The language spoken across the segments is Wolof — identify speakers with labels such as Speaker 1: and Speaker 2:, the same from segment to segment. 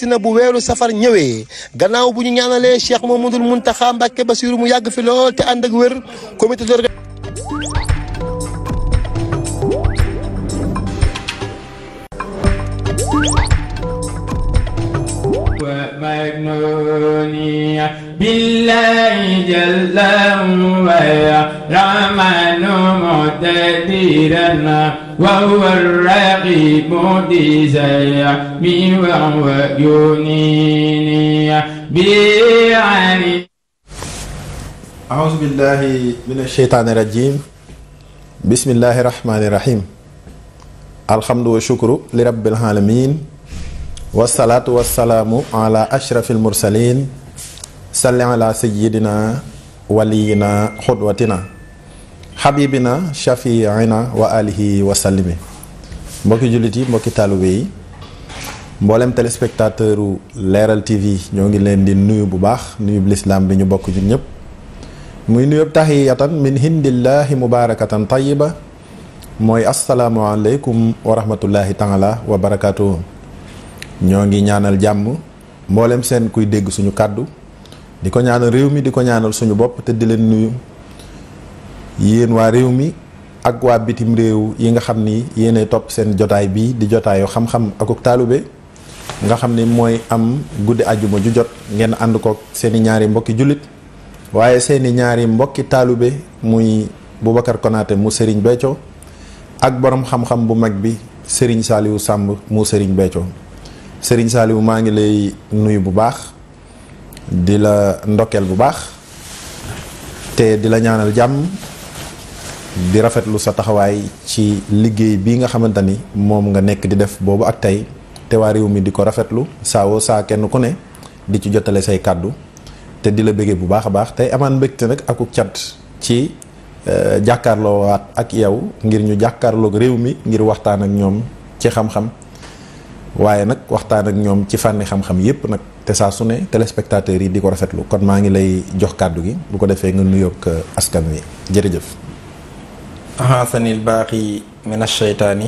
Speaker 1: sina bu weeru safar ñëwee gannaaw bu ñu ñaanalee Cheikh Mamadou Mountakha Mbacké Bassirou mu yàgg fi lool te ànd ak wér comité d'organisation ومكنوني بالله جل وعلا رحمن مقتدرنا وهو الرقيب ديزيمي وهو ينيني بعني أعوذ بالله من الشيطان الرجيم بسم الله الرحمن الرحيم الحمد والشكر لرب العالمين والصلاة والسلام على أشرف المرسلين صل على سيدنا ولينا قدوتنا xabibina shafiina wa alihi wa sallimi mbokki jullit yi mbokki taalibe yi mboolem téléspectateur u leeral tv ñoo ngi leen di nuyu bu baax nuyu bu lislaam bi ñu bokk ñun ñëpp muy nuyu tahiyatan min hindillahi mubarakatan tayiba mooy asalaamualeykum wa rahmatullahi taala wa ñoo ngi ñaanal jàmm mboolem seen kuy dégg suñu kàddu di ko ñaanal réew mi di ko ñaanal suñu bopp te di leen nuyu yéen waa réew mi ak waa bitim réew yi nga xam ni yéenay topp seen jotaay bii di jotaayu xam-xam akuk taalube nga xam ni mooy am guddi ajuma ju jot ngeen ànd kook seeni ñaari mbokki jullit waaye seeni ñaari mbokki taalube muy Boubacar Konaté mu sëriñ Béthio ak boroom xam-xam bu mag bi sëriñ saaliwu sàmb mu Serigne Béthio sëriñ saaliwu maa ngi lay nuyu bu baax di la ndokkeel bu baax te di la ñaanal jàmm di rafetlu sa taxawaay ci liggéey bi nga xamante ni moom nga nekk di def boobu ak tey te waa réew mi di ko rafetlu saa woo saa kenn ku ne di ci jotale say kàddu te di la bëgge bu baax a baax tey amaan mbégte nag akuk cat ci euh, jàkkaarloo waat ak yow ngir ñu jàkkaarloog réew mi ngir waxtaan ak ñoom ci xam-xam waaye nag waxtaan ak ñoom ci fànni xam-xam yépp nag te saa su ne téléspectateurs yi di ko rafetlu kon maa ngi lay jox kàddu gi bu ko defee nga nuyoog euh, askan wi jërëjëf. ahasani lbaaqi min alcheytaani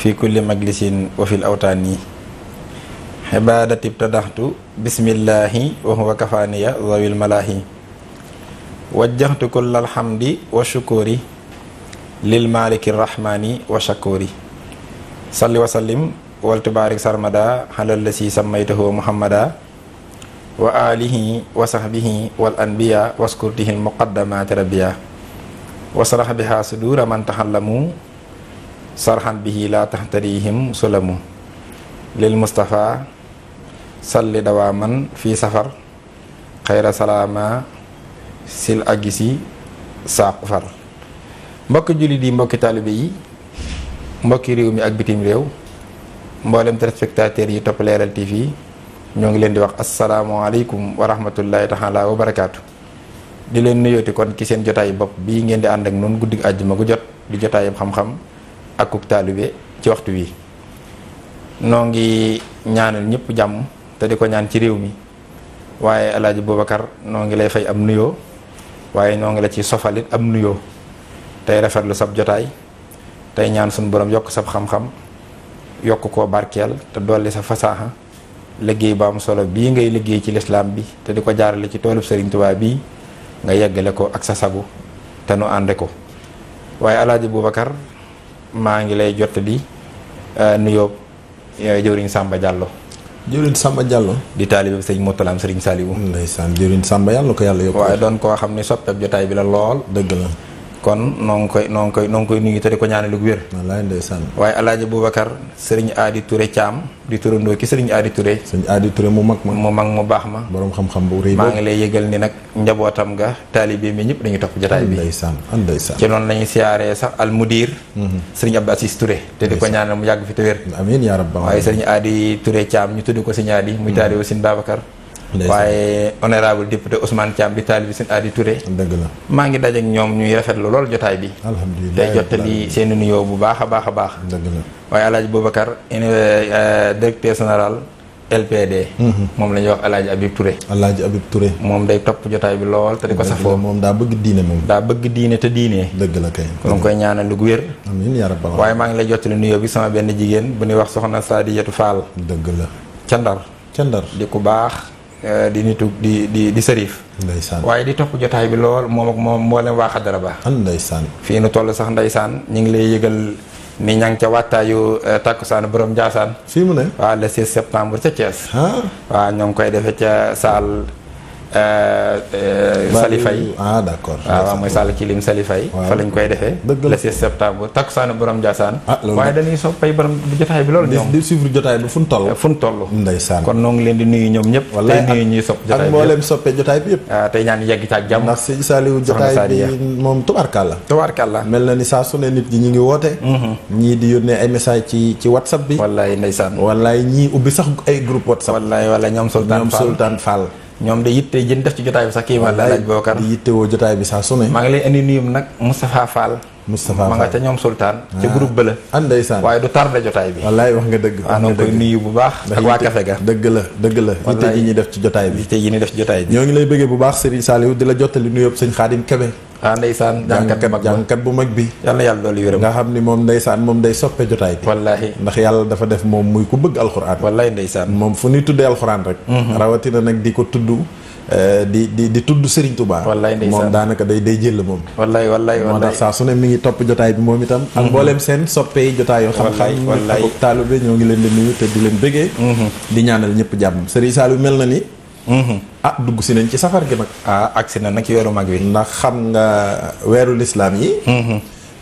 Speaker 1: fi kulli majlisin wa fi l awtaani xibaadati btadaxtu bismillahi wa huwa kafaaniya zawil malaahi wajjaxtu kulla alxamdi wa shukuri lil maliki rahmani wa shakuri salli wa sallim wal tubaarik sarmada xalallasi sammaytahu muhammada wa alihi wa sahbihi wal anbiya waskurtihi almuqaddamati rabbiya wasarax biha sudura man taxallamu sarxan bihi la taxtarihim sulamu lil mustafa salli dawaaman fii safar xayra salaama sil agisi saaqu far mbokki jullit yi mbokki taalibe yi mbokki réew mi ak bitim réew mboolem téléspectateurs yi topp leeral TV ñoo ngi leen di wax asalaamualeykum wa rahmatullahi taala wa barakaatu di leen nuyooti kon ki seen jotaay bopp bii ngeen di ànd ak noonu guddi àjjuma gu jot di jotaayub xam-xam ak ku taalibe ci waxtu wi noo ngi ñaanal ñëpp jàmm te di ko ñaan ci réew mi waaye alaaji Boubacar noo ngi lay fay am nuyoo waaye noo ngi la ci sofalit am nuyoo tey rafetlu sab jotaay tey ñaan suñu borom yokk sab xam-xam yokk koo barkeel te dolli sa fasaaxa liggéey ba am solo bii ngay liggéey ci lislaam bi te di ko jaarale ci toolub Sëriñ Tuubaa bii nga yeggale ko ak sa sago te nu ànde ko waaye alaaji Boubacar maa ngi lay jot di jottali euh, nuyoo euh, jëwriñ Samba Diallo jëwriñ Samba Diallo di taalibe sëñ Moutalam sëriñ Saliou ndeysaan jëwriñ Samba yàlla ko yàlla yóbbu waaye doon koo xam ni soppeeb jotaay bi la lool dëgg la kon noo ngi koy noo ngi koy noo ngi koy nuyu te di ko ñaanal lu wér. wallaay ndeysaan. waaye Alaaji Boubacar sëriñ Adi Touré Thiam di turandoo ki sëriñ Adi Touré. sëriñ mu mag ma mu mag mu baax ma. borom xam-xam bu maa ngi lay yëgal ni nag njabootam nga taalibe mi ñëpp dañuy topp jotaay bi. ndeysaan ah, ndeysaan. ci noonu la ñuy siyaaree sax al mudir. Mhm. sëriñ Abdou Assis Touré. te di ko ñaanal mu yàgg fi te wér. amiin yaa rabbal waaye sëriñ Adi Touré Thiam ñu tudd ko sëriñ Adi muy mhm. taalibe sëriñ Babacar waaye honorable député Ousmane Thiam di taalibi sëñ Adi Touré dëgg la maa ngi daj ak ñoom ñuy lu lool jotaay bi alhamdulilah tey jottali seen nuyoo bu baax a baax a baax dëgg la waaye Alaaji Boubacar eh, eh, directeur général LPD. Mhm. moom lañuy wax El Hadj ture Touré. El Hadj Habib moom day topp jotaay bi lool te di ko safoo. moom daa bëgg diine moom. daa bëgg diine te diinee dëgg la kay. kon koy ñaanal lu gu wér. amiin waaye maa ngi lay jottali nuyo bi sama benn jigéen bu ñuy wax soxna Sadiyatu Fall. dëgg la. ca Ndar di Euh, di nitu di di di sërif ndeysaan waaye di topp jotaay bi lool moom ak moom mboolem waa xadara ba ndeysaan fii nu toll sax ndeysaan ñu ngi lay yëgal ni ña ngi ca wattaayu euh, takkusaan borom Ndiassane fii mu ne waaw le 6 septembre ca Thiès waaw ñoo ngi koy defee ca saal Euh, euh, Sali Faye ah d'accord waaw mooy Sall Kilim Sali Faye fa lañ koy defee le 6 septembre takkusaanu borom Ndiassane ah, waaye dañuy soppay borom jotaay bi loolu ñoom di suivre jotaay bi fu ñu toll eh, ñu toll ndeysaan kon noo ngi leen di nuyu ñoom ñëpp tey sopp jotaay bi soppee jotaay bi yëpp ah, tey ñaan yegg ci ak jàmm ndax si Saliou jotaay bi moom tubaarkàlla tubaarkàlla mel na ni saa su nit ñi ñu ngi woote mm-hmm. ñii di yónnee ay message ci ci whatsapp bi wallaay ndeysaan wallaay ñii ubbi sax ay groupe whatsapp wallaay wallaay ñoom Sultan Fall ñoom de yitte jën def ci jotaay bi sa kii ma laaj bookar di yitte woo jotaay bi saa su maa ngi lay indi nuyum nag mu Fall Moustapha ma nga ca ñoom Sultaan. ca ah. groupe bële. an ah, ndeysaan waaye du tardé jotaay bi. wallaay wax nga dëgg. wax ah, nga dëgg nuyu bu baax. ak waa Café ga dëgg la dëgg la. yitte ji ñuy def ci jotaay bi. yitte ji ñuy def ci jotaay ñoo ngi lay bëggee bu baax Serigne Saliou di la jottali nuyoo sëñ Xaadim Kebe. ah ndeysaan jàngkat jàngkat bu mag bi yal nga xam ni moom ndeysaan moom day soppe jotaay bi wallaahi ndax yàlla dafa def moom muy ku bëgg alxuraan moom fu ñuy tuddee alxuraan rek mhm. rawatina nag di ko tudd Euh, di di di tudd Serigne Touba. wallaay ndeysaan moom daanaka day day jël moom. wallaay wallaay wallaay moo tax saa su ne mi ngi topp jotaay bi moom itam. ak mhm. mboolem seen soppee jotaayoo. xam-xam ak taalibe ñoo ngi leen di nuyu te di leen bëggee. Mhm. di ñaanal ñëpp jàmm Serigne Saliou mel na ni. Mhm. ah dugg si nañ ci safar gi nag. ah agsi na nag yoru mag wi. ndax xam nga weeru lislaam yi.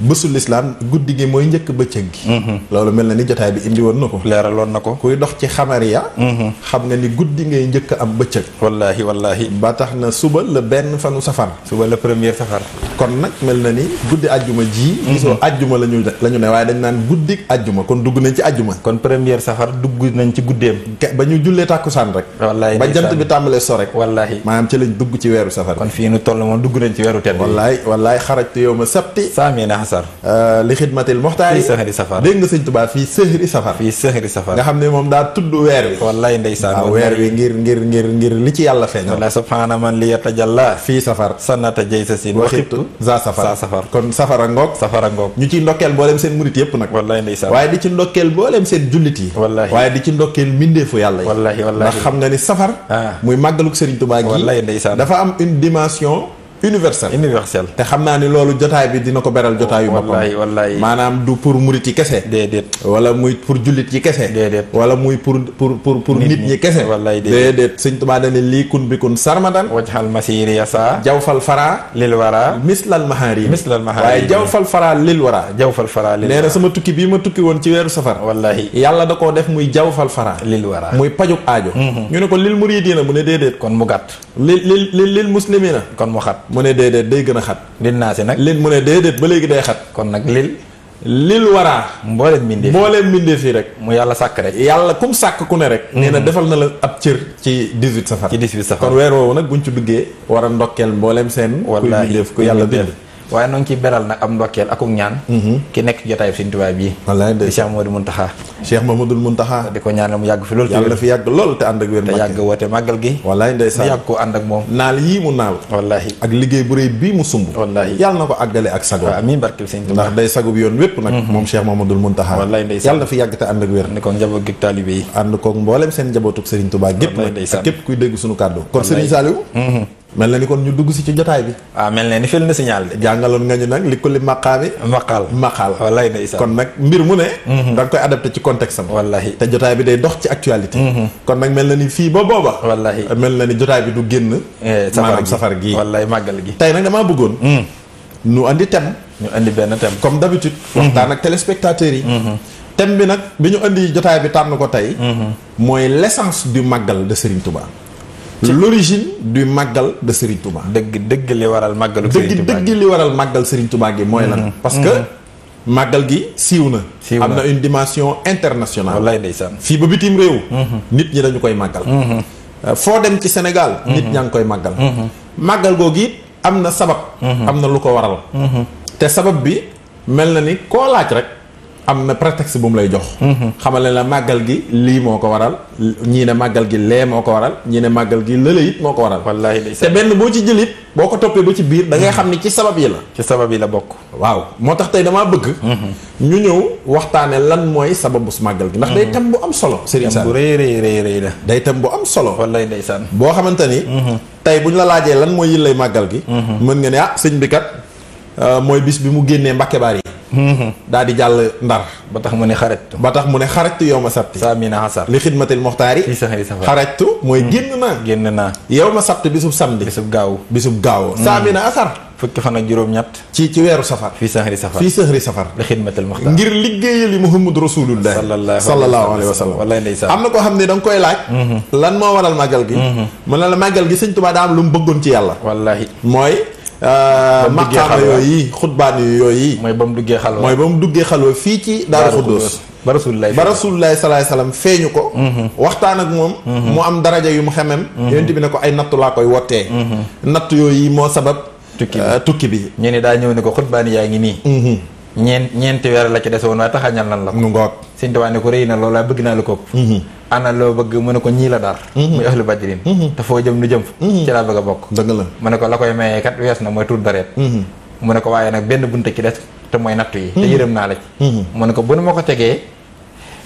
Speaker 1: bésu lislaam guddi gi mooy njëkk bëccëg gi mhm. loolu mel na ni jotaay bi indi woon na ko leeraloon na ko kuy dox ci xamariya mhm. xam nga ni guddi ngay njëkk am bëccëg wallaahi wallaahi ba tax na suba la benn fanu safar suba la première kon nag mel na ni guddi ajjuma ji mhm. gisoo ajjuma la ñu la ñu ne waaye dañ naan guddi ajjuma kon dugg nañ ci ajjuma kon première safar dugg nañ ci guddeem ba ñu jullee tàkkusaan rek wallaahi ba jant bi tàmbalee so rek wallaahi maanaam ci lañ dugg ci weeru safar kon fii nu toll moom dugg nañ ci weeru tedd wallaahi wallaahi xarajtu yow ma sabti saamina Muxtar. Euh, li xidmatil Muxtar yi. fii sëxri safar dégg nga sëñ Tuubaa fii sëxri safar. fii sëxri safar. nga xam ne moom daa tudd weer wi. wallaay ndeysaan waaw weer wi ngir ngir ngir ngir li ci yàlla feeñ. wallaay subhaana fii safar. sannata jay sa siin. waxibtu za safar za safar. kon safara ngoog. safara ngoog ñu ciy ndokkeel mboolem seen murit yëpp nag. waaye di ci ndokkeel mboolem seen jullit yi. wallaay waaye di ci ndokkeel mbindeefu yàlla yi. wallaay wallaay ndax xam nga ni safar. Ah. muy màggaluk Sëriñ Tuubaa gi. dafa universel universel te xam naa ni loolu jotaay bi dina ko beral jotaay yu boppam maanaam du pour murit yi kese déedéet wala muy pour jullit yi kese déedéet wala muy pour pour pour pour nit ñi kese wallaay déedéet sëñ Tuubaa dane lii kun bi kun sarmadan wajhal masiri yasa jawfal fara lil wara mislal mahari mislal mahari waaye jawfal fara lil wara jawfal fara lil nee na sama tukki ma tukki woon ci weeru safar wallaay yàlla da koo def muy pajuk aajo mm-hmm. ñu ne ko lil muridiina mu ne déedéet kon mu gàtt lil lil lil muslimina kon mu xat mu ne déedéet day gën a xat. lil naa si nag lil mu ne déedéet ba léegi day xat. kon nag lil. lil waraa. mboolem mbindeef mboolem mbindeef yi rek. mu yàlla sàkk rek. yàlla kum sàkk ku ne rek. Mhm. nee na defal na la ab cër. ci 18 safar ci 18 safar kon weer woowu nag buñ ci duggee. war a ndokkeel mboolem seen. wallaahi kuy mbindeef ku yàlla bind. waaye noo ngi ciy beral nag am ndokkeel akuk ñaan mhm. ki nekk jotaay bi Sëriñ Tuubaa bii wallaay di Cheikh Mamadou Muntaxa Cheikh Mamadou Muntaxa di ko ñaanal mu yàgg fi lool yàlla fi yàgg lool te ànd ak wér te yàgg woote màggal gi wallaay ndeysaan moom naal yii mu naal wallaahi ak liggéey bu rëy mu sumb wallaahi yàlla na ko àggale ak sago amiin barkeel Sëriñ Tuubaa ndax day sago mhm. moom Cheikh Mamadou Muntaxa wallaay yàgg te ànd ak wér ni ko njaboot gi taalibe seen njabootuk kuy dégg suñu kàddu kon Sëriñ mel na ni kon ñu dugg si ci jotaay bi. waaw ah, mel na ni fil na signal de. jàngaloon nga ñu nag li kulli maqaami. maqaal maqaal. wallaay ndeysaan kon nag mbir mu ne. Mhm. da koy adapté ci contextam am. wallahi te jotaay bi day dox ci actualité. Mhm. kon nag mel na ni fii ba booba. wallahi mel na ni jotaay bi du génn. Eh, maanaam safar gi wallaay màggal gi. tey nag damaa bëggoon. ñu mm. indi thème. ñu andi benn thème. comme d'habitude. Mhm. waxtaan ak téléspectateurs yi. thème bi nag bi ñu andi jotaay bi tànn ko tey. mooy l'essence du màggal de Serigne Touba. l'origine du màggal de Serigne Touba. dëgg dëgg li waral màggalu Serigne Touba dëgg dëgg li waral màggal Serigne Touba gi mooy lan. Mm-hmm. parce que mm-hmm. màggal gi siiw na. siiw na am na une dimension internationale. wallaay ndeysaan fii ba bitim réew. Mm-hmm. nit ñi dañu koy màggal. Euh, foo dem ci Sénégal. nit ñaa ngi koy màggal. màggal googu it am na sabab. am na lu ko waral. te sabab bi mel na ni koo laaj rek. am na prétexte bu mu lay jox. Mhm. xamal ne la màggal gi lii moo ko waral ñii ne màggal gi lee moo ko waral ñii ne màggal gi lële it ko waral. wallaahi te benn boo ci jël it boo ko toppee ba ci biir da ngay mhm. xam ni ci sabab yi la. ci sabab yi la bokk. waaw moo tax tey damaa bëgg. Mhm. ñu ñëw waxtaane lan mooy sababu su màggal gi. ndax day tam bu am solo. Serigne Sall bu rëy rëy rëy rëy la. day tam bu am solo. wallaahi ndeysaan. boo xamante ni. tey bu ñu la laajee lan mooy yillay màggal gi. mën nga ne ah sëñ bi kat euh, mooy bis bi mu génnee Mbàkke yi daa di jàll ndar ba tax mu ne xarajtu ba tax mu ne xarajtu yow ma sabti saa mina xasar li xidmatil moxtaar yi xarajtu mooy hmm. génn naa génn naa yow ma sabti bisub samedi bisub gaaw bisub gaaw hmm. saa mina xasar fukki fan ak juróom-ñett ci ci weeru safar fii sahri safar li xidmatil moxtaar ngir liggéeyal yi muhammad rasulullah sallallahu alayhi wa am na koo xam ne da koy laaj hmm. lan moo waral màggal gi mu ne la màggal gi sëñ Tuubaa daa am lu mu bëggoon ci yàlla mooy Euh, maqaama yooyu xutbaan yu yooyu mooy ba mu duggee xalwa mooy ba mu duggee fii ci Daaru Xuddoos ba rasulilah ba rasulilah salaay salaam feeñu ko. Mhm. waxtaan ak moom. Mhm. mu am daraja yu mu xemem. Mhm. yonent bi ne ko ay nattu laa koy wotee natt yooyu moo sabab. tukki bi euh, tukki bi. ñu ne daa ñëw ne ko xutbaani yaa ngi nii. ñeent ñeenti weer la ci des woon waaye taxañal nan la ko. mu ngoog sëñ Tuubaa ne ko rëy na loola bëgg naa la ko. Mhm. ana loo bëgg mu ne ko ñii la dar mhm. muy ahlu badrin mhm. te foo jëm nu jëm ci laa bëgg a bokk dëgg la mu ne ko la koy mayee kat wees na mooy tur dareet mu ne ko waaye nag benn bunte ki des te mooy nattu yi te yërëm naa la ci mu ne ko bu nu ma ko tegee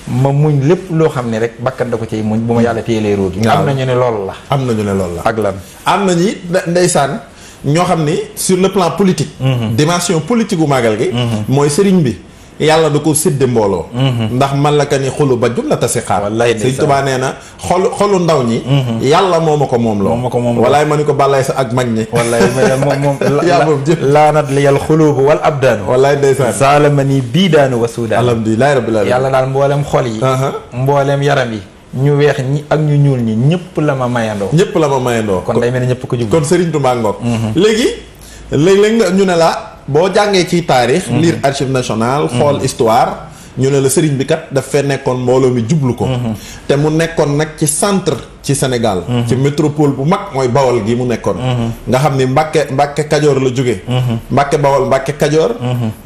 Speaker 1: ma muñ lépp loo xam ne rek bakkan da ko ciy muñ bu ma yàlla téyelee róogi am nañu ne loolu la am nañu ne loolu la ak lan am nañu ndeysaan ñoo xam ni sur le plan politique. Mhm. dimension politique bu màggal gi. Mhm. mooy sëriñ bi. yàlla da ko sédde mbooloo mhm. ndax man la ka ni xolu ba jum la tasi xaar sëñ tubaa nee na xolu xolu ndaw ñi yàlla moo a ko moom loo ma ko moom ma ni ko bàllaay sa ak mag ñi walaay moom moom yaa moom jë laanat li yal xulubu wal abdaanu walaay ndeysaan saalama ni bii daanu wa suudaan alhamdulilahi rabbil alamin yàlla daal mboolem xol yi uh-huh. mboolem yaram yi ñu weex ñi ak ñu ñuul ñi ñëpp la ma mayandoo. ñëpp la ma mayandoo. kon day mel ni ñëpp ko jublu kon du Touba Ngok. Mhm. léegi léeg-léeg ñu ne la boo jàngee ci taarix. Mhm. lire archive nationale mhm. xool histoire. ñu ne la sëriñ bi kat daf fee nekkoon mbooloo mi jublu ko. Mhm. te mu nekkoon nag ci centre ci Sénégal. Mhm. ci métropole bu mag mooy Bawol gi mu nekkoon. Mhm. nga xam ni Mbàkke Mbàkke Kajoor la jóge Mbàkke Bawol Mbàkke Kajoor.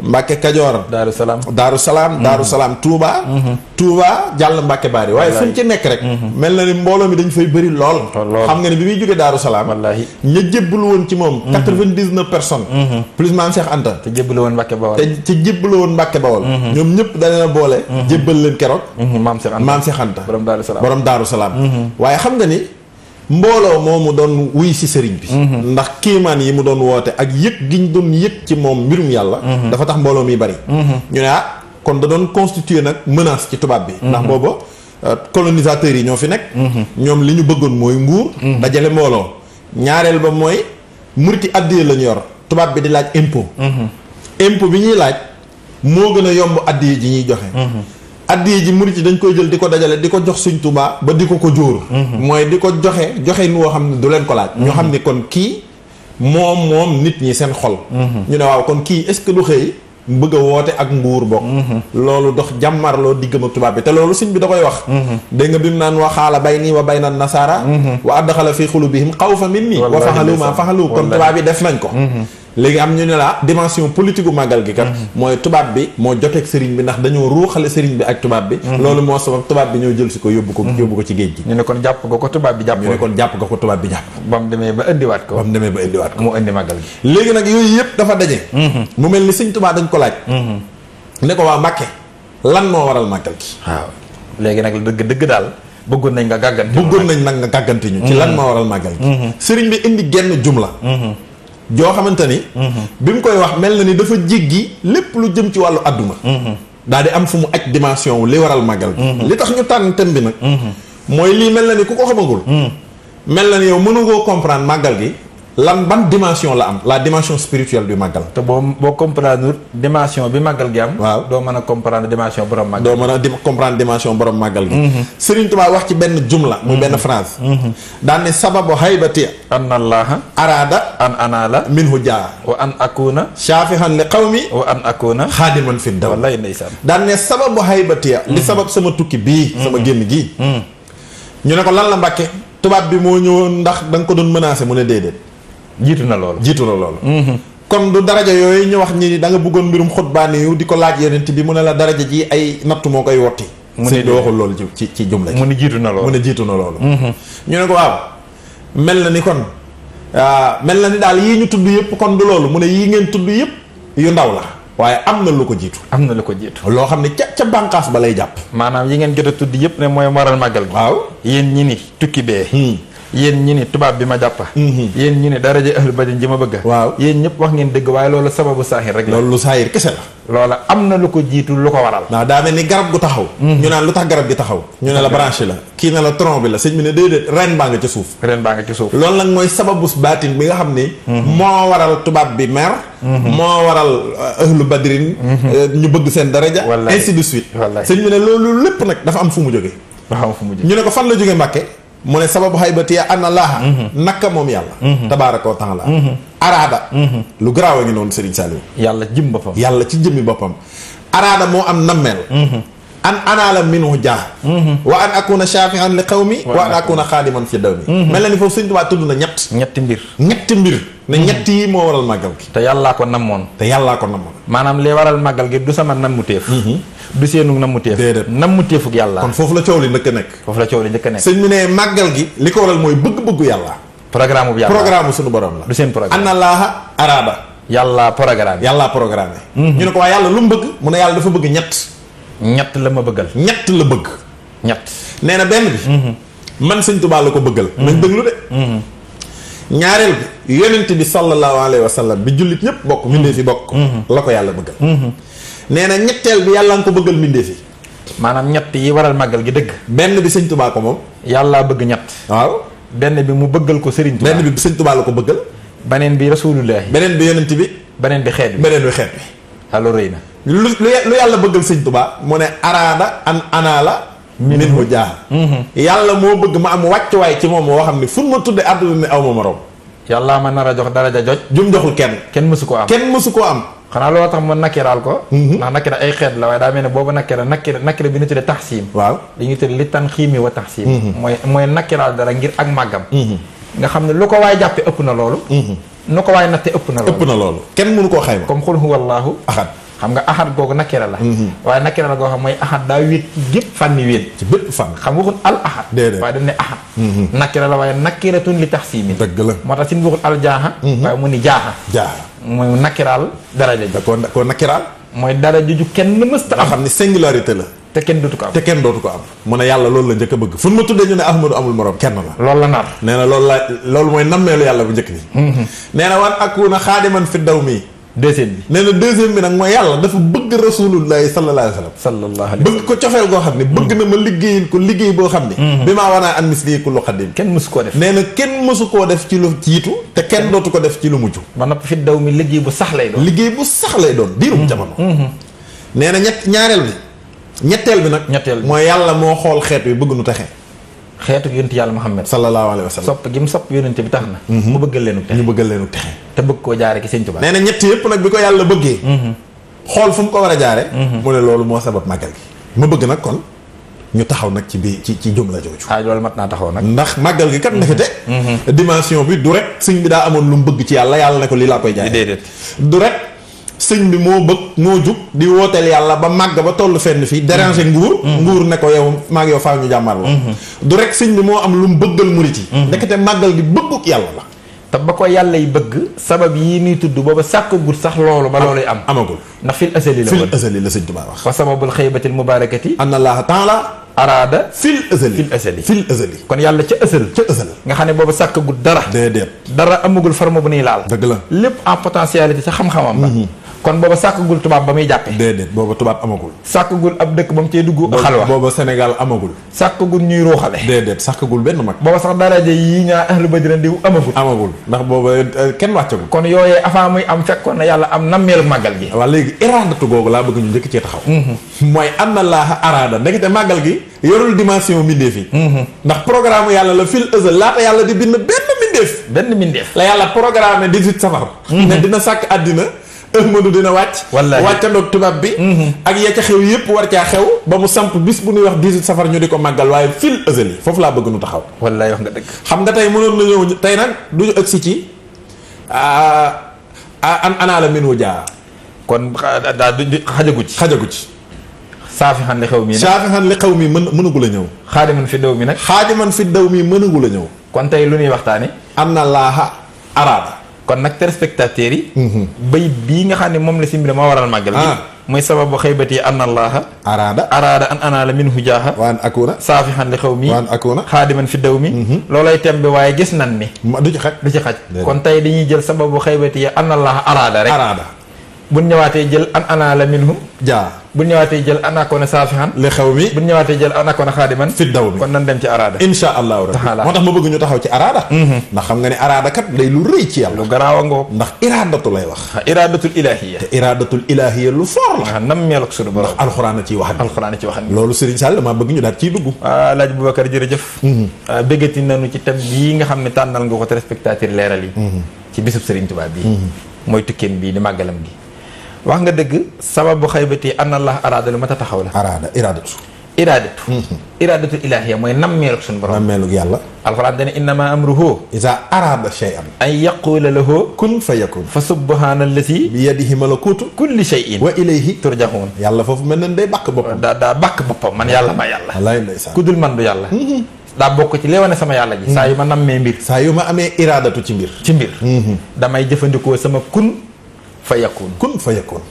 Speaker 1: Mbàkke Kajoor. Daaru Salaam Daaru Salaam Daaru Salaam Touba. Touba jàll Mbàkke Bari waaye fu mu ci nekk rek. mel na ni mbooloo mi dañ fay bëri lool. xam nga ni bi muy jóge Daaru Salaam. wallaahi ña jébbalu woon te ci jébbalu woon Mbàkke Bawol. ñoom ñëpp dañ leen a boole. Mhm. jébbal leen keroog. Mhm, maam Cheikh Anta maam mhm. waaye xam nga ni. mbooloo moomu doon wuy si sëriñ bi ndax kéemaan yi mu doon woote ak yëg gi ñu doon yëg ci moom mbirum yàlla dafa tax mbooloo mi bari ñu ne ah kon da doon constituer nag menace ci tubaab bi ndax booba euh, colonisateurs yi ñoo fi nekk ñoom li ñu bëggoon mooy nguur dajale mbooloo ñaareel ba mooy muriti àddiyee lañu yor tubaab bi di laaj impôt impôt bi ñuy laaj moo gën a yomb addiya ji ñuy joxe. Mhm. addiya ji mu yi dañ koy jël di ko dajale di ko jox suñ Tuubaa ba di ko ko jóoru mhm. mooy di ko joxe joxe nu woo xam ne du leen ko laaj. ñoo mhm. xam ne kon kii moom moom nit ñi seen xol. ñu ne waaw kon kii est-ce que du xëy. bëgg a woote ak nguur bokk loolu dox jàmmarloo diggam ak tubaab bi te loolu suñ bi da koy wax dégg nga bi mu naan waxaala bay nii wa bay na nasaara wa addaxala fi bi xaw fa min nii wa faxalu kon tubaab bi def nañ ko léegi am ñu ne la dimension politique gu màggal gi kat mhm. mooy tubaab bi moo joteeg sëriñ bi ndax dañoo ruuxale sëriñ bi ak tubaab bi mhm. loolu moo sabab tubaab bi ñëw jël si ko yóbbu ko mhm. yóbbu ko ci géej gi ñu ne kon jàpp nga ko tubaab bi jàpp ñu ne kon jàpp ko tubaab bi jàpp ba mu demee ba indiwaat ko ba mu demee ba indiwaat ko mu indi màggal gi léegi nag yooyu yëpp dafa daje mu mel ni sëñ tubaab dañ ko laaj ne ko waa Mbàkke lan moo waral màggal gi waaw léegi nag dëgg dëgg daal bëggoon nañ nga gàggante bëggoon nañ nag nga gàggante ñu lan moo waral màggal gi sëriñ bi indi genn jumla joo xamante ni. Mhm. bi mu koy wax mel na ni dafa jéggi lépp lu jëm ci wàllu àdduna. Mhm. daal di am fu mu aj dimension wu li waral màggal bi. Mhm. li tax ñu tànn thème bi nag. mooy lii mel na ni ku ko xamagul. mel na ni yow mënugoo comprendre màggal gi. lan ban dimension la am la dimension spirituelle du màggal. te boo boo comprendre dimension bi màggal gi am. waaw doo mën a comprendre dimension borom màggal. doo mën a comprendre dimension borom màggal gi. Mhm. Serigne Touba wax ci benn jumla. muy benn mhm. phrase. Mhm. daan ne sababu haybati. an allaha. araada. an anaala. minhu jaa. wa an akuna. shaafihan li qawmi. wa an akuna. xaadiman fi daw. wallaay ndeysaan. daan ne sababu haybati. li sabab sama tukki bii. sama génn gii. ñu ne ko lan la mbàkke tubaab bi moo ñëwoon ndax danga ko doon menacé mu ne déedéet. jiitu na loolu jiitu na loolu mhm. kon du daraja yooyu ñu wax ñi da nga bëggoon mbirum xutbaani yu di ko laaj yonent bi mu ne la daraja ji ay natt moo koy wotti mu ne di waxul loolu ci ci jumla mu ne jiitu na loolu mu ne jiitu na loolu mhm. ñu ne ko waaw mel na ni kon ah, mel na ni daal yii ñu tudd yëpp kon du loolu mu ne yii ngeen tudd yëpp yu ndaw la waaye am na lu ko jiitu am na lu ko jiitu loo xam ne ca ca bànqaas ba lay jàpp maanaam yi ngeen jot a tudd yëpp ne mooy waral màggal gi waaw yéen ñi ni tukki bee hmm. yéen ñi ni tubaab bi ma jàppa mhm. yéen ñi ni daraja ahlu badin ji ma bëgga waaw yéen ñëpp wax ngeen dëgg waaye loolu sababu saahir rek la loolu lu saahir kese la loola am na lu ko jiitu lu ko waral waaw daa ni garab gu taxaw mhm. ñu lu tax garab gi taxaw ñu ne la branche la kii ne la tronc bi la sëñ bi ne déedéet ren baa nga ci suuf ren baa ngi ci suuf loolu nag mooy sababu baatin bi nga xam ni mhm. moo waral tubaab bi mer moo waral euh, lu badrin euh, ñu bëgg seen daraja ainsi de suite sëñ bi ne loolu lépp nag dafa am fu mu jóge dafa am fu fan la jóge Mbàkke mu ne sababu xaybati ya anna laaha mhm. naka moom yàlla mhm. tabaaraka wa taala mhm. araada lu garaaw a ngi noonu Serigne Saliou yàlla jëm boppam yàlla ci jëmmi boppam araada moo am nammeel an anaala minhu jaa wa an akuna shafian li qawmi wa an akuna xaadiman fi dawmi mel na ni foofu Serigne Touba tudd na ñett ñetti mbir ñetti mbir ne ñett yi moo waral màggal gi. te yàllaa ko namoon. te yàllaa ko namoon. maanaam li waral màggal gi du sama nammuteef. Mhm. du seenu nammuteef. déedéet nammuteefuk yàlla. kon foofu la coow li njëkk a nekk. foofu la coow li njëkk a nekk. sëñ bi ne màggal gi. li ko waral mooy bëgg-bëggu yàlla. programme bu yàlla programme suñu borom la. du seen programme anna laaha araada. yàllaa programme. yàllaa programme. Mhm. ñu ne ko waa yàlla lu mu bëgg. mu ne yàlla dafa bëgg ñett. ñett la ma bëggal. ñett la bëgg. ñett nee na benn bi. Mhm. man sëñ Tuubaa la ko bëggal. nañ déglu de ñaareel bi yonent bi sallallahu alayhi wa sallam bi jullit ñëpp bokk mbindéef yi bokk mm-hmm. Mm-hmm. la ko yàlla bëggal mm-hmm. nee na ñetteel bi yàlla nga ko bëggal mbindéef yi maanaam ñett yi waral màggal gi dëgg benn bi sëñ tubaa ko moom yàllaa bëgg ñett waaw benn bi mu bëggal ko sëriñ tubaa benn bi sëñ tubaa la ko bëggal beneen bi rasulullah beneen bi yonent bi beneen bi xeet bi beneen bi xeet bi alors rëy na lu lu yàlla bëggal sëñ tubaa mu ne araada an anaala minhu jaaha yàlla moo bëgg ma am wàccuwaay ci moom moo xam ne fu ma tudde àdduna ne aw ma morom yàllaa ma nar a jox daraja joj jum joxul kenn kenn mësu koo am kenn mësu koo am xanaa loolu tax mu nakkiraal ko mhm. ndax nakkira ay xeet la waaye daa mel ne boobu nakkira nakkira nakkira bi ñu tuddee taxsiim waaw li ñu tuddee li tan xiimi wa taxsiim mhm. mooy mooy nakkiraal dara ngir ak màggam mhm. nga xam ne lu ko waay jàppe ëpp na loolu nu ko waay natte na loolu na loolu xam nga ahad googu nakira la mm-hmm. waaye nakira la goo xam mooy ahad daa wéet ci gépp fànni wéet ci bépp fànn xam waxul al ahad waaye dañ ne ahad mm-hmm. nakira la waaye nakiratun la moo tax sin waxul al jaaxa mm-hmm. waaye mu ni jaaxa jaaxa mooy nakiraal daraja ji ko koo nakiraal mooy daraja ju kenn mësta am xam ne la te kenn dootu ko am te kenn dootu ko am mu ne yàlla loolu la njëkk a bëgg fu ma tuddee ñu ne ahmadu amul morom kenn la loolu la nar nee na loolu la loolu mooy nammeelu yàlla bu njëkk bi nee na wan akuna xaadiman fi daw deuxième bi nee na deuxième bi nag mooy yàlla dafa bëgg rasulullahi sallallahu alayhi bëgg ko cofeel goo xam ne bëgg na ma liggéeyal ko liggéey boo xam ne mhm. bi maa wanaa an mislihi kullu xadim kenn mësu koo kenn mësu koo def ci lu jiitu te kenn dootu ko def ci lu mujj ba noppi fi daw mi liggéey bu sax lay doon liggéey bu sax lay doon diirum mhm. jamono mhm. nee na ñett ñaareel bi ñetteel bi nag ñetteel bi mooy yàlla moo xool xeet wi bëgg nu taxe xeetu yonent yàlla Muhammad sallallahu alayhi wa sallam sopp gi mu sopp yonent bi tax na mhm. mu bëggal leenu texe te bëgg koo jaare ki sëñ Tuubaa nee na ñett yëpp nag bi ko yàlla bëggee mhm. xool fu mu ko war a jaare mhm. mu ne loolu moo sabab màggal gi ma bëgg nag kon ñu taxaw nag ci bi ci ci jumla jooju ah loolu mat naa taxaw nag ndax màggal gi kat ndekete dimension bi du rek sëñ bi daa amoon lu mu bëgg ci yàlla yàlla ne ko li laa koy jaare du rek sëñ bi moo bëgg moo jug di wooteel yàlla ba màgg ba toll fenn fii déranger mm-hmm. nguur mm-hmm. nguur ne ko yow maag yow faaw ñu jàmmar la mm-hmm. du rek sëñ bi moo am lu mu bëggal murit yi ndekete màggal gi bëgguk yàlla la te ba ko yàlla yi bëgg sabab yi nuy tudd booba sàkkagul sax loolu ba loolu am amagul ndax fil asali la fil asali la sëñ Tuubaa wax wa sababul xaybatil mubaarakati anna allaha taala araada fil asali fil asali fil asali kon yàlla ca asal ca asal nga xam ne booba sàkkagul dara déedéet dara amagul forme bu nuy laal dëgg la lépp en potentialité sa xam-xamam la kon booba sàkkagul tubaab ba muy jàppe déedéet booba tubaab amagul sàkkagul ab dëkk ba mu cee dugg xalwa booba Sénégal amagul sàkkagul ñuy ruuxale déedéet sàkkagul benn mag booba sax daraje yi ñaa ahlu badrin diw amagul amagul ndax booba euh, kenn wàccagul kon yooyee avant muy am fekkoon na yàlla am nammeelu màggal gi waaw léegi iraadatu googu laa bëgg ñu njëkk cee taxaw mm-hmm. mooy am na laaha araada ndekete màggal gi yorul dimension mbindeef yi mm-hmm. ndax programme yàlla Ahmadou dina wàcc wàccandoog tubaab bi mhm. ak ya ca xew yépp war caa xew ba mu samp bis bu ñuy wax 18 safar ñu di ko màggal waaye fil ësël yi foofu laa bëgg nu taxaw wallaay wax nga dëgg xam nga tey mënoon na ñëw tey nag du ñu ëgsi ci ah, ah, ah, an anaa wu jaa kon daa xajagu ci xajagu ci saafi xan li xew mi saafi xan li xew mi mën mënagu la ñëw xaadiman fi daw mi nag xaadiman fi daw mi mënagu la ñëw kon tey lu ñuy waxtaani an na laaha araada kon nag téléspectateurs yi. Mhm. bayit bii nga xam ne moom la simbi moo waral màggal gi. Ah. mooy sababu xaybati an allaha araada araada an anaala minhu jaaha waan akuna saafihan li xaw mi waan akuna xaadiman fi daw mi mhm. loolay tem bi waaye gis nan ni du ci xaj du ci xaj kon tey dañuy jël sababu xaybati an allaha araada rek araada bu ñëwaatee jël an ana la minhu jaa bu ñëwaatee jël anaakoona saafihan li xew mi bu ñëwaatee jël anaakoona xaadiman fi daw mi kon nan dem ci araada insha allahu rabbi moo tax ma bëgg ñu taxaw ci araada mhm. ndax xam nga ne araada kat day lu rëy ci yàlla lu garaaw a ngoo ndax iradatu lay wax iradatul ilahiya te iradatul ilahiya lu foor la nam meelok sunu borom ndax alxuraan a ciy wax alxuraan a wax loolu Serigne Sall dama bëgg ñu daal ciy dugg ah, laaj Boubacar jërëjëf mhm. ah, ci thème bii nga xam ne tànnal nga ko te respectateur leeral yi mhm. ci bisub Serigne Touba bii mooy bii di gi wax nga dëgg sababu xaybati anna allah araada lu mat a taxaw la. araada iraadatu. iraadatu. Mhm. iraadatu ilaahiya mooy nammeelug suñu borom. nammeelug yàlla. alxuraan dana innama amruhu. iza araada shay'an. an yaquula lahu kun fa yakun. fa subhaana allasi. bi yadihi malakuutu kulli shay'in. wa mel na day bàkk boppam. daa daa bàkk boppam man yàlla ma yàlla. walaay ndeysaan ku dul man du yàlla. Mhm. Mhm. daa bokk ci li wane sama yàlla ji. ma amee iraadatu ci mbir. ci mbir. damay jëfandikoo sama kun fa yakun kun fa yakun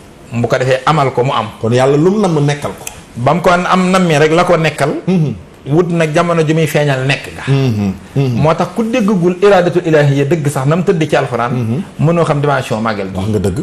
Speaker 1: bu ko defee amal ko mu am kon yàlla lu mu nam nekkal ko ba mu ko am nam mi rek la ko nekkal mhm. wut nag jamono ji muy feeñal nekk nga mhm. mhm. moo tax ku déggagul iradatul ilahiyya dëgg sax nam tëdd ci alxuraan mënoo xam dimension màggal gi nga dëgg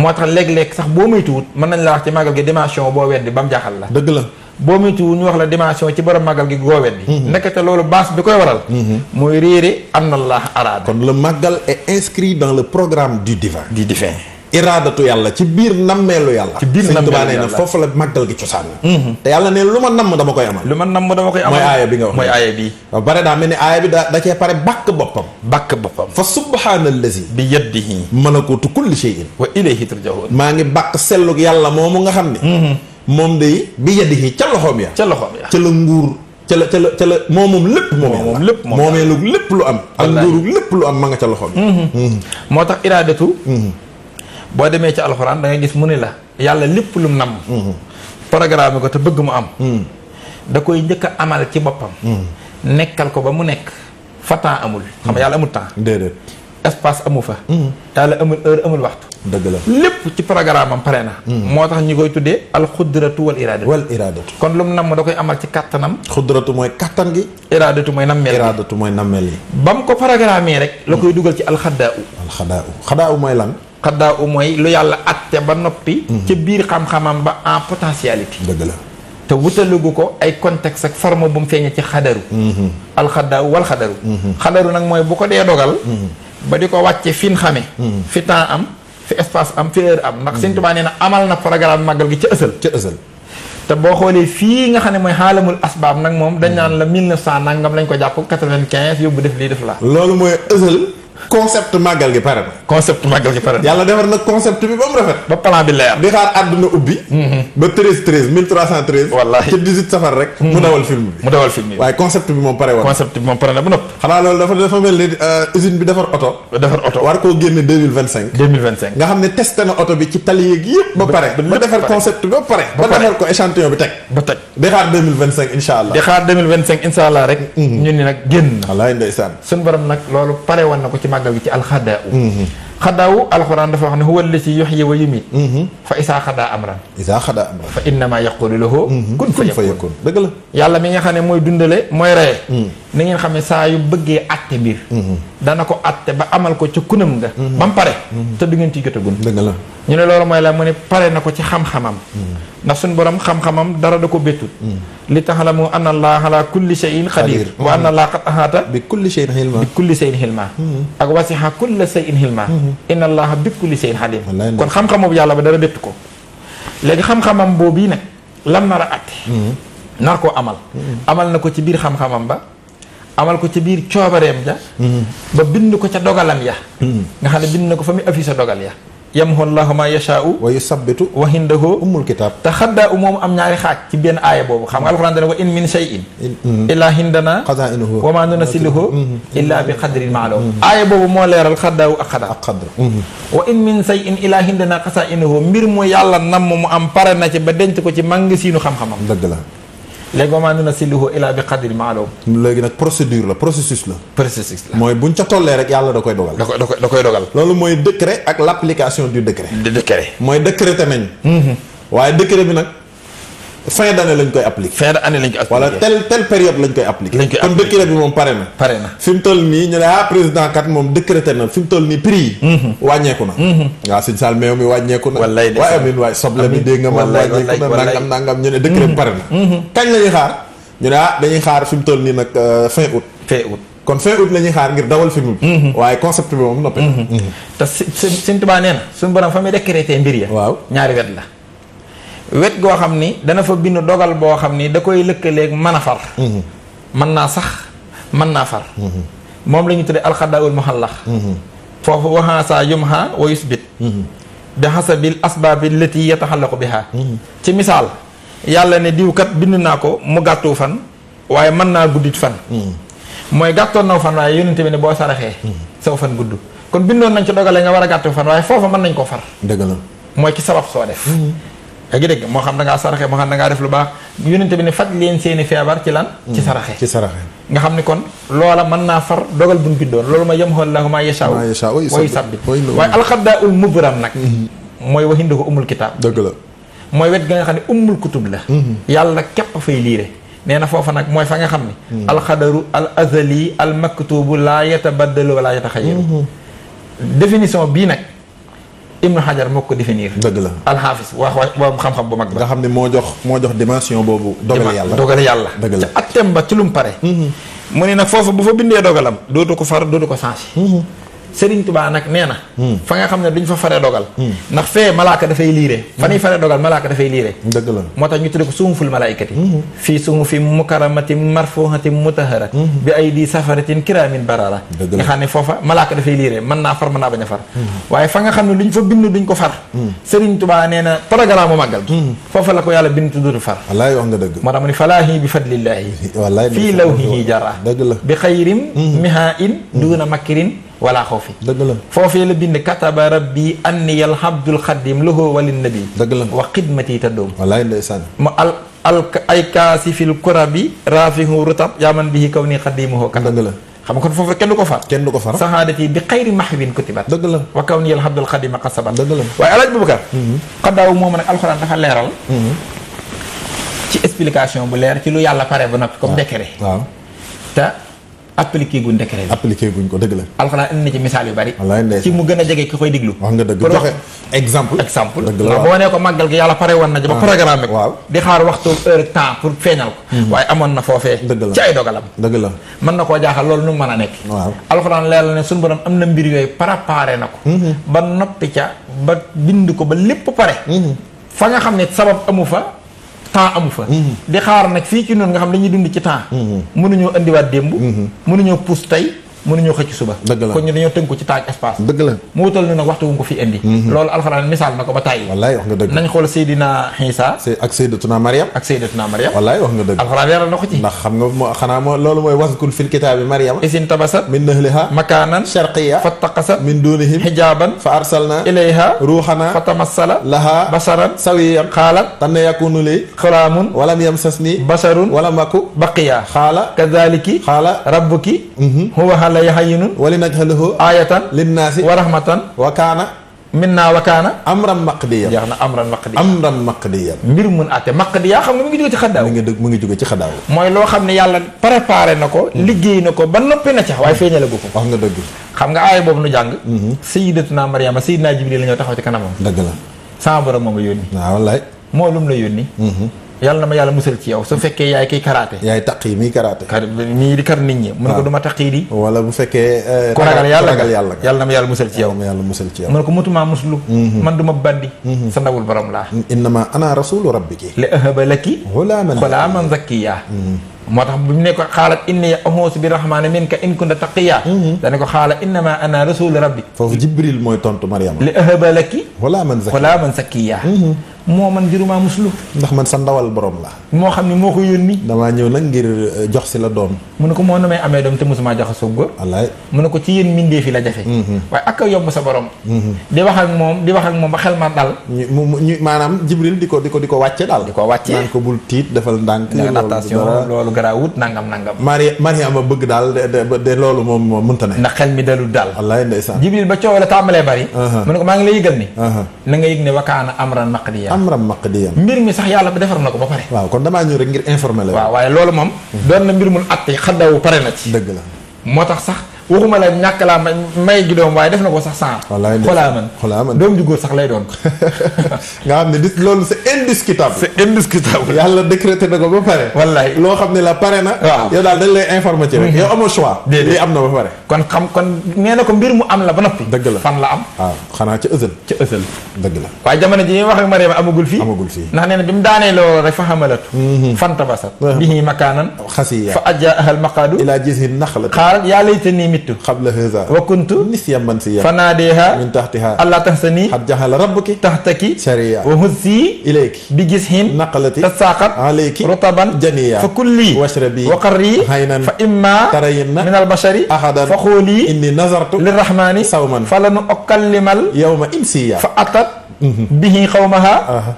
Speaker 1: moo tax léeg-léeg sax boo moytuwut mën nañ laa wax ci màggal gi dimension boo weddi ba mu jaaxal la dëgg la boo muytuwu ñu wax la dimension ci borom màggal gi goowet bi mhm. nekkate loolu baas bi koy waral mhm. mooy réere am na laa araada kon le màggal est inscrit dans le programme du divin du divin iraadatu yàlla ci biir nammeelu yàlla ci biir nammeelu mhm. yàlla nee na yàlla mooy aaya bi nga wax mooy aaya bi ba pare daa mel ni aaya bi da da cee pare bàkk boppam bàkk boppam fa subhaanallazi bi yadihi malakuutu kulli shay'in wa ilayhi turja'un maa ngi bàkk sellug yàlla moomu nga xam moom day bi yadihi ca loxoom ya ca loxoom ya ca la nguur ca la ca la ca la moo moom lépp moom moom lépp moomee lu lépp lu am ak nguuru lépp lu am ma nga ca loxoom ya mhm. Mhm. moo tax iraadatu mhm. boo demee ci alxuraan da gis mu ni la yàlla lépp lu mu nam programme ko te bëgg mu am da koy njëkk a amal ci boppam nekkal ko ba mu nekk fa temps amul xam nga yàlla amul temps espace amu fa. yàlla amul heure amul waxtu. dëgg la lépp ci programme am pare na. Hmm. moo tax ñu koy tuddee alxudratu wal iraadatu. wal iraadatu. kon lu mu namm da koy amal ci kattanam. xudratu mooy kattan gi. iraadatu mooy nammeel gi iraadatu ba mu ko programmee rek. la koy dugal ci alxadaa u. alxadaa u xadaa u mooy lan. xadaa u mooy lu yàlla atte ba noppi. Hmm. ca biir xam-xamam ba en potentialité. dëgg la. te wutalugu ko ay contexte ak forme bu mu feeñee ci xadaru. Hmm. alxadaa u wal xadaru. ba di ko wàccee fi ñu xamee. Hmm. fi temps am fi espace am fi heure am. ndax Sëñ nee na amal na programme màggal gi ca ësal. ca ësal te boo xoolee fii nga xam ne mooy xaalamul asbaab nag moom dañ naan la 1900 nangam lañ ko jàpp 95 yóbbu def lii def laa. loolu mooy ësal. concept màggal gi pare na. concept màggal gi pare na. yàlla defar na concept bi ba mu rafet. ba plan bi leer. di xaar àdduna ubbi. Mm-hmm. ba treize treize mille trois cent treize. ci dix-huit safar rek. mu mm-hmm. dawal film bi mu dawal film bi. waaye concept bi moom pare woon. concept bi moom pare na ba noppi. xanaa loolu dafa dafa mel ni euh, usine bi defar oto. defar oto war koo génne deux mille vingt cinq. deux mille vingt cinq nga xam ne testé na oto bi ci tali yeeg yëpp. di xaar 2025 incha allah di xaar 2025 incha allah rek. Mhm. ñu ni nag génn. wallaay ndeysaan. borom nag loolu pare woon na ko ci màggal gi ci alxadaa u. Mhm. xadaa u alxuraan dafa wax ne huwa allazi yuhyi wa yumiit. Mhm. fa isaa xadaa amran. isaa xadaa amran fa innamaa yaqulu lahu kun fa yakun dëgg la. yàlla mi nga ne mooy dundale mooy reye. ni ngeen xam ne saa yu bëggee àtte mbir mhm. dana ko àtte ba amal ko ca kunam nga mhm. ba mu pare mhm. te du ngeen ci jotagun dëgg la ñu ne loolu mooy la mu ne pare na ko ci xam-xamam ndax suñ borom xam-xamam dara da ko béttul li taxlamu anna allaha ala kulli shay'in qadir in anna waa qad ahata bi kulli shay'in hilma bi kulli shay'in hilma ak wasiha kulli shay'in hilma inna allaha bi kulli shay'in alim kon xam-xamam yàlla ba dara béttu ko léegi xam-xamam boobu nag lan nar a àtte nar koo amal amal na ko ci biir xam-xamam ba amal ko ca biir coobareem ja mm-hmm. ba bind ko ca dogalam ya mm-hmm. nga xam ne bind na ko fa mu affiché dogal ya yamhu allahu ma yashaa'u wa yusabbitu wa indahu ummul kitab te xaddaa u moomu am ñaari xaaj ci benn aaya boobu xam nga alxuraan dana wa in min shay'in mm-hmm. illaa hindana qadaa'inuhu wa ma moo leeral xaddaa u ak xadaa ak qadr wa in min mbir mu yàlla nam mu am pare na ci ba denc ko ci màng siinu xam-xamam dëgg la léegi wa maa nunazziluhu illaa bi qadarin ma'luum léegi nag procédure la processus la. processus la mooy buñ ca tollee rek yàlla da koy dogal. da koy da koy dogal. loolu mooy décret ak l' application du décret. du décret. mooy décrété mm-hmm. waaye décret bi nag. fin d' année lañ koy appliqué. fin d' année lañ koy appliqué wala telle telle période lañ koy appliqué. lañ koy appliqué kon décret bi moom pare na. pare na fi toll nii ñu ne ah président kat moom décrété na fi toll nii prix waaye concept bi moom noppi na. Mm-hmm. Mm-hmm. te Sëñ Tuubaa nee na suñu borom fa muy décrété mbir ya. waaw ñaari wet la wet goo xam ni dana fa bind dogal boo xam ni da koy lëkkaleeg mën a far mhm. mën naa sax mën naa far mhm. moom la ñu tuddee alxadaawul muhallax mhm. foofu waxaasaa yumha wa yusbit bi xasabil asbaabi lati yataxallaqu biha ci misaal yàlla ne diwkat bind naa ko mu gàttu fan waaye mën naa guddit fan mooy gàttoon naw fan waaye yonente bi ne boo saraxee saw fan gudd kon bindoon nañ ci dogale nga war a gàttu fan waaye foofa mën nañ koo far dëgg la mooy ci sabab soo yaa ngi dégg moo xam da ngaa saraxe moo xam da ngaa def lu baax yonente bi ne faj leen seeni feebar ci lan ci saraxe ci nga xam ni kon loola mën naa far dogal buñ biddoon loolu ma yem yamhu Allahu ma yashaa wa yusabbit waaye alxadaa ul mubram nag mhm. mooy waxinda ko umul kitaab dëgg la mooy wet ga nga xam ne ummul kutub la mhm. yàlla képp fay liire nee na foofa nag mooy fa nga xam ni mhm. alxadaru al azali al maktubu laa yatabaddalu wala yataxayaru définition bii nag Ibn Hajar moo ko définir. dëgg la alxaafis wax wax xam-xam bu mag ba. nga xam ne moo jox moo jox dimension boobu. dogal yàlla dogal yàlla. dëgg la ca atteem ba ci lu mu pare. Mm-hmm. mu ne nag foofu bu fa bindee dogalam dootu ko far dootu ko changé. Mm-hmm. Sëriñ Tubaa nag nee na hmm. fa nga xam ne duñ fa fare dogal hmm. ndax fee malaaka dafay liire hmm. fa ñuy fare dogal malaaka dafay liire dëgg la moo tax ñu tudde ko suuful malaayikati fii suufi mukaramatin marfuhatin mutahara bi ay di safaratin kiraamin barara nga xam ne foofa malaaka dafay liire mën naa far mën naa bañ a far waaye fa nga xam ne luñ fa bind duñ ko far Sëriñ Tubaa nee na programme mu màggal foofa la ko yàlla bind tuddu far wallaay wax nga dëgg moo tax mu ne falaahi bi fadlillaahi fii lawhihi jara dëgg la bi xayrim mihaa in duuna makirin wala xawfi. dëgg la foofee la bind kataba rabbi anni yal abdul xadim lahu walin nabi. dëgg la wa xidmati taddoom. wallaay ndeysaan. mu al al ay kaasifil kurabi raafihu rutab yaaman bihi kaw nii xadimuhu kat. dëgg la xam nga kon foofu kenn du ko far. kenn du ko far saxaadati bi xayri maxwin kutibat. dëgg la wa kaw nii yal abdul xadim qasabat. dëgg la waaye alaaj Boubacar. Mm-hmm. xaddaaw moom nag alxuraan dafa leeral. Mm-hmm. ci explication bu leer ci lu yàlla pare ba noppi. comme décret. waaw te. appliqué guñ décret bi. guñ ko dëgg la. alxuraan indi na ci misaal yu bari. ci mu gën a jege ki koy diglu. wax nga dëgg joxe exemple. exemple ndax boo nee ko màggal gi yàlla pare woon na. ba ah. programme waaw di xaar waxtu heure temps pour feeñal ko. Mm-hmm. waaye amoon na foofee. dëgg dëgg la mën na koo jaaxal loolu nu mu a nekk. waaw alxuraan leer la ne suñu borom am na mbir yooyu préparé na ko. Mm-hmm. ba noppi ca ba bind ko ba lépp pare. Mm-hmm. fa nga xam ne sabab amu fa temps amu fa mm-hmm. di xaar nag fii ci noonu nga xam dañuy dund ci temps mm-hmm. mënuñoo indiwaat démb mm-hmm. mënuñoo pousse tey mënuñu xëcc suba kon ñu dañoo tënk dëgg la mu wutal ñu nag waxtu wu ko fi indi mhm. loolu alxuraan misaal na ko ba tàyyi wallaay wax nga dëgg nañ xool Seydina Xiisa ak Seydatuna Mariam ak Seydatuna Mariam wallaay wax nga dëgg alxuraan leeral na ko ci ndax xam nga moo xanaa moo loolu mooy waskul fil kitaabi Mariam isin tabasat min ahliha makaanan sharqiya fattaqasat min dunihim hijaaban fa arsalna ilayha ruuxana fa tamassala laha basaran sawiyan qaalat tan yakunu li yàlla yaxayinu wali najxalahu ayatan linnaasi wa rahmatan wa kaana minna wa kaana amran maqdiyan na amran maqdiyan amran maqdiyan mbir mun àtte maqdiya xam nga mu ngi jóge ci xaddaaw mu ngi jóge ci xaddaaw mooy loo xam ne yàlla préparé na ko hmm. liggéey na ko ba noppi na ca waaye hmm. feeñale gu ko wax nga dëgg xam nga aaya boobu nu jàng hmm. sayidatuna mariama sayidna jibril la ñoo taxaw ci kanamam dëgg la sama borom moom la yónni waaw wallaay moo lum la yónni yàlla na ma yàlla musal ci yaw su fekkee yaay kiy karaate yaay taq yi miy karaate mii di kar nit ñi mun ko ah. du ma taq yi di wala bu fekkee eh, ku ragal yàlla ragal yàlla yàlla na ma yàlla musal ci yow yàlla musal ci yow mun ko mutumaa muslu mhm. man du ma bandi mhm. sa ndawul borom laa innama ana rasulu ki li ahaba laki xulaaman xulaaman zakkiya mhm. moo tax bu mu ne ko xaalat inni ahuusu bi rahmaani minka in kunta taqiya mhm. dane ko xaala innama ana rasulu rabbi foofu jibril mooy tontu mariama li ahaba laki wala man zakiya wala man zakiya mhm. moo man jurumaa muslu ndax man sa ndawal borom la moo xam ne moo ko yónni damaa ñëw nag ngir eh, jox si la doom mu ne ko moo na may amee doom te mosumaa jox soog góor wallaay mu ne ko ci yéen mindee fi la jafe mhm. waaye ak a yomb sa borom di wax ak moom di wax moom ba xel ma dal ñu maanaam jibril di ko di ko di ko wàcce daal di ko wàcce naan ko bul tiit defal garaawut nangam nangam. mari Mariama bëgg daal de de loolu moom mënta ne. ndax xel mi dalul daal. wallaay ndeysaan jibril ba coow la tàmbalee bari. Uh-huh. mu ne ko maa ngi lay yëgal ni. la uh-huh. nga yëg ne wakaana amran maqdiyan. amran maqdiyan. mbir mi sax yàlla defar na ko ba pare. waaw kon damaa ñëw rek ngir informer la. waaw waaye loolu moom. Uh-huh. doon na mbir mu àtte xaddaawu pare na ci. dëgg la moo tax sax. waxuma la ñàkk laa may may gi doom waaye def na ko sax sans. wallaay man xoolaa man doom ju sax lay doon. nga xam ne dis loolu sa est indiscutable. c' est indiscutable. yàlla décrété na ko ba pare. wallaay loo xam ne la pare na. waaw yow daal dañ lay informer ci rek. Mm-hmm. yow amoo choix. déedéet am na ba pare. kon xam kon nee na ko mbir mu am la ba noppi. dëgg la fan la am. waaw xanaa ca ësël. ca ësël dëgg la. waaye jamono ji ñuy wax ma Mariama amagul fii. amagul fii ndax nee na bi mu daanee loolu rek fa xamalatu. Mm-hmm. fan tabasat. bihi makaanan. mittu xabla hëza wa kuntu nisyan mansiya fanaadeha min taxtiha allah tahsani xad jaxala rabbuki taxtaki sariya wa huzzi ilayki bi gishin naqalati tasaqat alayki rutaban janiya fa kulli washrabi wa qarri haynan fa imma tarayinna min albashari ahadan fa xuuli inni nazartu lirrahmani sawman falanu ukallimal yawma insiya fa atat Mhm. bihi qawmaha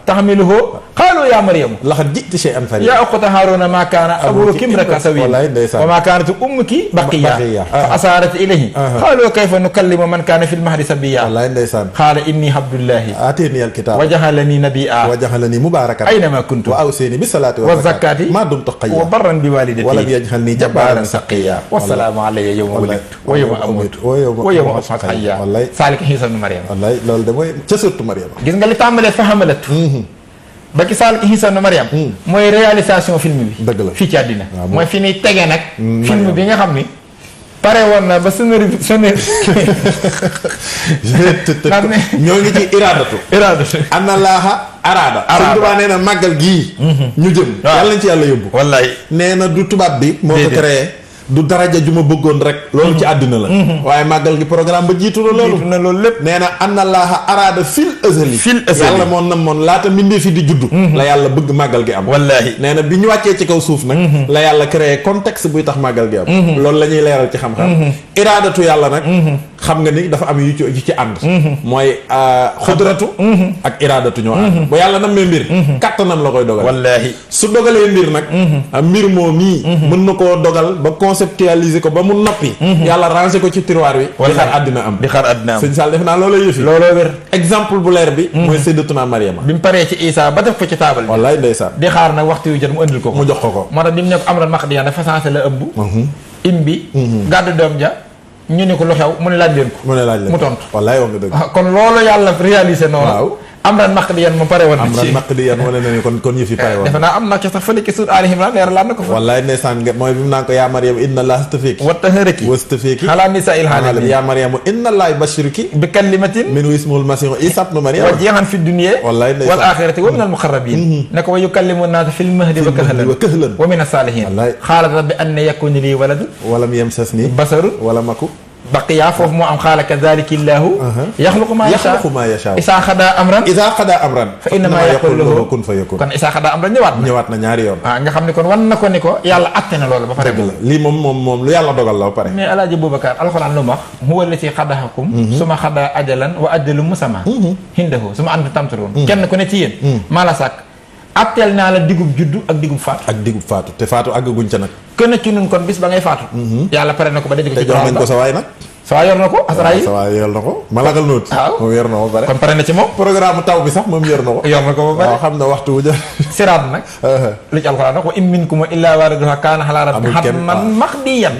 Speaker 1: tahmiluhu qaalu ya maryamu laqad jiti shay'an fariya ya ukhta haruna ma kana abuki imra'an sawiyyan wa ma kanat ummuki baqiya fa asarat ilayhi qaalu kayfa nukallimu man kana fil mahdi sabiyya wallahi ndeysaan qaala inni abdullahi atini alkitab wa jahalani nabiyya wa jahalani mubarakan aynama kuntu wa awsini bis salati wa zakati ma dumtu qayya wa barran bi walidati wa lam yajhalni jabbaran shaqiyya wa salamu alayya yawma wulidtu wa yawma amutu wa yawma as'adu hayya wallahi salik isa ibn maryam wallahi loolu de mooy ca surtout maryam gis nga li tàmbalee fa ba ci saal Isa na Mariam mooy réalisation film bi la fii ci àddina ah, mooy fi ñuy tegee nag mm, film bi nga xam ni pare woon na ba scénario scénario ñoo ngi ci iraadatu iraadatu anna laaha araada suñ tubaab nee na màggal gii mhm. ñu jëm yàlla nañ ci yàlla yóbbu wallaay nee du tubaab bi moo ko créé du daraja ju ma bëggoon rek loolu ci mhm. àddina la mhm. waaye màggal gi programme ba jiitu na loolu na loolu lépp nee na anna laaha araada fil azali fil azali yàlla moon na moon laata mbindee fi di juddu mhm. la yàlla bëgg màggal gi am wallaahi nee na bi ñu wàccee ci kaw suuf nag la yàlla créé contexte buy tax màggal gi am loolu la ñuy leeral ci xam-xam iraadatu yàlla nag xam nga ni dafa am yu ci yu ci ànd mhm. mooy euh, xudratu mhm. ak iraadatu ñoo ànd mhm. bu yàlla nam mee mbir kàttanam la koy dogal wallaahi su dogalee mbir nag ah, mbir moo mii mën na koo dogal ba conceptualiser ko ba mu noppi yàlla ranger ko ci tiroir wi di xaar àddina am di xaar àddina am sëñ saal def naa looloo yëfi looloo wér exemple bu leer bi mooy Sayyidatuna Mariama bi mu paree ci Isa ba def ko ci taabal bi wallaahi ndeysaan di xaar nag waxtu yu jot mu indil ko mu jox ko ko moo tax bi mu ne ja ñu ne ko lu xew mu ne laaj leen ko. mu ne laaj leen ko mu tontu. wallaay wax nga dëgg. Ah, kon loolu yàlla réalisé noonu. waaw amran naqdiyan mu pare woon. amran naqdiyan wane na ni kon kon yëf yi pare woon. defe naa am na ko sax fële ci suur Aali Imraan leer laan na ko fa. wallaay ndeysaan nga mooy bi mu naan ko yaa Mariam inna allah astafiki. wattaharaki wastafiki. ala nisa il alamin yaa Mariam inna allah bashiruki. bi kalimatin. min ismul masihu isa ibnu Mariam. wa jeexan fi dunya. wallaay ndeysaan wal axirati wa min al muqarrabin. Mm-hmm. ne ko wa yukallimu naasa fil mahdi wa kahlan wa min as salihin. wallaay xaalat rabbi anna yakuni lii waladun. walam yamsasni basarun wala maku baqiya foofu moo am xaala kadalika illaahu uh-huh. yaxluqu maa yashaa yaxluqu maa yashaa isaa xadaa amran isaa xadaa amran fa innamaa yaqulu lahu kun fa yakun kon isaa xadaa amran ñëwaat na ñëwaat na ñaari yoon ah nga xam ne kon wan na ko ni ko yàlla atte na loolu ba pare dëgg la lii moom moom moom lu yàlla dogal la ba pare mais alaaji Boubacar alxuraan lu wax huwa allati xadaxakum mm-hmm. suma xadaa ajalan wa ajalu musamma mm-hmm. hindahu suma anta tamtaroon mm-hmm. kenn ku ne ci yéen maa la sàkk atteel naa la digub juddu ak digub faatu. ak digub faatu te faatu àggaguñ ca nag. kën a ci nun kon bis ba ngay faatu. Mhm. yàlla pare na ko ba denc ko ci. te jox nañ ko sa waay nag. sa waay yor na ko ma yi ah, na ko malakal noot moom kon pare na ci moom programme taw bi sax moom yor na xam na waxtu wu jël siraat nag uh-huh. lu ci alxuraan nag wa in minkum illaa waariduhaa kaana alaa rabbika hatman ah. maqdiyan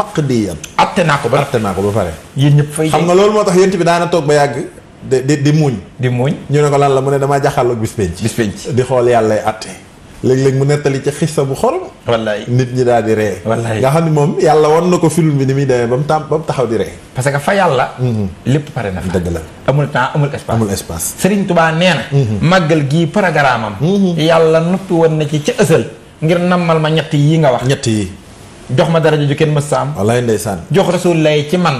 Speaker 1: maqdiyan atte naa ko ba atte naa ko ba pare yéen ñëpp fay xam nga loolu moo tax yéen bi daana toog ba yàgg di di di muñ. di muñ ñu ne ko lan la mu ne damaa jaxal ak bis penc. bis penc di xool yàlla lay àtte. léeg-léeg mu nettali ci xissa bu xorom. wallaay nit ñi daal di ree. wallaay nga xam ne moom yàlla won na ko film bi ni muy demee ba mu tàmm ba mu taxaw di ree. parce que fa yàlla. Mm-hmm. lépp pare na fa. dëgg la amul temps amul espace. amul espace Serigne Touba nee na. Mm-hmm. màggal gii programme am. Mm-hmm. yàlla noppi woon na ci ca ësal. ngir nammal ma ñett yi nga wax. ñett yi. jox ma daraja ju kenn mës sa am wallaay ndeysaan jox rasul lay ci man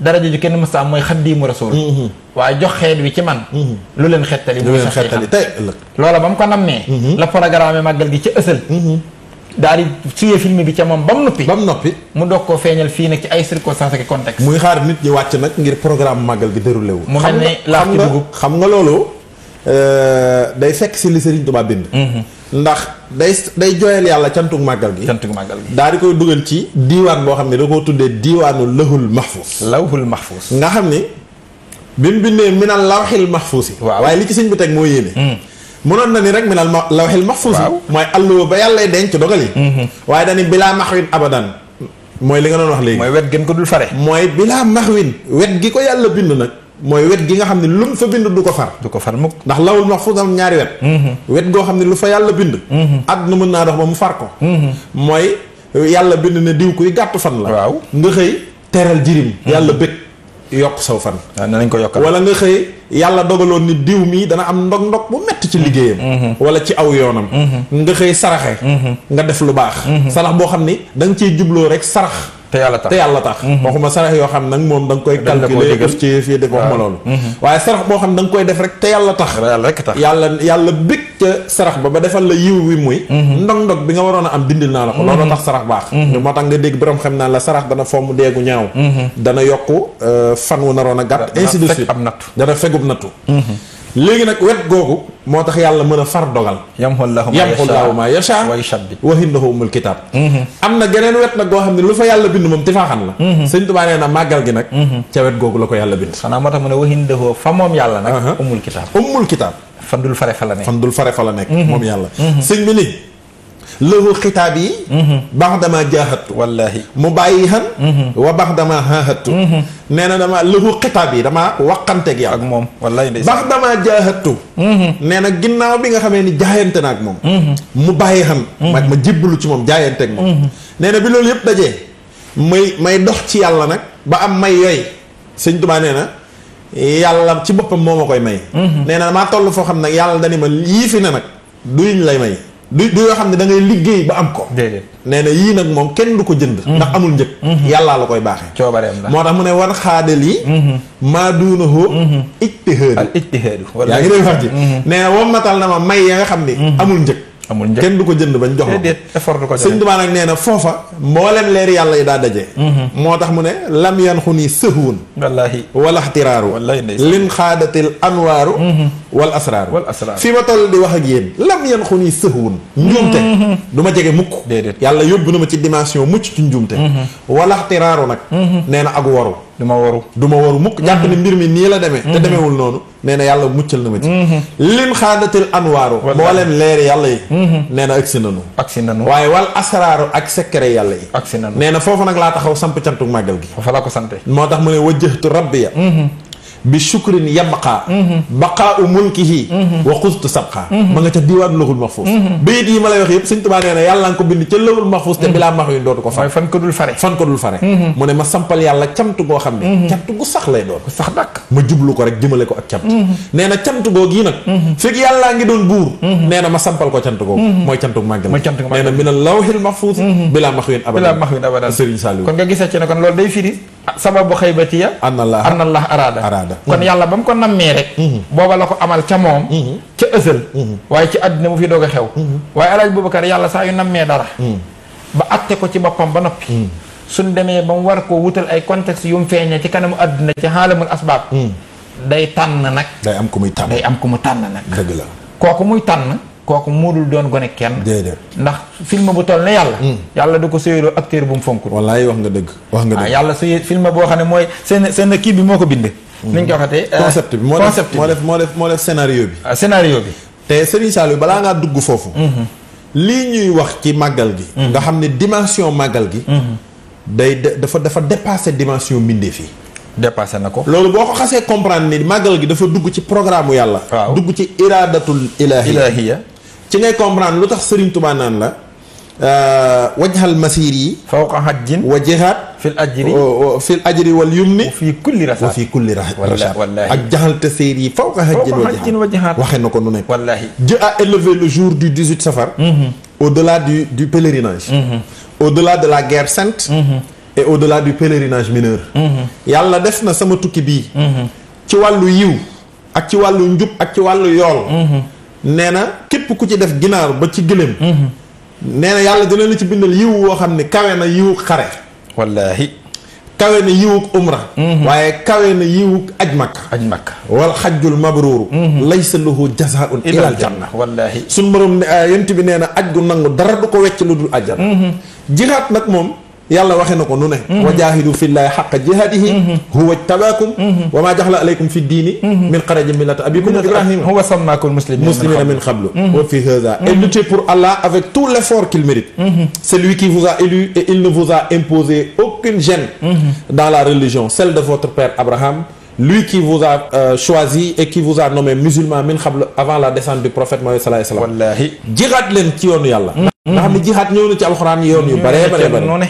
Speaker 1: daraja ju kenn mës sa am mooy xaddiimu rasul waaye jox xeet wi ci man lu leen xettali lu leen xettali tey ëllëg loola ba mu ko nammee la programme màggal gi ci ësël daal di suyee film bi ca moom ba mu noppi ba mu noppi mu doog koo feeñal fii nag ci ay circonstances ak contexte muy xaar nit ñi wàcc nag ngir programme màggal gi déroulé wu mu mel ne laax xam nga loolu Euh, day fekk si li Serigne Touba bind. Mhm. ndax day day jooyal yàlla cantug màggal gi. cantug màggal gi daal di koy dugal ci diiwaan boo xam ne da koo tuddee diiwaanu lëhul mahfous. lawhul mahfous. nga xam ni bi mu bindee minal lawxil mahfous yi. waaw waaye li ci sëñ bi teg moo yéeme. mënoon mhm. na ni rek minal lawxil mahfous yi. mooy alluwa ba yàlla denc dogal yi. Mhm. waaye dañuy bilaa maxwin abadan. mooy li nga doon wax léegi. mooy wet gën ko dul fare. mooy bilaa maxwin wet gi ko yàlla bind nag. mooy wet gi nga xam ne lu mu fa bind du ko far. du ko far mukk ndax lawul mahfuus am ñaari wet. Mm-hmm. wet goo xam ne lu fa yàlla bind. Mm-hmm. àdduna mën naa dox ba mu far ko. Mm-hmm. mooy euh, yàlla bind ne diw kuy gàtt fan la. waaw nga xëy teral jirim. yàlla bëgg yokk saw fan. Ah, nañ ko yokkal wala nga xëy yàlla dogaloon ni diw mii dana am ndog-ndog bu metti ci liggéeyam. wala ci aw yoonam. nga xëy saraxe. nga def lu baax. sarax boo xam ni da ciy jubloo rek sarax. te yàlla tax te yàlla tax. Mhm. waxuma sarax yoo xam nag moom da nga koy. calculer def ci fii def waxuma loolu. Mhm. waaye sarax boo xam da koy def rek te yàlla tax. yàlla rek ca sarax ba ba defal la yiw wi muy. Mhm. ndog-ndog bi nga waroon a am dindil naa la ko. loolu tax sarax baax. moo tax nga dégg borom xam naa la sarax dana fomm deegu ñaaw. dana yokk euh, fan wu naroon a gàtt. ainsi de suite am nattu. léegi nag wet googu moo tax yàlla mën a far dogal yamxullaahu maa yasha wa innahu ummul kitaab mhm. am na geneen wet nag goo xam ne lu fa yàlla bind moom tifaaxan la mhm. sëñ Tuubaa na màggal gi nag mhm. ca wet googu la ko yàlla bind xanaa moo tax mu ne wa innahu fa moom yàlla nag ummul kitaab ummul kitaab fandul fare fa la nekk fandul fare fa la nekk moom yàlla sëñ bi nii lahu xitaab yi mm-hmm. baax dama jaaxattu wallaahi mu bàyyi xan mm-hmm. wa baax dama xaaxattu mm-hmm. nee na dama lahu xitaab yi dama waqante ak yow ak moom wallaahi ndeysaan baax dama jaaxattu nee na ginnaaw bi nga xamee ni jaayante na ak moom mu bàyyi xan mag ma jébbalu ci moom jaayante ak moom nee bi loolu yëpp dajee may may dox ci yàlla nag ba am may yooyu sëñ Tuubaa nee na yàlla ci boppam moo ma koy may nee na maa foo xam nag yàlla dani ma yii fi ne nag duñ lay may du du yoo xam ne da ngay liggéey ba am ko. déedéet nee na yii nag moom kenn du ko jënd. Mm-hmm. ndax amul njëg. Mm-hmm. yàllaa la koy baaxee. coobareem la moo tax mu ne war xaadal yi. Mm-hmm. maa duuna hoo. ijtihaadu al ijtihaadu. yaa ngi dégg wax ji nee na na ma may ya nga xam ni. amul njëg. amul njëkk kenn du ko jënd bañ jox la effort du ko sëñ Tuubaa nag nee na foofa mboolem leer yàlla yi daa daje mhm. moo tax mu ne lam yan xu nii sëhuun wallaahi wala xtiraaru lin xaadatil anwaaru mhm. wal asraaru wal asraaru fi ma toll di wax ak yéen lam yan xu nii sëhuun njuumte mhm. du ma jege mukk déedéet yàlla yóbbu na ma ci dimension mucc ci njuumte wala xtiraaru nag nee ak waru du ma waru mukk jàpp ni mbir mi nii la demee te demeewul noonu nee yàlla muccal na ma ci mm-hmm. lim xaadatil anwaaru mboolem leer yàlla yi mm-hmm. nee na agsi nanu agsi nanu waaye wal asraaru ak secret yàlla yi agsi nanu nee na nag laa taxaw samp cantuk màggal gi foofu laa ko sante moo tax mu ne wajjahtu rabbiya mm-hmm. bi shukrin yabqa mhm. baqaau mulkihi mhm. wa xustu sabqa mhm. ma nga ca diiwaan lawhul mahfuus bayit yi ma lay wax yëpp sëñ Tuubaa nee na yàlla nga ko bind ca lawhul mahfuus te bilaa max yu dootu ko fare fan ko dul fare fan ko dul fare mu ne ma sampal Sëriñ Saliou kon nga gisee ci ne kon loolu day firi sababu xaybatiya anna allah anna araada kon mhm. yàlla ba mu ko nammee rek mhm. booba la ko amal ca moom mhm. ca ësal waaye ci àddina mu fi doog a xew waaye alaaj Boubacar yàlla saa yu nammee dara ba atte ko ci boppam ba noppi suñ demee ba mu war koo wutal ay contexte yu mu feeñee ci kanamu àddina ci xaalamul asbaab day tànn nag day am ku muy tànn day am ku mu tànn dëgg la kooku muy tànn kooku moo dul doon gone kenn ndax film bu toll ne yàlla yàlla du ko séyaloo acteur bu mu fonkul wallaay wax nga dëgg wax nga dëgg yàlla séy film boo xam ne mooy seen seen kii bi moo ko bind ni ko waxatee. Euh, concept bi moo def moo def moo def moo def scénario bi. ah bi. te Serigne Saliou balaa ngaa dugg foofu. Mhm. li ñuy wax ci màggal gi. Mhm. nga xam ne dimension màggal gi. Mhm. day dafa dafa dépassé dimension mbindeef yi. dépassé na ko. loolu boo ko xasee comprendre ni màggal gi dafa dugg ci programme yàlla. dugg ci iradatul ilaahiya. ci ngay comprendre lu tax Serigne Touba naan la. wajhal masiir yi. fawqa hajjin wa jihaad. fil ajri fil ajri wal yumni. wa fii kulli rasaad wa fii kulli rasaad. ak jaxal tasiir yi fawqa hajjin wa jihaad waxee na ko nu nekk. wallaahi Dieu a élevé le jour du 18 safar. au-delà du du pèlerinage. au-delà de la guerre sainte. et au-delà du pèlerinage mineur. yàlla def na sama tukki bii. ci wàllu yiw. ak ci wàllu njub ak ci wàllu yool. nee na képp ku ci def ginaar ba ci gëléem. nee na yàlla dina la ci bindal yiw woo xam ne kawe na yiwug xare wallaahi kawe na yiwug umra mhm. waaye kawe na yiwug aj makka aj makka wal xajjul mabruuru mhm. laysa lahu jazaun ilal janna wallaahi suñ borom ah, yent bi nee na aj gu nangu dara du ko wecc lu dul ajjana mhm. jihaat nag moom yàlla waxe na ko nu ne mm-hmm. wa jaahidu fillahi xaqa jihadihi mm-hmm. huwa tabaakum mm-hmm. wa jaxla aleykum fi diini min xaraji millata abikum ibrahima huwa sammakum muslimina min qablu wa fi hada et lutter a et il ne vous a imposé aucune gêne dans la religion celle de votre père Abraham lui qui vous a euh, choisi et qui vous a nommé musulman min qablu avant la descente du prophète Mohamed sallallahu alayhi wa sallam wallaahi jihaad leen ci yoonu yàlla nga xam ne jihaad ñëw na yoon yu bare bare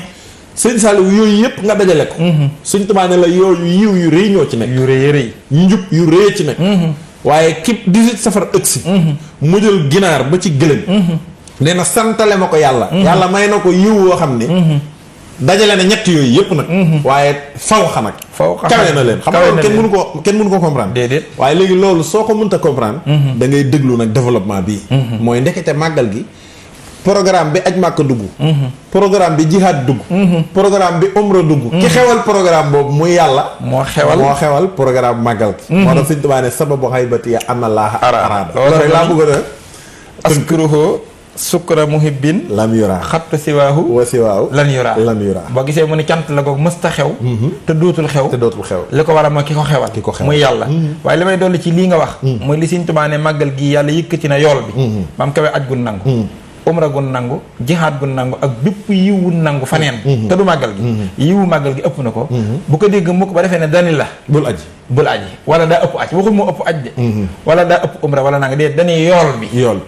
Speaker 1: sëñ Saliou yooyu yëpp nga dajale ko. Mm-hmm. suñ tubaab la yooyu yiw yu rëy ñoo ci nekk. yu rëy rëy. yu njub yu rëy ci nekk. Mm-hmm. waaye képp 18 safar ëgsi. Mm-hmm. mu jël ginaar ba ci gëlëm. nee na santale ma ko yàlla. yàlla may na ko yiw woo xam ne. dajale na ñett yooyu yëpp nag. waaye faw xam ak. faw xam kawe na leen xam nga kenn mënu ko kenn mënu ko comprendre. déedéet waaye soo ko mënta comprendre. da ngay déglu nag développement bi. mooy ndekete màggal gi. programme bi aj màkk dugg mhm. programme bi jihaad dugg mhm. programme bi omra dugg ki mhm. xewal programme boobu muy yàlla moo xewal moo xewal programme màggal ki moo tax suñ tubaane sababu xaybati ya anna laaha araada loolu laa bëgg a askuruhu sukra muhibbin lam yura xattu siwaahu wa siwaahu lan boo gisee mu ne cant la goog mësta xew te dootul xew te xew li ko waral mooy ki ko xewal ki ko xewal muy yàlla waaye li may dolli ci lii nga wax muy li Sëñ màggal gi yàlla yëkkati na yool bi maam kawe aj gun nangu umra gu nangu jihaad gu nangu ak bépp yiwu nangu faneen mm-hmm. Mm-hmm. te du màggal gi mm-hmm. yiwu màggal gi ëpp na ko bu ko dégg mukk ba defee ne dani la bul aji bul aji wala daa ëpp aj waxul moo ëpp aj de wala daa ëpp umra wala nanga de dani yool bi yool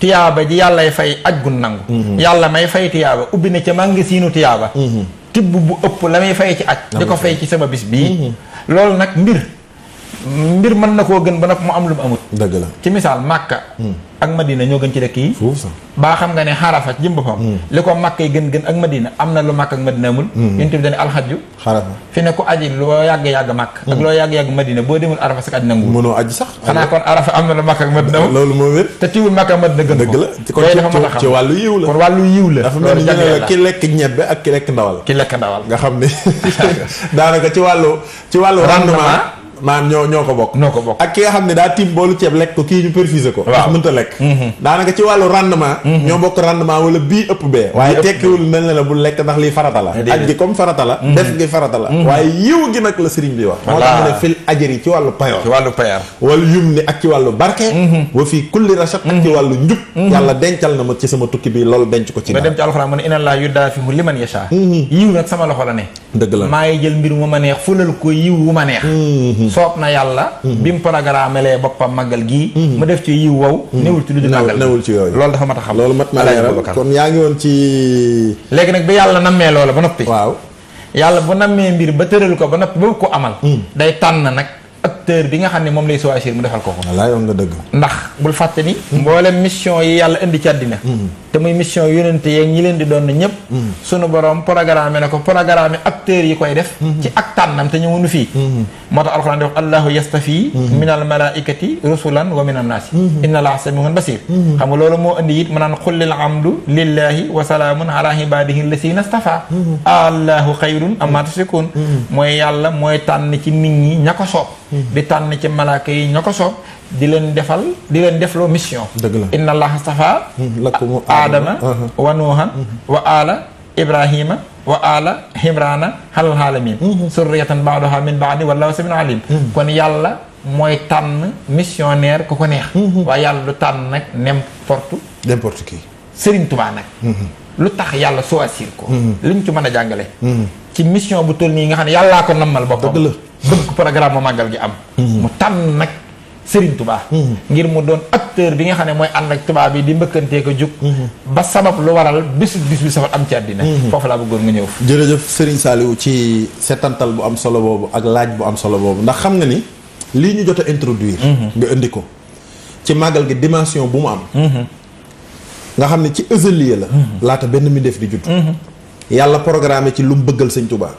Speaker 1: tiyaaba ji yàllay fay aj gu nangu yàlla may fay tiyaaba ubbi na ca màngi siinu tiyaaba tibb bu ëpp la may fay ci aj di ko fay ci sama bis bii loolu nag mbir mbir mën na koo gën ba nag mu am lu mu amut dëgg ci misaal màkka mm. ak Madina ñoo gën ci dëkk yi. foofu sax ba xam nga ne xarafa jëm boppam. Hmm. li ko Makka yi gën gën ak Madina am na lu Makka ak Madina amul. Hmm. yonent bi dañu alxaju. xarafa fi ne ku aji loo yàgg yàgg Makka. ak hmm. loo yàgg yàgg Madina boo demul arafa sax aji nangu. mënoo aji sax. xanaa kon arafa am na lu Makka ak Madina loolu moo wér te tiwul Makka Madina gën ko. dëgg la kon ci wàllu yiw la kon wàllu yiw dafa mel xam ne daanaka ci wàllu ci wàllu rendement maanaam ñoo ñoo ko bokk. ñoo ak ki nga xam ne daa tiim ceeb lekk ko kii ñu perfusé ko. waaw ndax mënta lekk. Mm-hmm. daanaka mm-hmm. la bu lekk ndax lii farata la. aj gi comme farata la. Mm-hmm. def gi farata la. waaye yiw gi nag la sëriñ bi wax. moo tax mu ne fil ajar yi ci wàllu payoor. ci wàllu payoor. wala maa ngi jël mbir mu ma neex fulal ko yiw wu ma neex soob na yàlla mhm. bi mu programme lee boppam màggal gii mhm. mu def ci yiw wow mhm. newul ci lu dul màggal newul ci yooyu loolu dafa mat a xam loolu mat ma leeral kon yaa ngi woon ci léegi nag bi yàlla nammee loola ba noppi waaw yàlla bu nammee mbir ba tëral ko ba noppi ba ko amal day tànn nag acteur bi nga xam ne moom lay choisir mu defal ko ko wallaay yoon nga dëgg ndax bul fàtte ni mboolem mission yi yàlla indi ci àddina te muy mission yonente yeeg ñi leen di doon ñëpp mm. sunu borom programme na ko programme acteurs yi koy def mm-hmm. ci ak tànnam te ñëwunu fii mm-hmm. moo tax alxuraan di wax allahu yastafi mm-hmm. min al malaikati rusulan wa min annaasi inna laa samiun basir xam nga loolu moo indi it mu naan xullil amdu lillahi wa salaamun ala ibadihi lasina stafa allahu xayrun amma tusrikun mooy yàlla mooy tànn ci nit ñi ña ko soob di tànn ci malaaka yi ña ko soob di leen defal di leen defloo mission. dëgg la inna allaha safa hmm, lakum aadama hmm. wa nuuhan hmm. wa aala ibrahima wa aala himrana xalal xaalamin surriyatan baadoha min baadi walla samin alim kon yàlla mooy tànn missionnaire ku ko neex waaye yàlla lu tànn nag n'importe n'importe qui Sëriñ Tubaa nag lu tax yàlla soo asir ko ñu ci mën a jàngale ci mission bu toll nii nga xam ne yàllaa ko nammal boppam dëgg la bëgg programme màggal gi am mu tànn nag Serigne Touba. Mhm. ngir mu doon acteur bi nga xam ne mooy ànd ak tubaab bi di mbëkkantee ko jug. Mhm. ba sabab lu waral bisu bis bi safar am ci àddina. Mhm. foofu laa bëggoon nga ñëw. jërëjëf Serigne Saliou ci setantal bu am solo boobu ak laaj bu am solo boobu ndax xam nga ni lii ñu jot a introduire. nga indi ko ci màggal gi dimension bu mu am. nga xam ne ci ësëliya la. laata benn mi def di judd. yàlla programme ci lu mu bëggal sëñ Touba.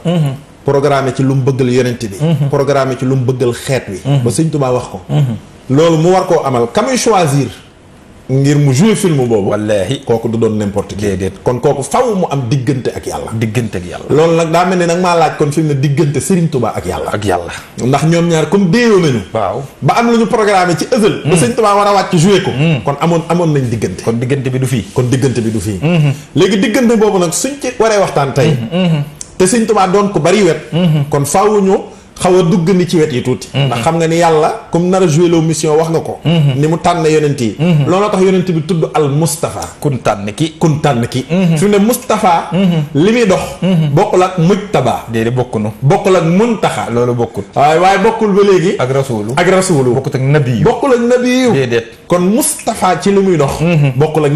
Speaker 1: programme ci lu mu bëggal yonent bi mhm. programme ci mhm. ba sëñ Tuubaa wax ko mhm. loolu mu war koo amal kamuy choisir ngir mu jouer film boobu wallaahi kooku du doon n'importe qui déedéet kon kooku faw mu am diggante ak yàlla diggante ak yàlla loolu daa mel ni nag maa laaj kon fi mu ne diggante Serigne Touba ak yàlla ak yàlla ndax ñoom ñaar comme déeyoo nañu waaw ba am lu ñu ci ësël ba Serigne Touba war a wàcc jouer ko kon amoon amoon nañ diggante kon diggante bi du fii kon diggante bi du fii léegi diggante boobu nag suñ ci waree waxtaan tey te sëñ Tuubaa doon ko bari wet mm-hmm. kon faaw ñu xaw a dugg ni ci wet yi tuuti. Mhm. ndax xam nga ni yàlla comme nar a joué loo mission wax nga ko. Mhm. ni mu tànn yonent yi. Mhm. looloo tax yonent bi tudd al Moustapha. kun tànn ki kun tànn ki. su ne Moustapha. li muy dox. bokkul ak mujtaba. déedéet bokkunu bokkul ak muntaxa. loolu bokkul. waaye waaye bokkul ba léegi. ak rasulu ak rasulu. bokkut ak nabiyu ak nabiyu. ci li muy dox. bokkul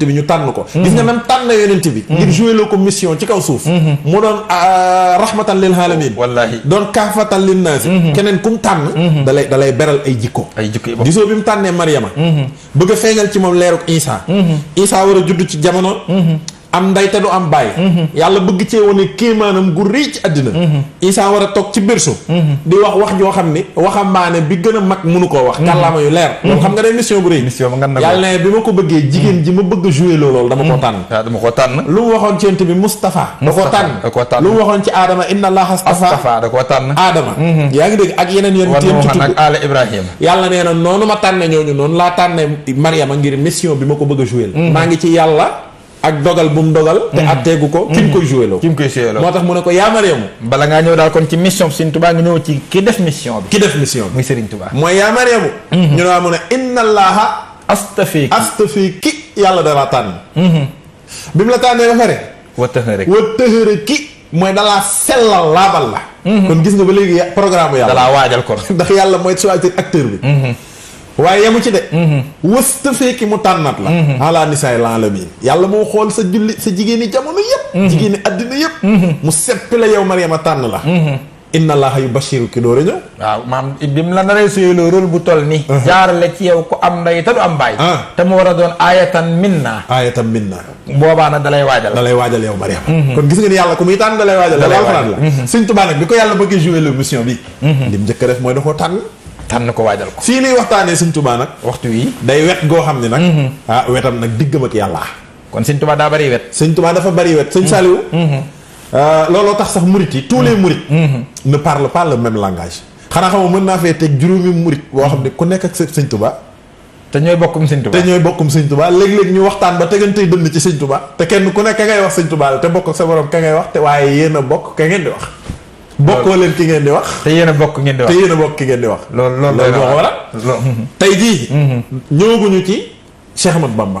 Speaker 1: bi ñu ko. gis nga même tànn yonent bi. ngir joué loo ko mission ci kaw suuf. mu doon ah, rahmatan lil alamin mu'minin wallaahi doon kaafatal lin naasi mhm. keneen ku mu tànn mhm. dalay dalay beral ay jikko ay jikko gisoo bi mu tànnee Mariama mhm. bëgg a feeñal ci moom leeruk Isa Isa war a judd ci jamono am nday te du am bàyyi mhm. yàlla bëgg cee wane kéemaanam gu rëy ci àddina mhm. Isaa war a toog ci berceau mhm. di wax wax joo xam ni waxambaane bi gën a mag mënu koo wax kàllaama yu leer loolu xam nga day mission bu rëy yàlla ne a joué ah, noonu ma tànne ñooñu noonu laa tànne Mariama ngir mission bi ma ko bëgg a maa ngi ci yàlla ak dogal bu mu dogal. te mhm. atteegu ko. ki mu mhm. koy joué loo. ki mu koy joué loo moo tax mu ne ko yaa Maryamu. bala ngaa ñëw daal kon ci mission bi Serigne Touba nga ñëw ci ki def mission bi. ki def mission bi muy Serigne Touba. mooy yaa Maryamu. Mhm. ñu ne waa mu a inna allaha. astafiki yàlla dalaa tànn. bi mu la tànnee ba pare. wa tëxëre wa ki. mooy dalaa sellal laabal la. kon gis nga ba léegi programme yàlla. dalaa waajal kon ndax yàlla mooy choisir acteur bi. waaye yemu ci de mhm. wësta feeki mu tànnat la mhm. ala nisaay laalamiin yàlla moo xool sa julli sa jigéeni jamono yëpp mhm. jigéeni addina yëpp mu seppi la yow Mariama tànn la inna yu yubashiru ki a ñëw waaw maam bi mu la naree suyuloo rôle bu toll ni uh-huh. jaarale ci yow ku am nday te du am baay ah. te mu war a doon ayatan minna ayatan minna boobaa nag dalay waajal dalay waajal yow Mariama kon gis nga ni yàlla ku muy tànn dalay waajal la Sëñ Tuubaa bi ko yàlla bëggee jouer le mission bi lim njëkk a def mooy tànn ko waajal ko. fii nuy waxtaanee Sëñ Tuubaa nag. waxtu wi day wet goo xam ne nag. Mm-hmm. ah wetam nag diggam ak yàlla. kon Sëñ Tuubaa daa bari wet. Sëñ Tuubaa dafa bari wet. sañ mm-hmm. Saliou. Mm-hmm. Ah, looloo tax sax murit yi tous les murites. ne parlent pas le même langage. xanaa xam mën naa fee teg juróomi murit boo xam ne ku nekk ak Sëñ Tuubaa. te ñooy bokkum Sëñ Tuubaa te ñooy bokkum Sëñ Tuubaa léeg-léeg ñu waxtaan ba tegantey dënd ci Sëñ Tuubaa te kenn ku nekk ka ngay wax Sëñ Tuubaa la te bokk ak sa borom ka ngay wax waaye yéen bokk ka ngeen bokkoo leen ki ngeen di wax. te yéen a bokk ngeen di wax te yéen a bokk ki ngeen di wax. lool loolu loolu moo ko waral. tey jii. Mm-hmm. ñëwaguñu ci Cheikh Ahmad Bamba.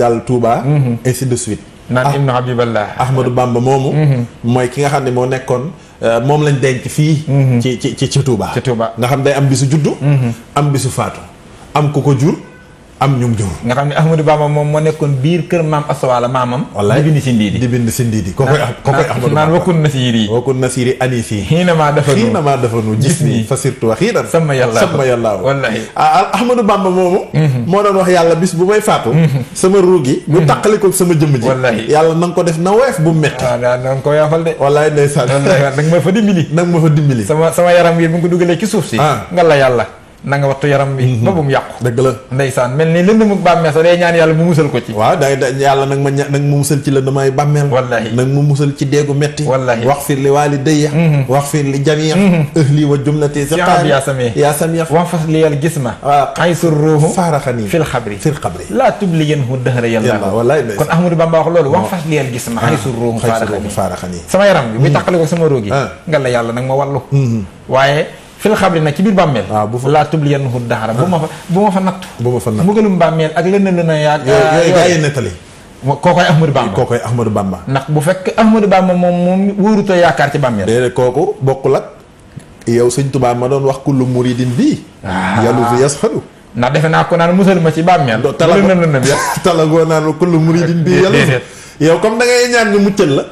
Speaker 1: dal Touba. Mhm. ainsi de suite. naan ah, Ibnu Habiballah moomu. Mhm. Mhm. mooy ki nga xam ne moo nekkoon. Euh, moom lañ denc fii. ci ci ci Touba. ci Touba nga xam day am bisu juddu. am bisu faatu am ku ko jur. am ñu ngi nga xam ne Ahmadou Bamba moom moo nekkoon biir kër maam Aswala maamam. wallaay di bind si ndiidi di bind si ndiidi. koo koy koo koy Ahmadou Bamba moomu. Mm-hmm. moo doon wax yàlla bis bu may faatu. Mm-hmm. sama ruu gi. bu mm-hmm. taqali ko sama jëmm ji. yàlla na nga ko def na woyof bu metti. waaw ah, waaw na nga ko yaafal de. wallaay ndeysaan. wallaay nag ma fa dimbali. nag ma fa dimbali. sama sama yaram yi bu nga ko dugalee ci suuf si. Ah. nga la yàlla na nga wattu yaram bi mhm. ba bu mu yàqu dëgg la ndeysaan mel ni lënd mu bàmmeel sax day ñaan yàlla mu musal ko ci waaw day da yàlla nag ma ña nag mu musal ci lënd may bàmmeel wallahi nag mu musal ci déegu metti wallahi wax fir li waalidayya mhm. wax fir mhm. wa jumlati siqaar yaa samia yaa samia wan fas li yàlla gis ma waaw laa tubliyanhu dëhra yàlla wallahi kon ahmadou bamba wax loolu wan fas li yàlla gis ma xaysur ah, ruuhu faaraxani sama yaram bi bu taqale ko sama ah. ma wàllu waaye fil xabri nag ci biir bàmmeel ah, laa tubli yenn xut daxara bu ma fa bu ma fa nattu bu ma fa nattu mbugalum bàmmeel ak lëna lëna yaag yooyu ah, gaa yi nettali kookoy Ahmadou Bamba kookoy Ahmadou Bamba ndax bu fekk Ahmadou Bamba moom moom wóoruta yaakaar ci bàmmeel déedéet kooku bokkul ak yow sëñ Tuubaa ma doon wax kullu muridin bii ah. yàllu fi yasxadu ndax defe naa ko naan musal ma ci bàmmeel lëna lëna talagoo naan kullu muridin bii yàllu yow comme da ngay ñaan ñu muccal la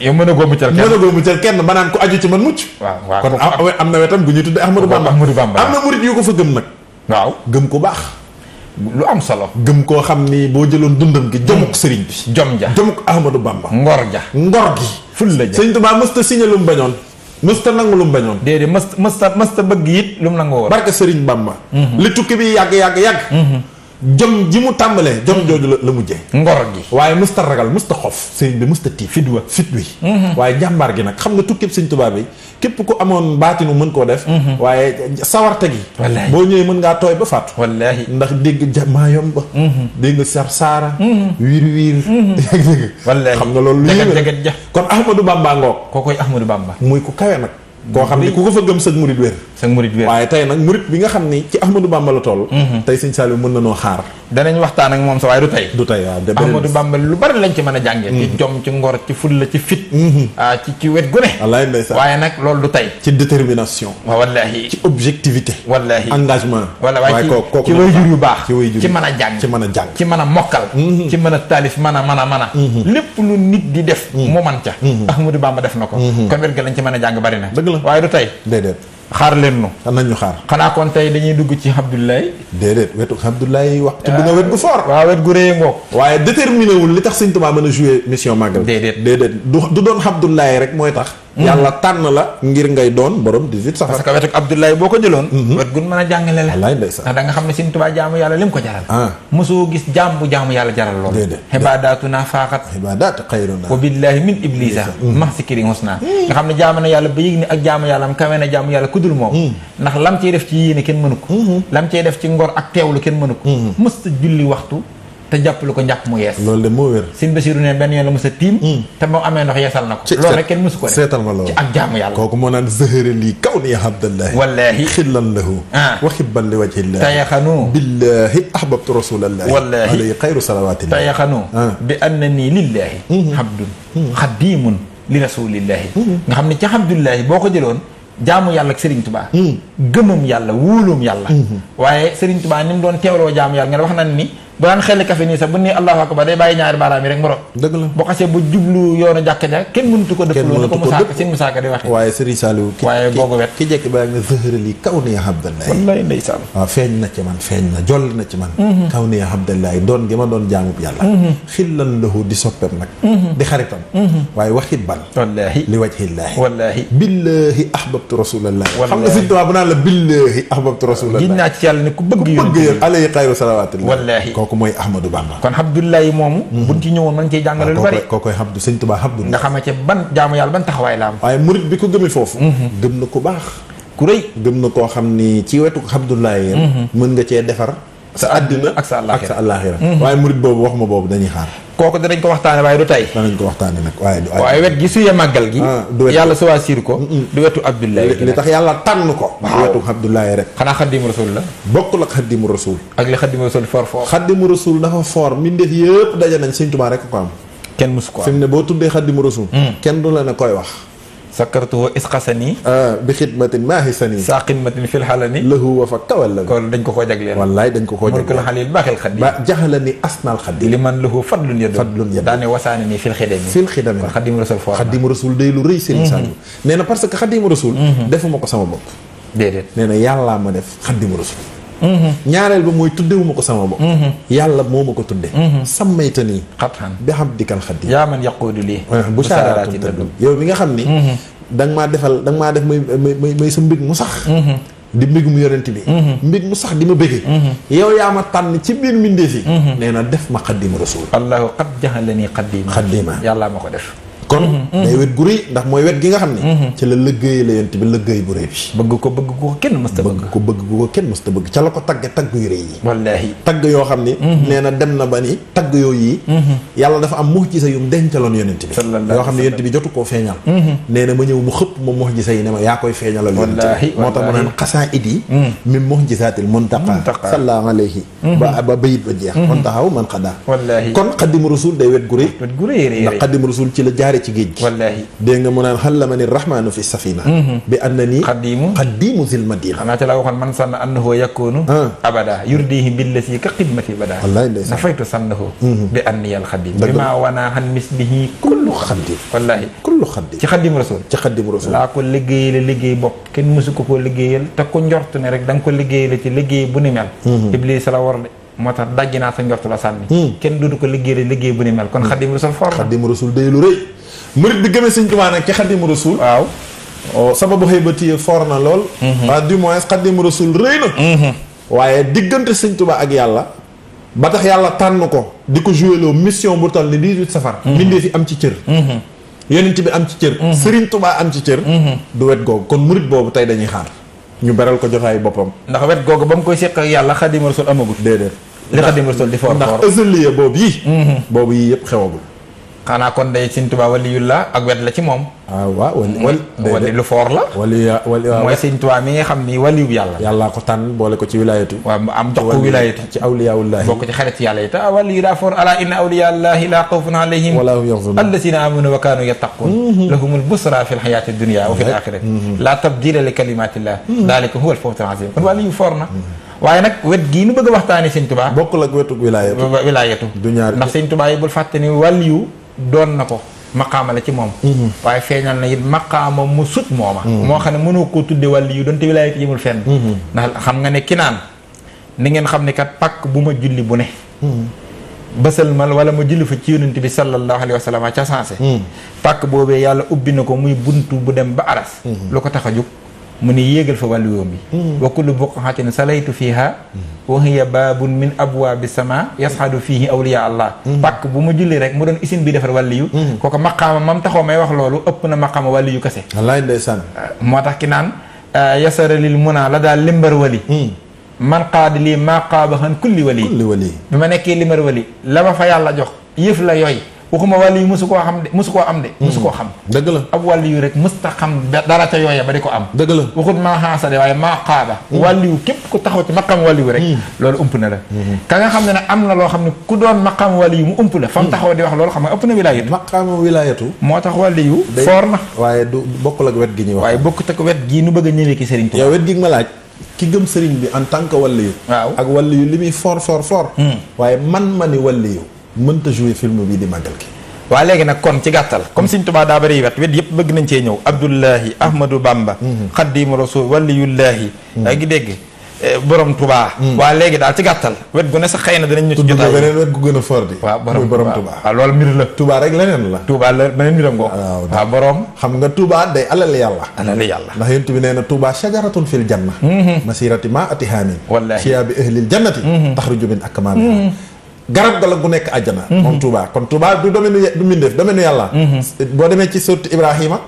Speaker 1: yow mën a góobu cal kenn mën a góobu cal kenn ba naan ko aju ci man mucc. waaw waaw kon am na wetam gu ñuy tuddee Ahmadou Bamba am na murit yu ko fa gëm nag. waaw gëm ko baax. lu am solo. gëm koo xam ni boo jëloon dundam gi. jomuk sëriñ bi jom ja jomuk Ahmadou Bamba. ngor ja ngor gi. ful la ja sëñ Tuubaa mësta signé lu mu bañoon. mësta nangu lu mu bañoon. déedéet mësta mësta mësta bëgg it lu mu nangoo woon. barke sëriñ Bamba. Mhm. li tukki bi yàgg yàgg yàgg. Mhm. jom ji mu tàmbalee jom hmm. jooju la la mujjee ngor gi waaye musta ragal musta xof sëriñ bi musta tii fit wa fit wi hmm. waaye jàmbaar gi nag xam nga tukki sëriñ Tuubaa bi képp ku amoon baatinu mën koo def hmm. waaye sawarte gi boo ñëwee mën ngaa tooy ba faatu wallaahi ndax dégg jamaayom ba dégg nga sar saara wiir wiir dégg wallaahi xam nga loolu lu yéeme kon Ahmadou Bamba ngoog koo koy Ahmadou Bamba muy ku kawe nag koo xam ne ku ko fa gëm sëg murid wér waaye tey nag murit bi nga xam ni ci Ahmadou Bamba la toll mhm. tey sëñ Saliou mën na noo xaar danañ waxtaan ak moom sa waaye du tey du tey waaw lu bari lañ ci mën a jàngee ci mhm. jom ci ngor ci fulla ci mhm. ah, wet gu waaye nag loolu du tey ci détermination wallahi ci objectivité wallahi engagement wala waaye kooku ci way jur yu baax ci way jur ci a jàng ci mën a jàng ci mën a mokkal ci mën a taalif mën a mën a mën a lépp lu nit di def mu man ca Ahmadou Bamba def na ko kon wet ga lañ ci mën a jàng bari na dëgg la waaye du tey xaar leen nu. xan nañ ñu xaar. xanaa kon tey dañuy dugg ci Abdoulaye. déedéet wetu Abdoulaye wax. tudd nga ah. wet gu fort. waaw wet gu rëy ngoog. waaye déterminé wul li tax sëñ Tuubaa mën a joué mission màggal. déedéet déedéet du du doon Abdoulaye rek mooy tax. Mm-hmm. yàlla tànn la ngir ngay doon borom 18 safar parce que wetuk Abdoulaye boo ko jëloon mm-hmm. wet gun mën a jàngale la ndax da nga xam ne Sëriñ Tuubaa jaamu yàlla lim ko jaral ah. mosoo gis jaam bu jaamu yàlla jaral lool xibaadaatuna faaxat xibaadaat xayruna wa billaahi min iblisa mm-hmm. max sikiri husna nga xam ne jaamu na yàlla ba yëg ni ak jaamu yàlla am kawe na jaamu yàlla kudul moom mm. ndax lam cey def ci yéene kenn mënu ko lam cey def ci ngor ak teewlu kenn mënu ko mësta julli waxtu te jàppalu ko njàpp mu yees loolu de moo la mos a tiim hmm. te moom amee ndox yeesal na ko loolu ma loolu ci ni ah. li wajhillahi tayaxanu billahi ahbabtu rasulallahi wallahi alayhi xayru lillahi abdun xadimun li rasulillahi hmm. nga xam ne ci abdullahi boo ko jëloon jaamu yàlla ak Serigne Touba. Hmm. gëmam yàlla wóolum yàlla waaye Serigne Touba ni mu doon teewloo jaamu yàlla nga wax nan ni bu daan xel kafe nii sax bu nii allahu akbar day bàyyi ñaari baaraam yi rek moro dëgg la bu xasee bu jublu yoonu jàkka ja kenn mënatu ko dëpp loolu ko musaaka sin musaaka di waxe waaye Serigne Saliou waaye boogu wet ki jekki baa nga zëhrali kaw niya abdallahi wallaay ndeysaan waaw ah, feeñ na ci man feeñ na joll na ci man mhm. kaw mhm. di soppeem nag mhm. di xaritam waaye waxit ban li wajhillaahi wallaahi billaahi ahbabtu rasulallahi xam nga Serigne bu naan la billaahi ahbabtu rasulallahi giñ naa ci yàlla ne ku bëgg yéen alayhi xayru salawaatullahi kooku mooy Ahmadou Bamba kon Abdoulaye moomu mhm. buñ ci ñëwoon mën cee jàngale ah, lu bari kookoy Abdou sëñ Tuubaa Abdou nga xamante ban jaamu yàlla ban taxawaay la am waaye murit bi ko gëmee foofu mhm. gëm na ku baax ku rëy gëm na koo xam ni ci wetu Abdoulaye mhm. mën nga cee defar sa àddina ak sa àllaaxira waaye murit boobu wax ma boobu dañuy xaar kooku danañ ko waxtaane waaye du tey danañ ko waxtaane nag waaye waaye wet gi suyee màggal gi ah, yàlla suwaasiir ko du wetu Abdoulaye li tax yàlla tànn ko du wetu Abdoulaye rek xanaa xaddimu rasul la bokkul ak xaddimu rasul ak li xaddimu rasul for for xaddimu rasul dafa for mbindeef yëpp daje nañ Sëñ Tuubaa rek ko am kenn musu ko am fi mu ne boo tuddee xaddimu rasul mm. kenn du la ne koy wax sakartuhu isqasani ah, bi xidmatin maahisani saa xidmatin fil xalani lahu wa fa tawallani kon dañ ko koo jagleel wallaay dañ ko koo jagleel mulkul xalil baaxil xaddi ba jaxalani asnal xaddi li man lahu fadlun yadu fadlun yadu daane wasaane ni fil xidami fil xidami kon xadimu rasul foo lu rëy seen mhm. sànni nee parce que xadimu rasul mhm. defuma ko sama bopp déedéet nee na yàllaa ma def xadimu rasul Mm-hmm. ñaareel ba mooy tuddewu ma ko sama bopp mm-hmm. yàlla moo ma ko tudde mm-hmm. sammayta nii xatxan bi xam dikal xat yi yaa man yaquudu lii ah, bu saaraati tëdd yow mi nga xam ni da nga maa defal da nga maa def may may may sa mbig mu sax di mbig mu yonent bi mbig mu sax di ma bëgge yow yaa ma tànn ci biir mbindeef yi nee def ma xaddiima rasul allahu qad jaxalani xaddiima xaddiima yàllaa ma ko def kon mhm, mhm. day wet gu rëy ndax mooy wet gi nga xam ne mhm. ci la lëggéey la yent bi lëggéey bu rëy bi bëgg ko bëgg ko kenn mës ta bëgg ko bëgg ko kenn mës ta bëgg ca la ko tagge tagg yu rëy yi wallaahi tagg yoo xam ne nee na dem na ba ni tagg yooyu yi yàlla dafa am mux ci yum dencaloon yonent bi yoo xam ne yonent bi jotu koo feeñal nee ma ñëw mu xëpp ma mux yi ne ma yaa koy feeñalal yonent bi moo tax mu naan xasaa it yi min muntaqa sallallahu ba bayit ba jeex jaare ci géej gi wallaahi dégg nga mu naan xallama ni rahmaanu fi safina mm-hmm. bi anna nii xaddiimu xaddiimu zil madina xanaa ca la waxoon man sànn annahu yakunu ah. abada yurdihi billasi ka xidmati bada wallaahi ndeysaan nafaytu sànnahu mm-hmm. bi anni al xaddiim bi maa wanaa xan mislihi kullu xaddiim wallaahi kullu xaddiim ci xaddiim rasul ci xaddiim rasul laa ko liggéeyale liggéey bopp kenn mësu ko koo liggéeyal te ku njort ne rek da nga ko liggéeyale ci liggéey bu ni mel mm-hmm. iblis la war moo tax dagg naa sa njortu la sànni. Mm. kenn dudu ko liggéey liggéey bu ni mel kon mm. xadim rasul for xadim rasul day lu rëy murit bi gëmee sëñ Tuubaa nag ci Xaadimu Rasuul waaw oh, sababu xëy ba téye foor na lool waaw mhm. ah, du moins Xaadimu Rasuul rëy na mhm. waaye diggante sëñ tubaa ak yàlla ba tax yàlla tànn ko di ko joueloo mission bu toll ni 18 safar mhm. mbindee fi am ci cër yonent bi am ci cër sëriñ Tuubaa am ci cër du wet googu kon murit boobu tey dañuy xaar ñu beral ko joxaay boppam ndax wet googu ba mu koy seq ak yàlla Xaadimu Rasuul amagut déedéet li Xaadimu Rasuul di yi boobu yi xanaa kon day Sëñ Tuubaa waliyullah ak wet la ci moom. ah waaw wali wali lu foor la. wali wali mooy Sëñ Tuubaa mi nga xam ni waliyu yàlla. yàllaa ko tànn boole ko ci wilaayatu. waaw mu am jox ko wilaayatu ci awliyaawullaahi. bokk ci xarit yàlla yi te ah waliyu daa foor alaa inna awliyaallaahi laa xawfun alayhim wa laa hum yaxzanuun allaziina aamanu wa kaanu yattaquun. Mm-hmm. lahumul busraa fil hayaati dunyaa wa fil mm-hmm. aaxirati. Mm-hmm. laa tabdiila li kalimaatillaah. daalika huwal fawzul aziim kon waliyu foor na. waaye nag wet gii nu bëgg a waxtaanee Sëñ Tuubaa. bokkul ak wetu wilaayatu. wilaayatu. du ñaar ndax Sëñ Tuubaa yi bul fàtte ni waliyu doon na ko maqaama la ci moom mhm. waaye feeñal na it maqaama mu sut mooma mhm. moo xam ne mënoo koo tudde doon yu doonte wilaaya yemul fenn mhm. ndax xam nga ne kinaan ni ngeen xam ne kat pàkk bu ma julli bu ne basal mal wala ma julli fa ci yonent bi sallallahu alayhi wa sallam ca sansé pàkk boobee yàlla ubbi na ko muy buntu bu dem ba aras lu ko tax a jóg mu ne yéegal fa wàllu yoom bi hmm. wa kullu buqaxatin salaytu fiiha hmm. wa hiya baabun min abwaabi sama yasxadu fiihi awliya allah hmm. pàkk bu ma julli rek mu doon usine bi defar wàlli yu kooku maqaama mam taxoo may wax loolu ëpp na maqaama wàlli yu kese wallaay ndeysaan ah, moo tax ki naan ah, yasaralil a la daal limbar wali man qaadi lii maa qaaba xan kulli wali bi ma nekkee limbar wali la ma fa yàlla jox yëf la yooy waxuma wàlli yu mosu koo xam de mosu koo am de mosu hmm. koo xam dëgg la ab wàlli yu rek mës ta xam dara ca yooya ba di ko am dëgg la waxut maa xaasa de waaye maa xaaba hmm. képp ku taxaw ci maqam wàlli yu rek hmm. loolu ump na la ka nga xam ne ne am na loo xam ne ku doon maqam wàlli yu mu ump la fam taxaw di wax loolu xam nga ëpp na wilaayatu maqam wilaayatu moo tax wàlli yu foor na waaye du bokkul ak wet gi ñu wax waaye bokkut ak wet gii nu bëgg a ñëwee ki sëriñ yow wet gi ma laaj ki gëm bi en tant que wàlli ak wàlli yu li muy for for for waaye man ma ni wàlli yu mënta jouer film bi di màggal ki waa léegi nag kon ci gàttal comme mm. Sëriñ Tuubaa daa bari wet wet yëpp bëgg nañ cee ñëw Abdullahi mm. Ahmadu Bamba mm-hmm. Xaadimu Rasuul waliyullahi mm. a ngi dégg eh, borom Touba. waa léegi daal ci gàttal wet gu ne sax xëy na danañ ñu ci jotaay beneen wet gu gën a fort waaw borom Touba waaw loolu mbir la Touba rek leneen la Touba la beneen mbiram ngoo waaw borom xam nga Touba day alal yàlla alal yàlla ndax yonent bi nee na Touba shajaratun fil garab ga la gu nekk àjjana mhm. moom Touba kon Touba du domaine du mbindeef domaine yàlla mhm. boo demee ci sotti Ibrahima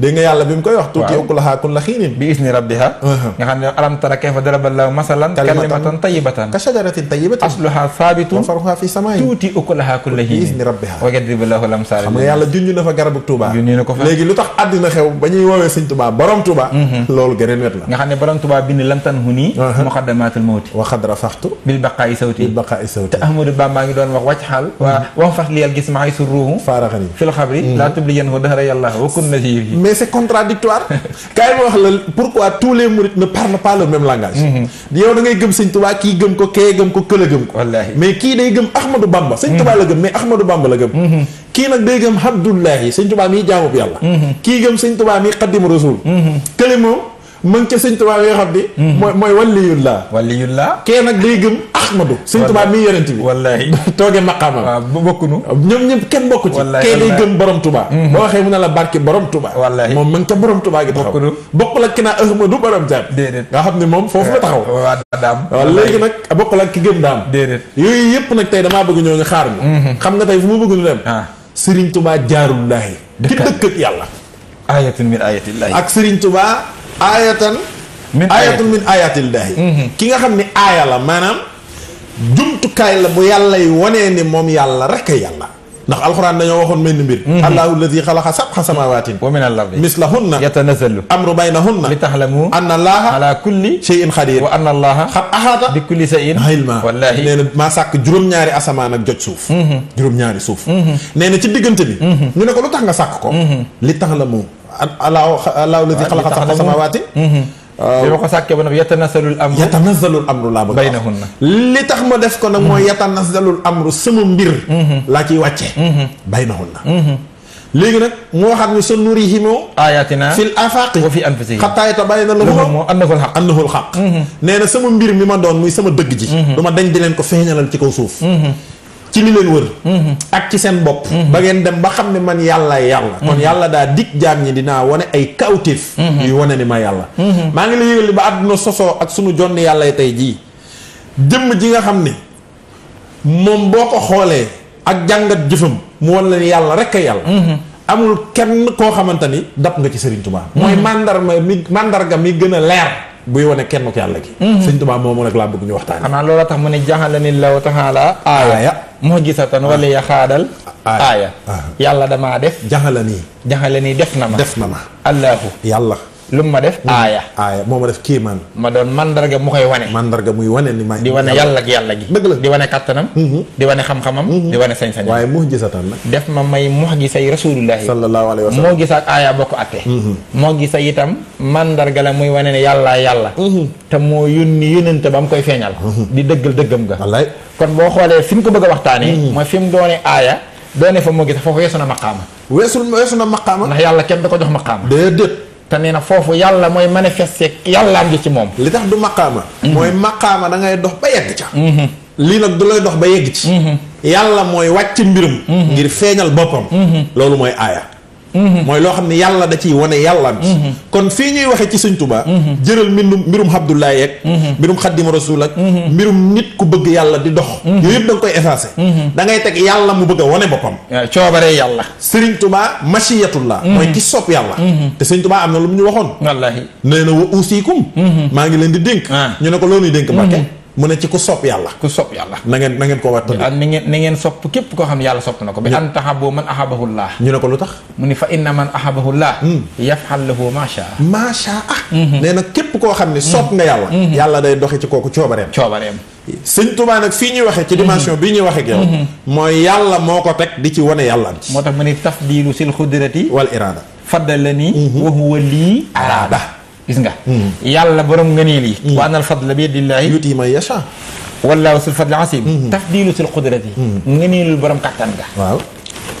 Speaker 1: dégg nga yàlla bi mu koy wax tuuti ukulahaa kulla xiinin bi isni rabbiha uh-huh. nga xam ne alam tara kayfa daraballaahu masalan kalimatan tayyibatan ka shajaratin tayyibatin asluha thabitun wa faruha fi samaa'i tuuti ukulahaa kulla xiinin bi isni rabbiha wa yadribullaahu lamsaal xam nga yàlla junj na fa garabu Touba junj na ko fa léegi lu tax àddina xew ba ñuy woowee sëñ Touba borom Touba mm-hmm. loolu gëneen wet la nga xam ne borom Touba bind lamtan huni uh-huh. muqaddamatul mawti wa xadra faxtu bil baqaa'i sawti bil baqaa'i sawti te Ahmadou Bamba ngi doon wax wàcc xaal waa mm-hmm. wam fax liyal gis maxay su ruuhu faaraxani fil xabri laa mm-hmm. tubliyanhu dahra yàlla wa kun nasiir yi mais c'est contradictoire kaay ma wax la pourquoi tous les mourides ne parlent pas le même langage mm-hmm. yow da gëm sëñ Tuubaa kii gëm ko kee gëm ko kële gëm ko mais kii day gëm Ahmadou Bamba sëñ Tuubaa la gëm mais Ahmadou Bamba la gëm mm-hmm. kii nag day gëm Abdullahi sëñ Tuubaa miy jaamub yàlla mm-hmm. kii gëm sëñ Tuubaa miy Xaadimu Rasuul kële moom ma ca sëñ Tuubaa bi nga xam ni. Mhm. mooy mooy waliyullah. waliyullah. kee nag day gëm Ahmadu. sëñ Tuubaa mii yonent bi. wallaahi tooge maqaama. waaw bu bokkunu. ñoom ñëpp kenn bokku ci. wallaahi kee day borom Tuubaa. Mhm. boo waxee mu ne la barke borom Tuubaa. wallaahi moom ma nga ca borom Tuubaa gi taxaw. bokkunu bokkul ak ki naan Ahmadu borom jaam. déedéet nga xam ne moom foofu la taxaw. waaw daam. waaw léegi nag bokkul ak ki gëm daam. déedéet yooyu yëpp nag tey damaa bëgg ñoo ñu xaar ñu. Mhm. xam nga tey fu mu bëgg ñu dem. Ah. Sëriñ Tuubaa jaarul laahi. ki dëkk ak yàlla. ayatun min ayatillah ak Sëriñ Tuubaa aayatan min aayatun min aayatillaahi mm-hmm. ki nga xam ne aaya la maanaam jumtukaay la bu yàlla yi wanee ni moom yàlla rek a yàlla ndax alxuraan dañoo waxoon mel ni mbir mm-hmm. allahu alladi xalaqa sabxa samawaatin wa min al-ardi mislahunna yatanazalu amru baynahunna li taxlamu anna allaha ala kulli cheyin xadir wa anna allaha xat axaata bi kulli cheyin ilma wallahi nee na maa sàkk juróom-ñaari asamaan ak joj suuf mm-hmm. juróom-ñaari suuf nee ci diggante bi ñu ne ko lu tax nga sàkk ko li taxlamu alaaw alaaw la di xalaqa sab'a samaawaati bi ma ko sàkkee ba nag yatanazalul amru yatanazalul amru laa bëgg baynahunna li tax ma def ko nag mooy mhm. yatanazalul amru sama mbir mhm. laa ciy wàcce mhm. baynahunna léegi nag mu waxaat ni sanurihim ayatina fil afaqi wa fi anfusihim xataa yatabayyana lahum annahu alxaq annahu alxaq nee na sama mbir mi ma doon muy sama dëgg ji du ma dañ di leen ko feeñalal ci kaw suuf ci li leen wër mhm. ak ci seen bopp mhm. ba ngeen dem ba xam ne man yàllay yàlla kon mhm. yàlla daa dig jaam ñi dinaa wane ay kawtéef yuy wane ni ma yàlla maa ngi la yëgal ba àdduna sosoo ak sunu jonn yàlla tey jii jëmm ji nga xam ni moom boo ko xoolee ak jàngat jëfam mu wan la ni yàlla rek a yàlla amul kenn koo xamante ni dab nga ci Serigne Touba mooy mandarga mi mandarga mi gën a leer buy wane kenn ku yàlla gi mhm. sëñ Tuubaa moomu nag laa bëgg ñu waxtaan xanaa loola tax mu ne jaxalani law taxaala aaya mujisatan wala ya xaadal aaya ah. Ah. Ah. yàlla damaa def jaxalani jaxalani def na ma def na ma allahu yàlla lu mu ma def aaya aaya moo ma def kii man ma doon mandarga mu koy wane mandarga muy wane ni ma di wane yàlla yàlla gi dëgg la di wane kattanam mm-hmm. di wane xam-xamam mm-hmm. di wane sañ-sañ waaye mux gisatan nag def ma may mux gi say rasulullahi sallallahu alayhi wa sallam moo gis ak aaya bokk atte moo mm-hmm. gisa itam mandarga la muy wane ne yàlla yàlla te moo yónni yónente ba mu koy feeñal di dëggal dëggam ga wallaay kon boo xoolee fi mu ko bëgg a waxtaanee mooy fi mu doone aaya doone fa moo gis foofu weesu na maqaama weesu weesu na yàlla kenn da ko jox maqaama déedéet te nee na foofu yàlla mooy manifester yàllaam gi ci moom. li tax du maqaama. Mhm. mooy maqaama da ngay dox ba yegg ca. Mhm. lii nag du lay dox ba yegg ci. Mhm. yàlla mooy wàcc mbirum. ngir feeñal boppam. loolu mooy aaya. Mm-hmm. mooy loo xam ne yàlla da ciy wane yàlla mi mm-hmm. kon fii ñuy waxee ci sëñ Tuubaa mm-hmm. jëral mbindum mbirum Abdoulaye yeeg mbirum Xaddim Rasul ak mbirum nit ku bëgg yàlla di dox yooyu yëpp da nga koy effacé da ngay teg yàlla mu bëgg a wane boppam coobaree yàlla sëriñ Tuubaa machiyatullah mooy ki sopp yàlla te sëñ Tuubaa am na lu mu ñu waxoon wallaahi nee na wa uusikum maa ngi leen di dénk ah. ñu ne ko loo ñuy dénk Mbàkke mu ne ci ku sopp yàlla ku sopp yàlla na ngeen na ngeen ko wattu ah, na ngeen na sopp képp koo xam ne yàlla sopp na ko bi an tahabbu man ahabahullah ñu ne ko lu tax mu ni fa inna man ahabahullah hmm. yaf'al lahu ma sha'a ma sha'a mm-hmm. nee na képp koo xam ne mm-hmm. sopp nga yàlla mm-hmm. yàlla day doxe ci kooku coobareem coobareem sëñ Tuubaa nag fii ñuy waxee ci dimension bii ñuy waxee yow mooy yàlla moo ko teg di ci wane yàlla am ci moo tax mu ne tafdilu sil xudrati wal irada faddala ni wa huwa lii araada gis nga. Hmm. yàlla borom ngëneel yi. Hmm. wa anal fadla bi yadillaahi. yuuti man yasha. wallaahu sul fadli asim. Hmm. tafdilu sul qudrati. ngëneelul borom kattan ga. waaw.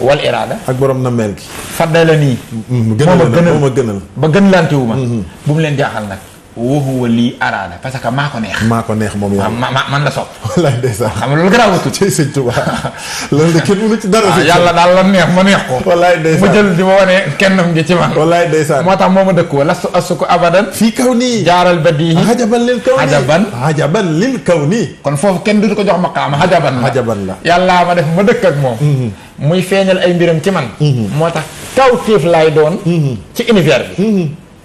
Speaker 1: wal iraada. ak borom nameel gi. fadda la nii. gënal ba gënal ba gënlante wu ma. bu mu leen jaaxal nag. woo lii araada parce que maa ko neex. maa ko neex moom yàlla man la sopp. walaay ndeysaan xam nga loolu garaawatu. ci sëñ Tuubaa loolu de kenn mënu ci dara. Ah, yàlla daal la neex ma neex ko. walaay ndeysaan mu ma wane kenn moo tax moo ma dëkk wa lastu asuku abadan. fii kaw nii jaaral badihi. ajaban lil kaw nii ajaban. kaw nii. kon foofu kenn du ko jox ma xaama ajaban la. ajaban la yàllaa ma def ma dëkk ak moom. Mm-hmm. muy feeñal ay mbiram ci man. Mm-hmm. moo tax kaw tiif laay doon. Mm-hmm. ci univers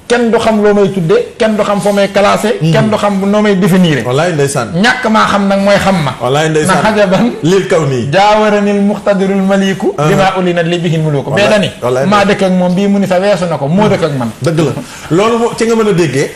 Speaker 1: kenn du xam loo may tuddee kenn du xam foo may classé. Mhm. kenn du xam noo may définir. wallaay ndeysaan ñàkk maa xam nag mooy xam ma. wallaay ndeysaan na xajaban lil kaw nii. jaawaranil muxtadirul maliku. dima uh-huh. uli na li bihin muluku. wallaay wallaay bee dani maa dëkk ak moom bii mu ni sa weesu na ko moo hmm. dëkk ak man. dëgg la loolu ci nga mën a déggee.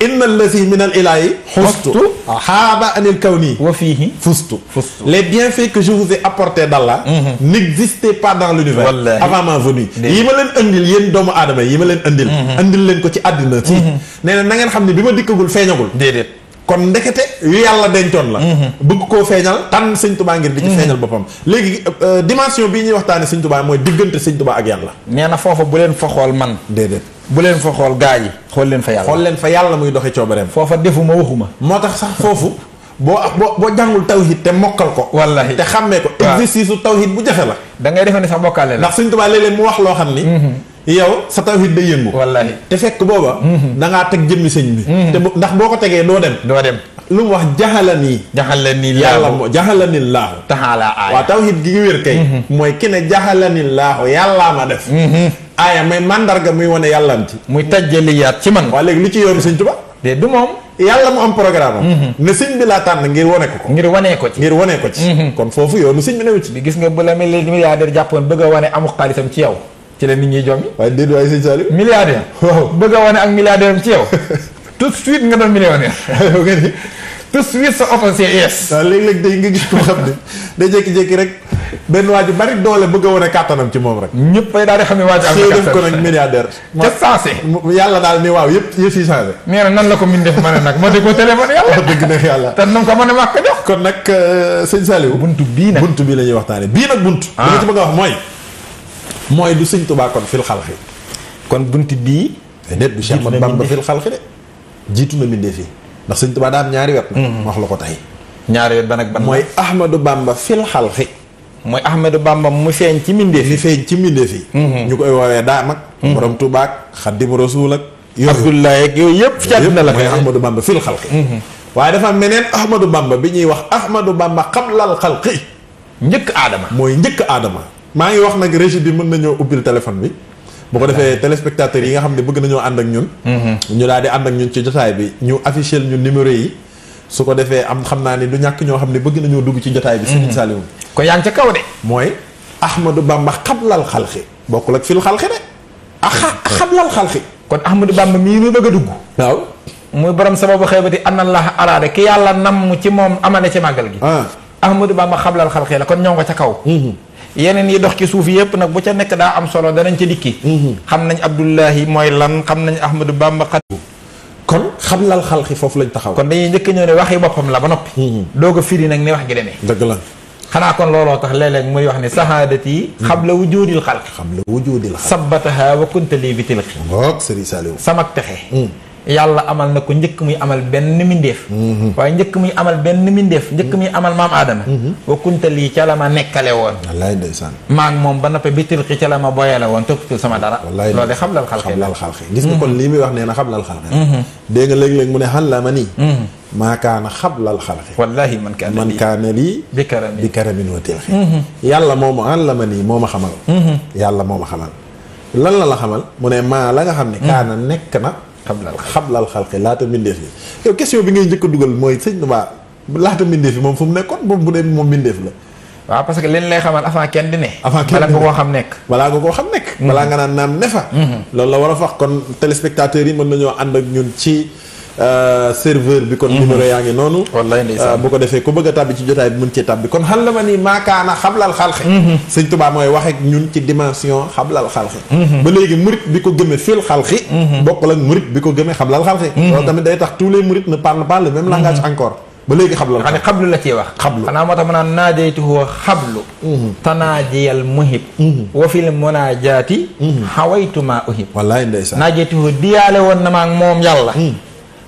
Speaker 1: inna allazi min al ilahi xustu xaaba anil kawni wa fihi fustu les bienfaits que je vous ai apportés d'Allah mhm. n'existaient pas dans l'univers avant ma venue yi ma leen andil yéen doomu aadama yi ma leen andil andil mhm. leen ko ci àddina si mhm. nee na na ngeen xam ne bi ma dikkagul feeñagul déedéet kon ndekete yu yàlla dencoon la bëgg koo feeñal tan sëñ tubaa ngir bi ci feeñal boppam léegi euh, dimension bi ñuy waxtaane sëñ tubaa mooy diggante sëñ tubaa ak yàlla nee na foofa bu leen fa xool man déedéet bu leen fa xool gaa yi xool leen fa yàlla xool leen fa yàlla muy doxe coobareem foofa defuma waxuma moo tax sax foofu boo boo boo jàngul tawhid te mokkal ko wallahi te xàmmee ko exercice u tawhid bu jafe la da ngay defe ne sax mokkaale la ndax suñ tubaab léeg-léeg mu wax loo xam ni mm-hmm. yow sa tawhid day yëngu. wallaahi te fekk booba. Mhm. da ngaa teg jëmmi sëñ bi. Mhm. te ndax boo ko tegee doo dem. doo dem lu mu wax jaxalani. jaxalani laahu yàlla moo jaxalani laahu. taxaala aaya waaw tawhid gi wér kay. Mhm. mooy ki ne jaxalani laahu yàllaa ma def. aaya may mandarga muy wane yàllanti. muy tajjaliyaat ci man. waa léegi li ci yoonu sëñ Tuba. te du moom. yàlla mu am programme am. ne sëñ bi laa tànn ngir wane ko ko. ngir wane ko ci ngir wane ko ci. kon foofu yoonu sëñ bi newu ci. bi gis nga bu la mel ni milliardaire jàppoon bëgg a wane amu xaalisam ci yow. ci la nit ñi jommi. waaye déedéet waaye sëñ Saliou. milliardaire. waaw bëgg a wane ak milliardaire ci yow. tout de suite nga doon millionnaire. yow nga ni. tout de suite sa oto c'est yes. waaw léeg-léeg day nga gis ko xam ne day jékki-jékki rek benn waa ji bari doole bëgg a wane kàttanam ci moom rek. ñëpp day daal di xam ne waa ji am na kàttan ko nag milliardaire. ca sensé. yàlla daal ni waaw yëpp yëpp si changé. nee na nan la ko min def ma ne nag ma dégg ko téléphone yàlla. wax dëgg neex yàlla. te nu ko mën a màkk jox. kon nag euh, sëñ Saliou. buntu bii nag buntu bii la ñuy waxtaanee bii nag buntu. Ah. li ma ci bëgg a wax mooy mooy du sëñ Tuubaa kon fil xalxi kon bunt bii. déet du Cheikh Ahmadou Bamba fil xalxi de jiitu na mbindee fii ndax sëñ Tuubaa daa am ñaari wet nag mm-hmm. wax la ko tey ñaari wet ban ak mooy Ahmadou Bamba fil xalxi mooy Ahmadou Bamba mu feeñ ci mbindee fi. mu feeñ ci mbindee fi. Mm-hmm. ñu koy woowee daam ak mm-hmm. borom Tuubaa ak Xaadimu Rasuul ak Abdoulaye yëpp ci àdduna la mooy Ahmadou Bamba fil xalxi waaye dafa meneen Ahmadou Bamba bi ñuy wax Ahmadou Bamba xablal xalqi njëkk aadama mooy njëkk aadama maa ngi wax nag régie bi mën nañoo ubbil téléphone bi bu ko defee téléspectateurs yi nga xam ne bëgg nañoo ànd ak ñun mm-hmm. ñu daal di ànd ak ñun ci jotaay bi ñu affiché ñu numéro yi su ko defee am xam naa ni du ñàkk ñoo xam ne bëgg nañoo dugg ci jotaay bi mm-hmm. Serigne Saliou ko yaa ngi ca kaw de mooy Ahmadou Bamba xablal xalxi bokkul ak fil xalxi de a xablal xalxi kon Ahmadou Bamba mii muy bëgg a dugg waaw muy borom sababu xeebati anna allah araada ki yàlla nam ci moom amane ci màggal gi ah. Ahmadou Bamba xablal xalxi la kon ñoo nga ca kaw mm-hmm. yeneen yi dox ci suuf yëpp nag bu ca nekk daa am solo danañ ca dikki mhm. xam nañ Abdullahi mooy lan xam nañ Ahmadu Bamba xat kon xam lal xalxi foofu lañ taxaw kon dañuy njëkk ñëw ne waxi boppam la ba noppi mhm. doog a firi nag ni wax gi demee dëgg la xanaa kon looloo tax léeg-léeg muy wax ne saxaadat yi mhm. xam la wujuudil xalqi xam la wujuudil xalqi sabbataha wa kunta lii bi tilqi ngoog Sëriñ Saliou samak texe yàlla amal na ko njëkk muy amal benn mindeef mhm. waaye njëkk muy amal benn mindeef njëkk muy amal maam aadama mhm. wa kunta ca la ma nekkale woon wallaay ndeysaan maa ngi moom ba noppi bi tilxi ca la ma boyale woon toppatul sama dara lal xalqi mhm. la ma nii maa kaana xablal xalqi wallaahi man kaana man kaana lii bi karamin bi karamin wa tilxi yàlla a xan la ma nii moo ma xamal yàlla moo ma xamal lan la la xamal mu ne maa la nga xam ne kaana nekk na xablal xalqi xablal xalqi laata mbindeef yi yow question bi ngay njëkk a dugal mooy sëñ Tuubaa laata mbindeef yi moom fu mu nekkoon moom bu dee moom mbindeef la. waaw parce que leen lay xamal avant kenn di ne. balaa nga koo xam nekk. balaa nga koo naan ne fa. Mhm. loolu la war a wax kon téléspectateurs yi mën nañoo ànd ak ñun ci. Euh, serveur bi kon mhm. numéro yaa ngi noonu euh, bu ko defee ko bëgg a tàbbi ci jotaay bi mën cee tàbbi kon xan la ma ni maakaana xablal xalxe mhm. sëñ Tuubaa mooy wax ak ñun ci dimension xablal xalxe mhm. ba léegi murit bi ko gëme fil xalxi bokkul ak murit bi ko gëme xablal xalxi loolu tamit day tax tous les murit ne parlent pas le même langage encore ba léegi xablal xam ne xablu la ciy wax xablu xanaa moo tax ma naan naadaytu huwa xablu tanaajiyal muhib wa fil munaajaati xawaytu maa uhib wallaay ndeysaan naadaytu diyaale woon na ma ak moom yàlla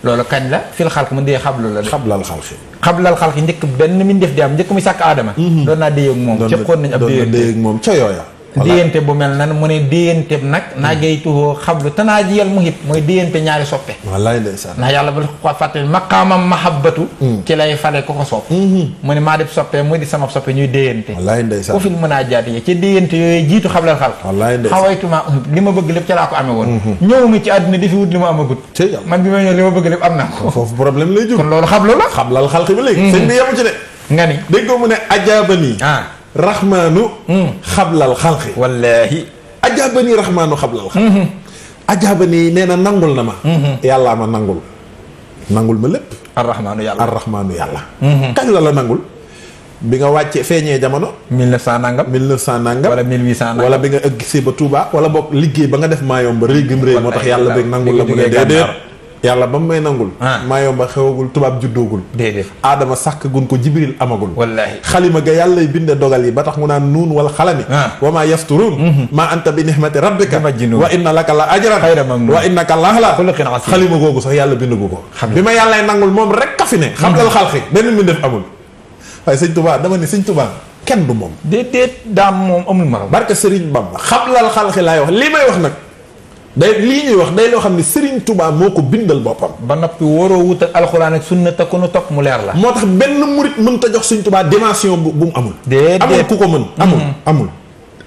Speaker 1: loolu kañ la fil xalq mu dee xablu la xablal xalqi xablal xalqi njëkk benn min def di am njëkk muy sàkk aadama mhm. doon naa déyeeg moom ca xoon nañ ab déyeeg moom ca yooya déyante bu mel nan mu ne déyante nag naa hmm. gay tuxoo xablu te naa mu muhib mooy déyante ñaari soppe wallaay ndeysaan ndax yàlla ba ko fàtte maqaamam mahabbatu hmm. ci lay fale ko ko sopp hmm. mu ne maa def soppe muy di sama soppe ñuy déyante wallaay ndeysaan ku fil mën a jaat yi ci déyante yooyu jiitu xablal xal wallaay ndeysaan xawaytuma li ma bëgg lépp ca laa ko amee woon ñëw mi ci àdduna di fi wut li ma amagut man bi ma ñëw li ma bëgg lépp am na ko foofu problème lay jur kon la xablal xal bi léegi sëñ bi yemu ci de nga ni déggoo mu ne rahmaanu. Hmm. xablal xalqi. wallaahi. ajaabani rahmaanu xablal xalqi. Hmm. ajaabani nee na nangul na ma. Hmm. yàllaa ma nangul. nangul ma lépp. arrahmaanu yàlla arrahmaanu yàlla. kañ la la nangul. bi nga wàccee feeñee jamono. 1900 nangam 1900 nangam. wala 1800 nangam wala bi nga ëgg si ba Touba. wala boog liggéey ba nga def maa yomb rëy gëm rëy moo tax yàlla beeg nangul la mu ne yàlla ba mu may nangul ah. maa yomba xewagul tubaab juddoogul déedéet aadama sàkk gun ko jibril amagul wallaahi xalima ga yàllay binde dogal yi ba tax mu naan nuun wal xalami ah. wa maa yafturun mhm. maa anta bi nihmati rabbika wa inna laka la ajran wa innaka laa la xalima googu sax yàlla bindagu ko bi ma yàllay nangul moom rek ka fi ne xam dal mhm. xalxi benn mi def amul waaye sëñ tubaa dama ne sëñ tubaa kenn du moom déedéet daam moom amul maram barke sëriñ bamba xam lal xalxi laay wax li may wax nag day lii ñuy wax day loo xam ne Serigne tubaa moo ko bindal boppam. ba noppi waroo wut ak alxuraan ak sunna te ku nu topp mu leer la. moo tax benn murit mënta jox suñ tubaa dimension bu bu mu amul. déedéet amul ku ko mën. Mm-hmm. amul amul.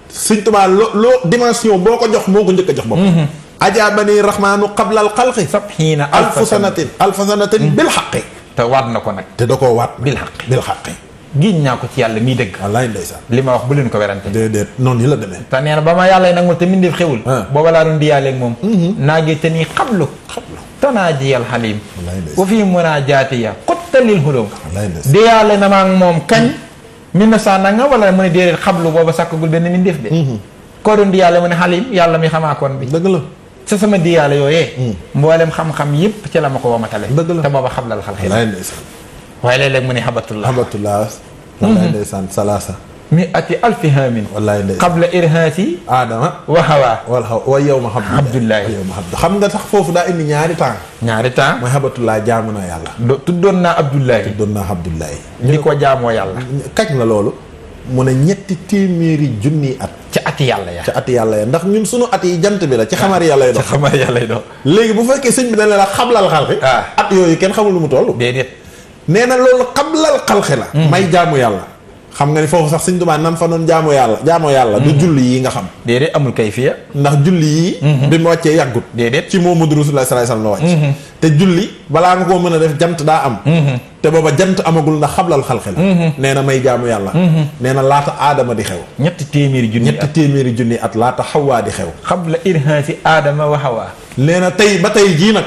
Speaker 1: Serigne Touba loo loo dimension boo ko jox moo ko njëkk a jox boppam. Mm-hmm. ajaabani rahmaanu qabla al xalqi. sabxiina alfa sanatin alfa sanatin mm-hmm. bil xaqi. te waat na ko nag. te da koo waat. bil xaqi bil xaqi. giñ naa ko ci yàlla mii dëgg wallaay li ma wax bu leen ko werante déedéet noonu yi la demee te nee na ba ma yàlla nangul te mindeef xewul ah. booba laa doon diyaaleeg moom mm-hmm. naagi te nii xablu xablu tanaajiyal xalim wa fii munaajaatiya xuttalil xulóom diyaale na maag moom kañ mille neuf cent nanga wala mu ne déedéet xablu booba sàkkagul benn mindeef de mm-hmm. koo doon diyaale mu ne xalim yàlla mi xamaakoon bi dëgg la sa sama diyaale yooyee mm. mboolem xam-xam yëpp ci la ma ko wamatale dëgg la te booba xablal xal xel waaye léeg-léeg mu ne xabatullah xabatullah wallaay ndeysaan salaasa mi ati alfi haamin wallaay ndeysaan qabla irhaati aadama wa hawa wal hawa wa yow ma abdullahi yow ma abdu xam nga sax foofu daa indi ñaari temps ñaari temps mooy xabatullah jaamu na yàlla tuddoon naa abdullahi tuddoon naa abdullahi di ko jaamoo yàlla kañ la loolu mu ne ñetti téeméeri junni at ci ati yàlla ya ci ati yàlla ya ndax ñun sunu at yi jant bi la ci xamar yàlla yi dox ci xamar yàlla yi dox léegi bu fekkee sëñ bi dana la xablal xalqi ah. at yooyu kenn xamul lu mu toll nee na loolu xablal xalxi la mm. may jaamu yàlla xam nga ni foofu sax sëñ Tuubaa nam fa doon jaamu yàlla jaamu yàlla du mm. julli yi nga xam déedéet amul kayfiya ndax julli yi mm-hmm. bi mu wàccee yàggut déedéet ci Muhammadu Rasulullah sallallahu alayhi wasallam la wàcc mm-hmm. te julli balaa nga koo mën a def jant daa am mm-hmm. te booba jant amagul ndax xablal xalxi la nee na may jaamu yàlla nee na laata aadama di xew ñetti téeméeri junni ñetti téeméeri junni at laata xawaa di xew xabla irhaasi aadama wa xawaa tey ba tey jii nag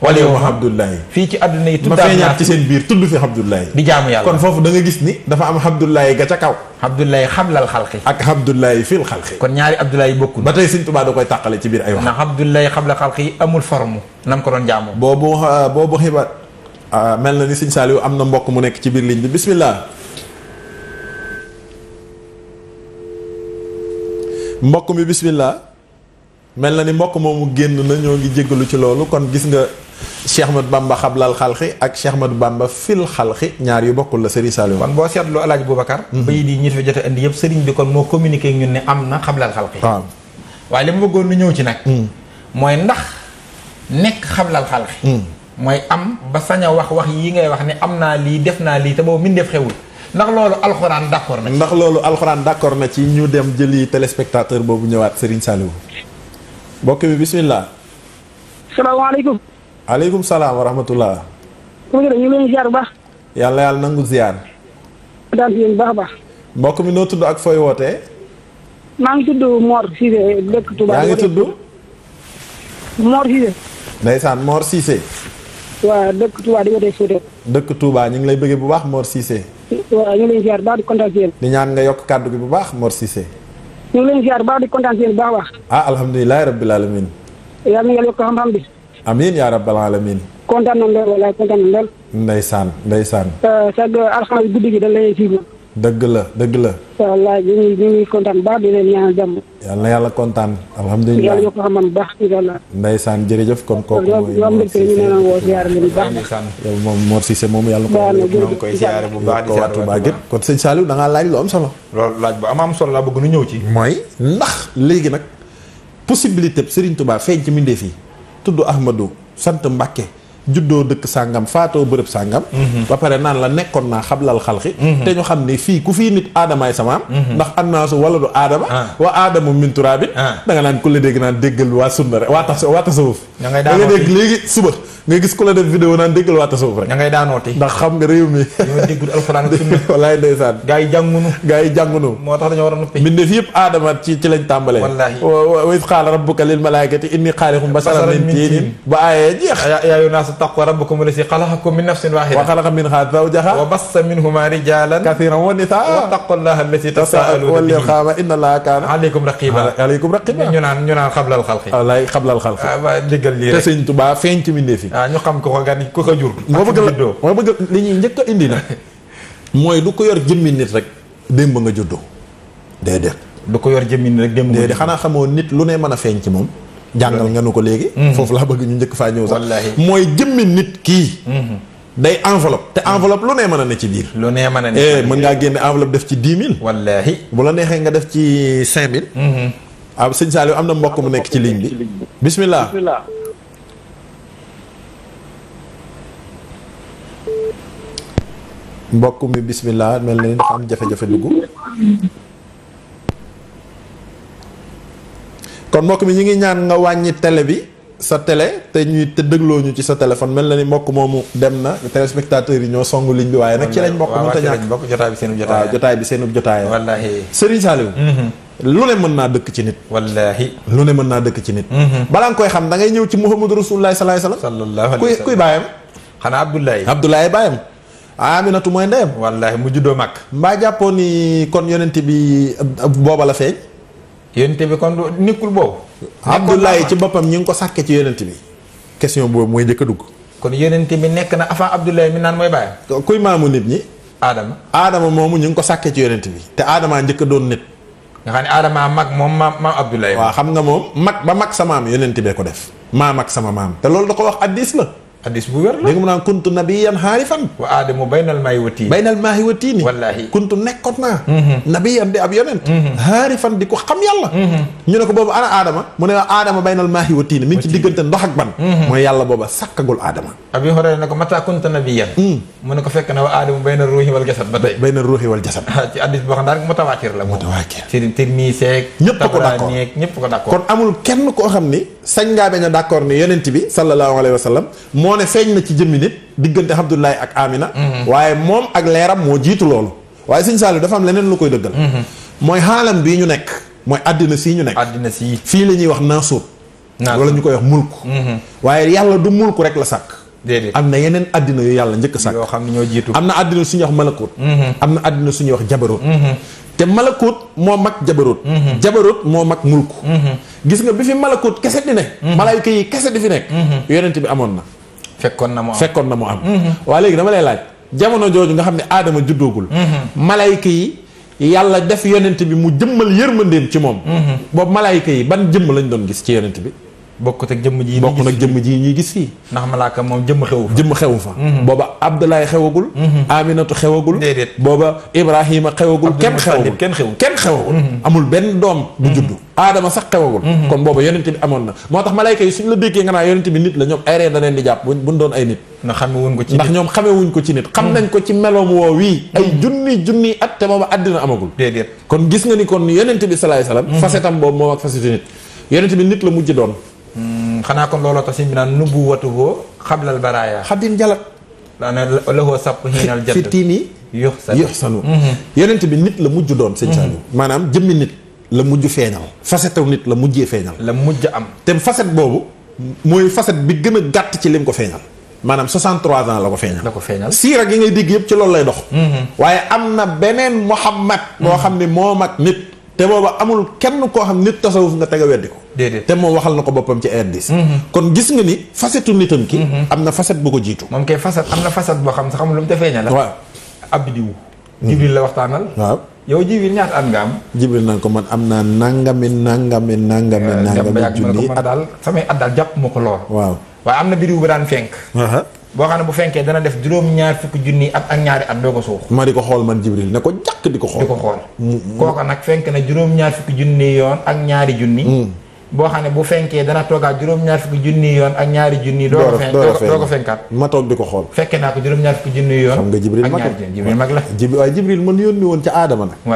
Speaker 1: wala yow Abdoulaye fii ci àdduna yi tuddaat ci seen biir tudd fi Abdoulaye di jaamu yàlla kon foofu da nga gis ni dafa am Abdoulaye ga ca kaw Abdoulaye xablal xalqi ak Abdoulaye fil xalqi kon ñaari Abdoulaye bokkul ba tey Sëñ Tuubaa da koy tàqale biir ay wax ndax Abdoulaye xabla xalqi amul forme nam ko doon jaamu boobu boobu xibaar ah, mel na ni Sëñ Saaliw am na mbokk mu nekk ci biir ligne bi bismillah mbokk mi bismillah mel na ni mbokk moomu génn na ñoo ngi jéggalu ci loolu kon gis nga Cheikh Ahmadou Bamba xablal xalxi ak Cheikh Ahmadou Bamba fil xalxi ñaar yu bokkul la Serigne Saliou boo seetloo El Hadj Boubacar mhm. bayit yi ñi fi jot yëpp Serigne bi kon moo communiqué ñun ne am na xablal xalxi waaye li bëggoon nu ñëw ci nag mhm. mooy ndax nekk xablal mhm. am ba sañ a wax wax yi ngay wax ne am naa lii def naa lii te boobu min def xewul ndax loolu alxuraan d'accord na ci ndax loolu alxuraan d'accord na ci ñu dem jëli téléspectateur boobu ñëwaat Serigne Saliou mbokk bi bismillah. salaamaaleykum. aleykum salaam wa rahmatullah. ku ñu leen yàlla yàlla nangu ziar. daal di leen baax baax. mbokk mi noo tudd ak fooy wootee. maa ngi tudd Mor Cissé dëkk Touba. yaa ngi tudd. Mor Cissé. ndeysaan Mor Cissé. di wootee Souté. dëkk Touba ñu ngi lay bëggee bu baax moor Cissé. waaw ñu ngi lay baax di kontaan ci yéen. di ñaan nga yokk kàddu gi bu baax Mor Cissé. ñu ngi leen ziar baax di kontaan si yéen baax a baax. ah alhamdulilah rabbil alamin. yàlla na yàlla yokk xam-xam bi. amiin yaa rabbal kontaan nañ lool walaay kontaan nañ lool. ndeysaan euh, dëgg la dëgg la. wallaay yàlla kontaan. alhamdulilah yàlla ko xamal baax di jërëjëf kon kooku. mooy Mor Cissé ñu woo ziare moom Mor moom yàlla ko. ñu ngi koy ziare bu baax di ziare bu baax kon sëñ Saliou da laaj lu am solo. loolu laaj bu am am solo laa bëgg nu ñëw ci. mooy ndax léegi nag possibilité bi Serigne Touba feeñ ci mbindeef yi tudd Ahmadou sant Mbacke juddoo dëkk sàngam faatoo bërëb sàngam mhm. ba pare naan la nekkoon naa xablal xalxi mhm. te ñu xam ne fii ku fii nit aadamaay samaam mhm. ndax annaasu wala du aadama ah. wa aadamu min turaabin ah. da nga naan ku la dégg naan déggal waa sunna rek waa tas waa tasawuf da nga dégg léegi suba nga gis ku la def vidéo naan déggal waa tasawuf ndax xam nga réew mi ñoo déggul alxuraan ak sunna walaay ndeysaan gaa yi jàngunu gaa yi jàngunu moo tax dañoo war a noppi mbindeef yëpp aadama ci ci lañ tàmbalee wallaahi wa iz qaala rabbuka lil malaa'ikati inni xaaliqun basaran min tiin ba aayee taqwa rabbakum alladi xalaqakum min nafsin waxida wa xalaqa minha zawjaha wa bassa minhuma rijalan kathiran wa nisaa wa taqullaha allati tasaaluna bihi walirxama inna allaha kaana aleykum raqiba aleykum raqiba ñu naan ñu naan xablal xalqi wallaay xablal xalqi ah, diggal lii rek te sëñ Tuubaa feeñ ci mbindee fi ah, ñu xam ko ko gan ku ko jur moo bëgg moo bëgg li ñuy njëkk a indi na mooy du ko yor jëmmi nit rek démb nga juddoo déedéet du ko yor jëmmi nit rek démb nga juddoo déedéet xanaa xamoo nit lu ne mën a feeñ ci moom jàngal nga ko léegi mhm. foofu laa bëgg ñu njëkk faa ñëw sax mooy jëmmi nit kii mhm. day enveloppe te enveloppe lu nee mën a ne ci biir lu a ne eh, mën ngaa génne enveloppe def ci dix mille wallaahi bu la neexee nga def ci cinq mille mhm. ah sëñ Saliou am na mbokk mu nekk ci ligne bi bismillah mbokk mi bismillah mel na am jafe-jafe dugg kon mbokk mi ñu ngi ñaan nga wàññi télé bi sa télé te ñuy te dégloo ñu ci sa telefon mel na ni mbokk moomu dem na téléspectateurs yi ñoo songu ligne bi waaye nag ci lañ mbokk mënta ñàkk waaw jotaay bi seenub jotaay waaw jotaay bi seenub jotaay wallaahi Serigne Saliou mhm. lu ne mën naa dëkk ci nit wallaahi lu ne mën naa dëkk ci nit mhm. balaa nga koy xam da ngay ñëw ci Muhammadu Rasulullah sallallahu alayhi wasallam sallallahu alayhi wasallam kuy baayam xanaa Abdoulaye Abdoulaye baayam Aminatu mooy ndeyam wallaahi mu juddoo mag mbaa jàppoo ni kon yonent bi booba la feeñ yonent bi kon nekkul boobu. Abdoulaye ci boppam ñu ngi ko sàkkee ci yonent bi. question boobu mooy jëkk dugg. kon yonent bi nekk na avant Abdoulaye mi naan mooy bàyyi. kuy maamu nit ñi. Adama Adama moomu ñu ngi ko sàkkee ci yonent bi te aadamaa njëkk doon nit. nga xam ne Adama mag moom maam maam Abdoulaye. waaw xam nga moom mag ba mag sa maam yonent bee ko def. maam ak sama maam te loolu da ko wax hadiis la. la léegi mu naan kuntu nabiyan xaarifan wa aadamu baynal maahi wa tiini baynal maahi wa tiini wallaahi kuntu nekkoon naa mhm. nabiyan di ab yonent xaarifan mhm. di ko xam yàlla mhm. ñu ne ko boobu ana aadama mu ne aadama wa tiini mi mm. ne ko fekk na wa aadamu baynal ruuxi wal jasad ba tey baynal boo xam daa rek mutawaatir la mutawaatir a moo ne feeñ na ci jëmmi nit diggante Abdoulaye ak Amina. Mhm. waaye moom ak leeram moo jiitu loolu. waaye Sëñ Saliou dafa am leneen lu koy dëggal. Mhm. mooy xaalam bii ñu nekk. mooy àddina sii ñu nekk. fii la ñuy wax naasuut. wala ñu koy wax mulk. Mhm. waaye yàlla du mulk rek la sàkk. déedéet am na yeneen àddina yu yàlla njëkk a sàkk. yoo xam ne ñoo jiitu am na àddina su ñuy wax malakoot. am na àddina su ñuy wax jabaroot. te malakoot moo mag jabaroot. jabaroot moo mag mulk. gis nga bi fi malakoot kese di ne. malaayika yi kese fekkoon na mu am fekkoon na mu am. Mhm. waa léegi dama lay laaj jamono jooju nga xam ne aadama juddoogul. Mhm. malayka yi yàlla def yonent bi mu jëmmal yërmandeem ci moom. Mhm. boobu malayka yi ban jëmm lañ doon gis ci yonent bi. bokkut ak jëmm ji bokkut ak jëmm ji ñuy gis fii ndax malaaka moom jëmm xewu fa jëmm xewu fa mhm. booba Abdoulaye xewagul mhm. Aminatu xewagul déedéet booba Ibrahima xewagul kenn xewagul kenn xewagul kenn mhm. xewagul amul benn doom bu juddu aadama sax xewagul kon booba yonent bi amoon na moo tax malaayka yi suñ la déggee nga naa yonent bi nit la ñoom ay ree da leen di jàpp buñ doon ay nit ndax xamewuñ ko ci nit ndax ñoom xamewuñ ko ci nit xam nañ ko ci meloom woo wii ay junni junni at te booba àddina amagul kon gis nga ni kon yonent bi salaay salaam facetam boobu moom ak facetu nit yonent bi nit la mujj doon Hmm, xanaa kon looloo tax si ñu naan nubuwatuhu xablal baraaya. xadim jalat. daanaka la ko sàpp xiinal jadd fi tiini yuxsanu hmm. yonent bi nit la mujj doon sëñ hmm. Saliou maanaam jëmmi nit la mujj feeñal facette nit la mujjee feeñal la mujj am te facette boobu mooy facette bi gën a gàtt ci lim ko feeñal maanaam 63 ans la ko feeñal la ko feeñal siira gi ngay dégg yëpp ci loolu lay dox waaye am na beneen Muhammad boo xam ne moo mag nit te booba amul kenn koo xam nit tasawuf nga teg a weddi ko te moom waxal na ko boppam ci rdis mm-hmm. kon gis nga ni facetu nitam ki mm-hmm. am na facette bu ko jiitu moom kay facette am na facette boo xam sax xam lu mu defee ña la waaw abdiwu mm-hmm. jibril la waxtaanal waaw yow jibril ñaata at nga am jibril naan ko man am naa nangami nangami nangami eh, nangami junni at daal samay at daal jàpp ma ko lool waaw waaye am na biddiw ba daan fenk boo xam ne bu fenkee dana def juróom-ñaar fukki junni at ak ñaari at doo ko suux ma di ko xool man Jibril ne ko jàkk di ko xool di ko xool kooku nag fenk na juróom-ñaar fukki junni yoon ak ñaari junni mm. boo xam ne bu fenkee dana toogaat juróom-ñaar fukki junni yoon ak ñaari junni. doo ko fenkaat ma toog di ko xool. fekke naa ko juróom-ñaar fukki junni yoon. xam nga Jibril mag la Jibril mag la. Jibril man yónni woon ci Adama nag.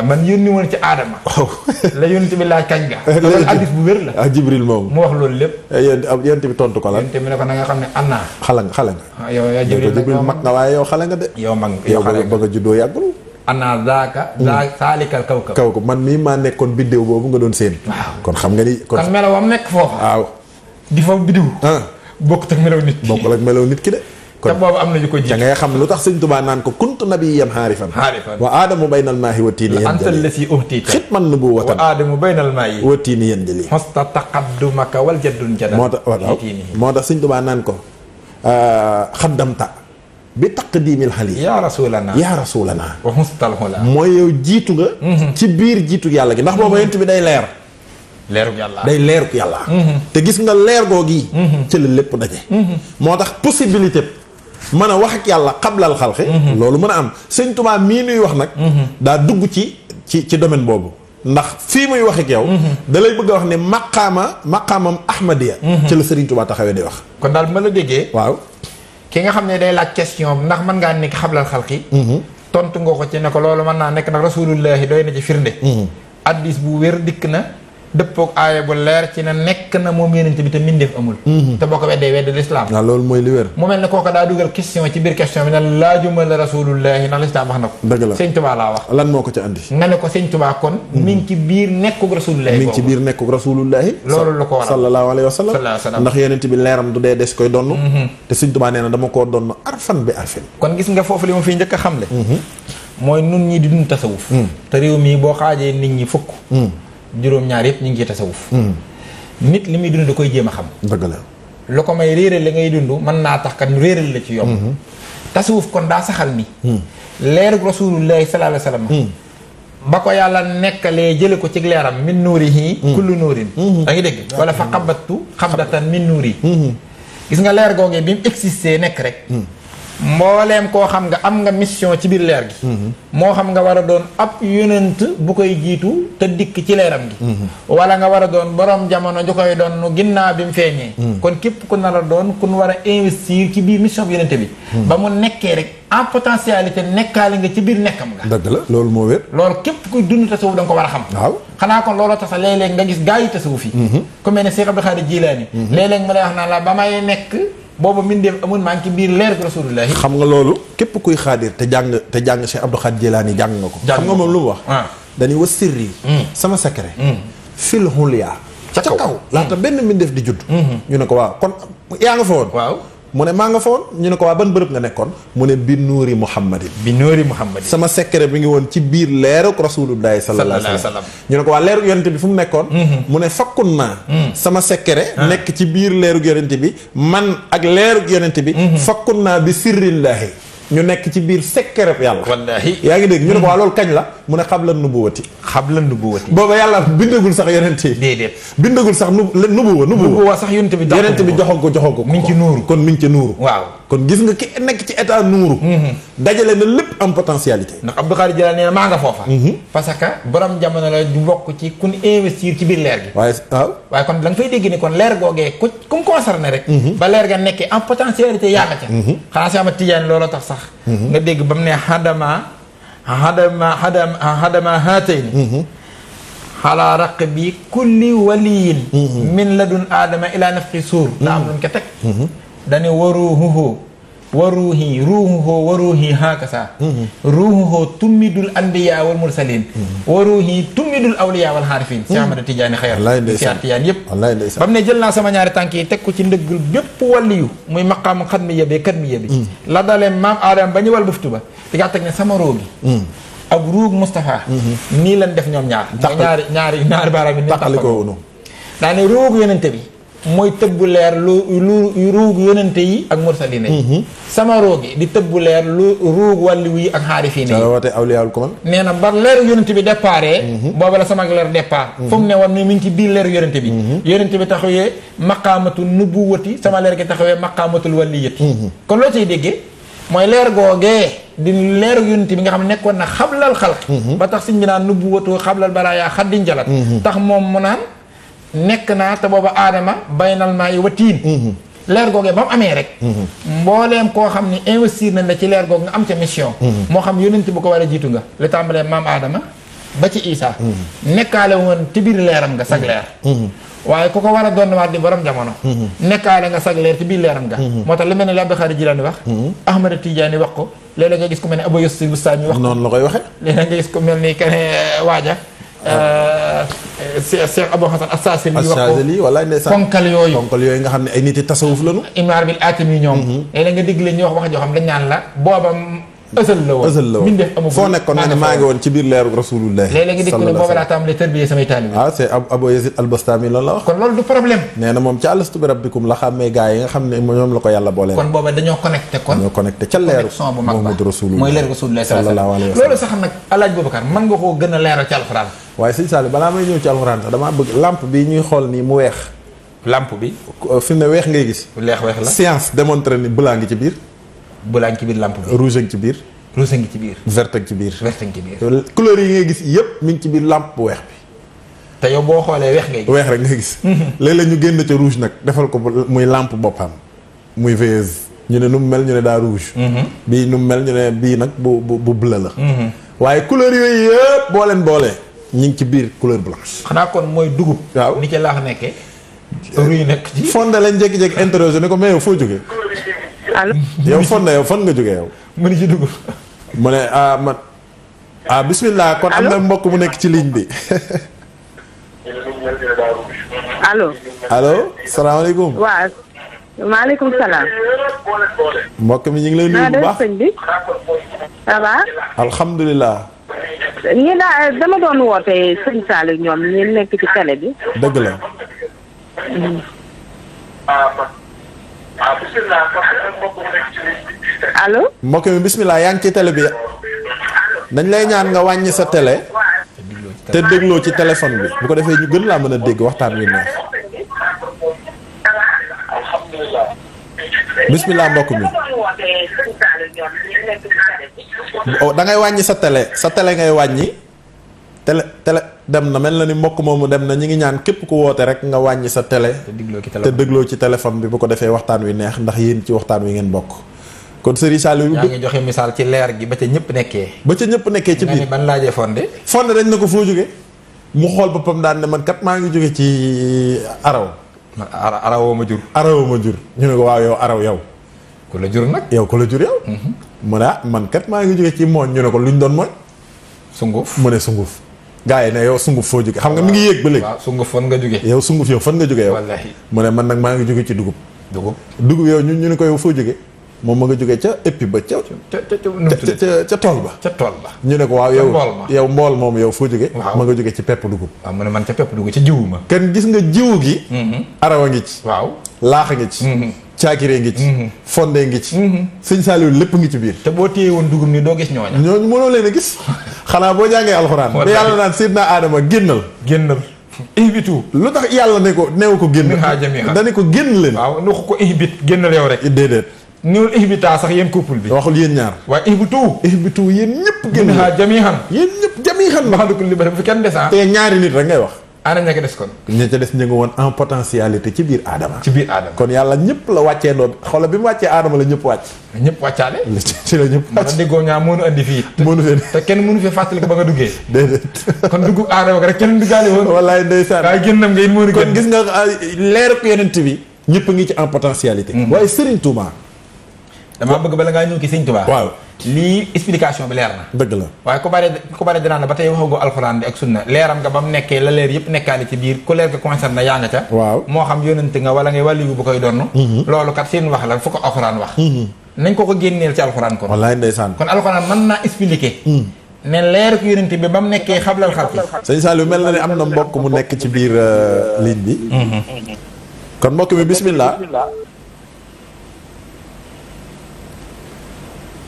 Speaker 1: Ah, moom mu wax loolu lépp. Eh, yéen yéen tontu ko lan. ne ko na nga xam ne annaa. xala nga xala nga. Ah, yow yaa Jibril mag nga waaye yow nga yow mag yow ba nga juddoo yàggul ana zaaka mm. zaaka saalikal kawkab kawkab man mii maa nekkoon biddéew boobu nga doon seen kon xam nga ni ko kon melawam nekk foofu waaw di fa biddiw ah. bokkut ak melaw nit ki bokkul ak melaw nit ki de kon boobu am nañu ko jiite da xam lu tax sëñ Tuubaa naan ko kuntu nabiyyan haarifan haarifan wa aadamu baynal maahi wa tiini yan jëli la si uhti xitman nubuwatan wa aadamu baynal maahi wa tiini yan jëli mosta taqaddumaka wal jaddun jadal moo tax waaw moo tax sëñ naan ko xaddamta bi taqdimil xali yaa rasulanaa yaa rasulanaa mooy yow jiitu nga mhm. ci biir jiitu yàlla gi ndax booba yent bi day leer leeruk yàlla day leeruk yàlla mhm. te gis nga leer googi mhm. ci la lépp daje moo tax possibilité mën a wax ak yàlla xablal xalqi loolu mën a am sëñ Tuubaa mii nuy wax nag daa dugg ci ci ci domaine boobu ndax fii muy wax ak yow bëgg a wax ne maqaama maqaamam ahmadiya ci la sëriñ a taxawee di wax kon daal ma la déggee waaw ki nga xam ne day laaj question ndax mën ngaa nekk xablal xalqi mhm. tontu nga ko ci ne ko loolu mën naa nekk nag rasulullahi doy na ci firnde. Mhm. addis bu wér dikk na. dëppook aaya bu leer ci na nekk na moom yonent bi te mbindeef amul mhm. te boo ko weddee wedd lislaam waaw loolu mooy li wér mu mel ne kooka daa dugal question ci biir question bi ne laajuma la rasulullahi ndax lislaam wax na ko dëgg la sëñ tubaa kon mhm. mi ngi biir nekkuk rasulullahi loolu la ko waral sallallahu alayhi ndax yonent bi leeram du dee des koy donn mhm. te sëñ tubaa nee na dama koo donn arfan bi arfin kon gis nga foofu li mu fi njëkk a xamle mooy juróom-ñaar yëpp ñu ngi ciy tasawuf hmm. nit li muy dund da koy jéem a xam dëgg la lu ko may réeral li ngay dund mën naa tax kat ñu la ci yomb hmm. tasawuf kon daa saxal ni hmm. leerug rasulullahi sallallahu alayhi wasallam ba ko yàlla nekkalee jële ko ci leeram min nuurihi kullu nuurin da ngi dégg wala fa xabattu xabdatan min nuuri gis nga leer googee bi mu existé nekk rek mbooleem koo xam nga am nga mission ci biir leer gi mhm. moo xam nga war a doon ab yonent bu koy jiitu te dikk ci leeram gi mhm. wala nga war a doon borom jamono ju koy doon nu ginnaaw bi mu feeñee mhm. kon képp ku na la doon kun war a investir ci biir mission bi yonent bi ba mu nekkee rek en potentialité nekkaale nga ci biir nekkam nga dëgg la loolu moo wér loolu képp kuy dund tasawuf da ko war a xam waaw xanaa kon looloo tax léeg-léeg nga gis gaa yi tasawuf yi ku mel nekk booba mbindeef amoon maa ngi ci biir leer rasulullahi xam nga loolu képp kuy xaadir te jàng te jàng Cheikh Abdou Khadir Jilaani jàng nga ko xam nga moom lu mu wax ah. dañuy wa sirri hmm. sama secret hmm. fil hulia ca kaw laata hmm. benn mbindeef di judd ñu ne ko waaw kon yaa nga fa woon mu ne maa nga fa woon ñu ne ko waa ban bërëb nga nekkoon mu ne bi nuuri muhammadin bi nuuri muhammadin sama secret bi ngi woon ci biir leeruk rasulullahi sallallahu alayhi wa sallam ñu ne ko waa leeruk yonente bi fu mu nekkoon mhm. mu ne fakkun naa mhm. sama secret ah. nekk ci biir leeruk yonente bi man ak leeruk yonente bi mhm. fakkun naa bi sirrillahi ñu nekk ci biir secret yàlla wallaahi yaa ngi dégg ñu ne ko waa loolu kañ la mu ne xabla nubuwati xabla nubuwati booba yàlla bindagul sax yonent yi déedéet bindagul sax nu nubuwa nubuwa sax yonent bi yonent bi joxoon ko joxoon ko mi ngi ci nuuru kon mi ngi ci nuuru waaw kon gis mhm. mhm. fay dégg ni kon leer googee ku ku rek mhm. ba leer ga nekkee en potentialité yaa ca xanaa si ama tijaan looloo tax sax nga dégg ba mu ne xadama hadama hadam hadama haatayni mm-hmm. ala raqabi kulli waliyin mm-hmm. min ladun aadama ila nafxi suur la am luñ ko teg mm-hmm. dañu waruhuhu wa ruuhi ruuhuhu wa ruuhi hakasa mm-hmm. ruuhuhu tummidul anbiya wal mursalin mm-hmm. wa ruuhi tummidul awliya wal xaarifin si mm-hmm. Ahmada Tidiane xayr siar Tidiane yëpp ba mu ne jël naa sama ñaari tànk yi teg ko ci ndëggul bépp wàlliyu muy maqaam xat mi yebee kat mi yebee mm. la dalee maam aadama ba ñu wal buftu ba di ngaa teg ne sama róogi mm. ak ruug Moustapha nii lan def ñoom ñaar ñaari ñaari ñaari baaraam yi tàqalikoo wunu daa ne róogu yonente bi mooy tëbbu leer lu lu ruug yonente yi ak mursalina yi mhm. sama roog yi di tëbbu leer lu ruug wàlliwu yi ak xaarifiina yi ne na ba leeru yonente bi déparé mhm. booba la sama leer départ mhm. fu mu ne woon ni mi ngi ci biir leer yonente bi yonente bi taxawee maqaamatu nubuwati sama leer gi taxawee maqaamatul wàlliyati kon loo ciy déggee mooy leer googee di leer yonente bi nga xam nekkoon na xablal xalq ba tax siñ bi naan nubuwatu xablal balaa yaa xaddin jalat tax moom mu nekk naa te booba aadama baynal maa yi wa tiin mhm. leer googee ba mu amee rek mhm. mbooleem koo xam ni investir nañ la ci leer goog nga am ca mission mhm. moo xam yónent bu ko war a jiitu nga li tàmbalee maam aadama ba ci Isa nekkaale woon ci biir leeram nga sag leer waaye ku ko war a doon waat di borom jamono nekkaale nga sag leer ci biir leeram nga moo tax lu mel ne li Abdou Khadre Jilaani wax Ahmada Tijaani wax ko léeg-léeg nga gis ku mel ne Abu Yusuf Bustami wax ko noonu la koy waxe léeg-léeg nga gis ku mel ni kene waaja Cheikh euh, Abou Hassan Assaseli. Assaseli walaay ndeysaan ponkal yooyu ponkal yooyu nga xam ne ay nit yi tasawuf lañu. Imaar bil Aatim yi ñoom. Mhm. naan la boobam. ësël la woon ësël la woon amagul foo nekkoon wax. kon loolu du problème. nee moom ci alastu bi rabbikum la xàmmee gaa yi nga xam ne ñoom la ko yàlla boole. kon booba dañoo connecté kon. dañoo connecté ca leeru Muhammad rasulullah mooy leeru rasulullah sallallahu alayhi wa sallam loolu sax nag alaaj nga koo gën a leeral ci alxuraan waaye sëñ Saliou balaa may ñëw ci alxuraan sax damaa bëgg lampe bi ñuy xool nii mu weex. lampe bi. Euh, fi ne weex ngay gis. la science démontré ni blanc ngi ci biir. blanc bi. rouge ngi ci biir. rouge ngi ci biir. vert ngi ci biir. vert ngi ci biir. Euh, couleur yi ngay gis yëpp mi ngi ci biir lampe bu weex bi. te yow boo xoolee weex ngay gis. weex mhm. ñu génn ca rouge nag defal ko muy lampe boppam muy veilleuse. ñu ne nu mel ñu ne daa rouge. Mhm. bii nu mel ñu ne bii nag bu bu bu la. Mhm. waaye couleur ñu ngi ci biir couleur blanche. xanaa kon mooy dugub. waaw ni ca laax nekkee. ruy nekk lañ jékki-jékki interrogé ni ko mais yow foo jógee. allo. yow fonde yow fan nga jóge yow. mu ni ci dugub. mu ne ah man. Ah, bismillah kon am na mbokk mu nekk ci ligne bi. allo. allo salaamaaleykum. waaw. maaleykum salaam. mbokk mi ñu ngi lay nuyu baax. ça ñi daa dama doon woote sëñ ñoom ñu nekk ci tele bi. dëgg la. allo. mbokk mi bismillah yaa ngi ci télé bi dañ lay ñaan nga wàññi sa télé. te dégloo ci téléphone bi. bu ko defee ñu gën laa mën a dégg waxtaan wi neex.
Speaker 2: bismillah mbokk mi
Speaker 1: oh, da ngay wàññi sa télé sa télé ngay wàññi télé télé dem na mel na ni mbokk moomu dem na ñi ngi ñaan képp ku woote rek nga wàññi sa télé te dégloo ci téléphone bi bu ko defee waxtaan wi neex ndax yéen ci waxtaan wi ngeen bokk kon Serigne Saliou yaa ngi joxe ci leer gi ba ca ñëpp nekkee ba ca ñëpp nekkee ci biir ban laajee fonde fonde dañ na ko foo jóge mu xool ba boppam daan ne man kat maa ngi jóge ci araw arawoo ma jur. arawoo ma jur ñu ne ko waaw yow araw yow. ku la jur nag. yow ku la jur yow. Mhm. mu ne ah man kat maa ngi jóge ci mooñ ñu ne ko ñu doon mooñ. sunguf mu ne sunguf. gaa yi ne yow sunguf foo jóge xam nga mi ngi yéeg ba léegi. waaw sunguf fan nga jóge. yow sunguf yow fan nga jóge yow. wallaahi mu ne man nag maa ngi jóge ci dugub. dugub dugub ñu ñu ne ko yow foo jóge moom ma nga jóge ca éppi ba ca. ca ca ca tool ba. ca tool ba ñu ne ko waaw yow yow mbool moom yow foo jógee. ma nga jógee ci pepp dugub. waaw mu ne man ca pepp dugub ca jiwu ma. kenn gis nga jiwu gi. Mm-hmm. arawa ngi ci. waaw laax ngi ci. Mm-hmm. caakire ngi ci. Mm-hmm. fondé ngi ci. sëñ Saliou lépp ngi ci biir. te boo téye woon dugub ni doo gis ñooña. ñooñu mënoo leen a gis xanaa boo jàngee alxuraan. ba yàlla naan Seydina Adama génnal. génnal. ihbitu lu tax yàlla ne ko new ko génn. dana ko génn leen. waaw nu ko ko ihbit génnal rek. déedéet niwul ihbitaa sax yéen couple bi. waxul yéen ñaar. waaye ihbitu. ihbitu yéen ñëpp. génn minhaa jamii'an. yéen ñëpp kenn des ah. te ñaari nit ngay wax. ana ña ca des kon. des ñu ngi woon en ci biir Adama. ci biir Adama kon yàlla ñëpp wàccee ndoo xoola bi mu wàccee Adama la ñëpp wàcc. ñëpp wàcc. déggoo ñaa mënu andi fii. mënu fee te kenn mënu fee fàttali ko ba nga duggee. déedéet. kon dugg Adama waaye génnam nga gis nga euh, leer ko yonent ñëpp ngi ci en potentialité. Mm-hmm. waaye Serigne Touba. damaa bëgg bala ngaa ñëw ci sëñ Tuubaa waaw lii explication bi leer na dëgg la waaye ku bare ku bare dinaa ne ba tey waxagoo alxuraan bi ak sunna leeram nga ba mu nekkee la leer yëpp nekkaale ci biir ku leer ko concerne na yaa nga ca waaw moo xam yónante nga wala ngay wàlliyu bu koy donn mhm. loolu kat seen wax la fu alxuraan wax mhm. nañ ko ko génneel ci alxuraan kon wallaay ndeysaan kon alxuraan mën naa expliquer mhm. ne leer ko yónante bi ba mu nekkee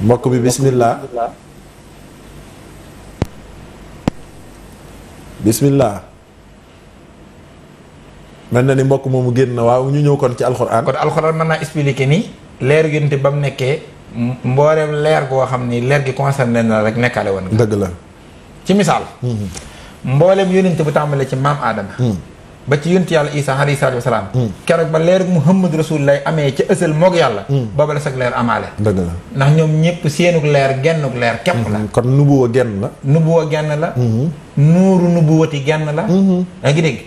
Speaker 1: mbokk bi bismillah bismillah mel na ni mbokk moomu génn na waaw ñu ñëw kon ci alxuraan kon alxuraan mën naa expliquer ni leer yonent ba mu nekkee mbooreem leer koo xam ni leer gi concerné na rek nekkaale woon nga dëgg la ci misaal mhm. mbooleem yonent bu tàmbalee ci maam aadama mhm. ba ci yonent yàlla isa alayhi salaatu wa salaam hmm. keroog ba leerug muhammad rasul lay amee ca ësal moog yàlla booba hmm. la sag leer amaale dëgg la ndax ñoom ñëpp seenug leer gennug leer képp la hmm. kon nubuwa genn la nubuwa genn la nuuru nubuwati genn la yaa ngi dégg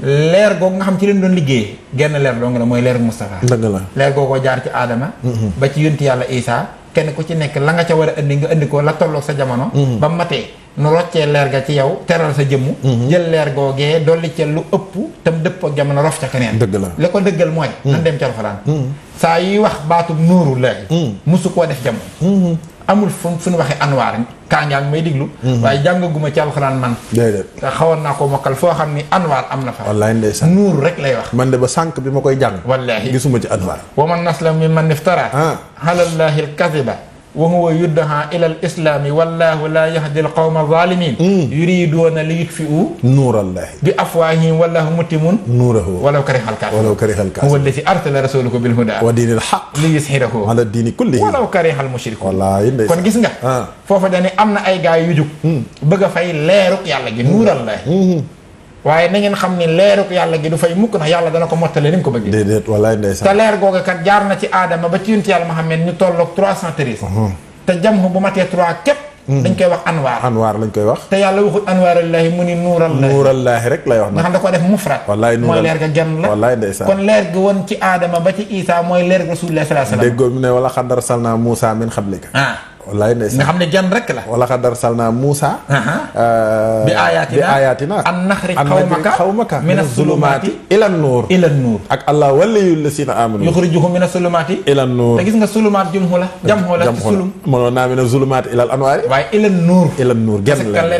Speaker 1: leer googu nga xam ci leen doon liggéey genn leer dong la mooy leerug Moustapha dëgg la leer googoo jaar ci aadama ba ci yonent yàlla isa kenn ku ci nekk la nga ca war a indi nga indi ko la tolloog sa jamono ba matee nu roccee leer ga ci yow teral sa jëmm mhm. jël leer googee dolli ca lu ëpp tam dëpp ak jamono rof ca keneen dëgg la li ko dëggal mooy mhm. nan dem ca alxuraan mhm. saa yuy wax baatub nuuru laahi musu koo def jamono amul fu fu nu waxee anwaar kaa ngi may diglu waaye jàngaguma ci alxuraan man te xawoon naa ko mokkal foo xam ni anwaar am na fa wallaahi ndeysaan nuur rek lay wax man de ba sànq bi ma koy jàng wallaahi gisuma ci anwaar wa man naslam mi man iftara ah. alallaahi alkadiba wa huwa yuddaha ila al islaami wallahu la yahdi al qawma alzalimin hmm. yuriduuna li yutfiu nuur allahi bi afwahihim wallahu mutimun nuurahu walaw kariha al kafirun walaw kariha al kafirun huwa alladi arsala rasulahu bil huda wa diini al haq li yushirahu ala diini kullihi walaw kariha al mushrikun wallaahi kon gis nga ah. foofa dane am na ay gaay yu jug hmm. bëgg a fay leeruk yàlla gi hmm. nuur allahi waaye na ngeen xam ni leeruk yàlla gi du fay mukk ndax yàlla dana ko mottale ni mu ko bëggee. déedéet wallaay ndeysaan te leer googu kat jaar na ci aadama ba ci yonent mhm. mhm. koy wax anwaar anwaar lañ koy wax te yàlla waxul anwaarallaahi mu ni ko def mufrad wallaay ci aadama ba ci Isa mooy leer ga rasulullah sallallahu alayhi wasallam déggoo mu ne wala xandar salna Muusa min xablika ah wallaay ndeysaan nga xam ne jan rek la. wala xadar salna Moussa. Euh, bi ayatina bi ayatina. an naxri xawmaka min azulumaati ila nuur ila nuur ak allah waliyul lasina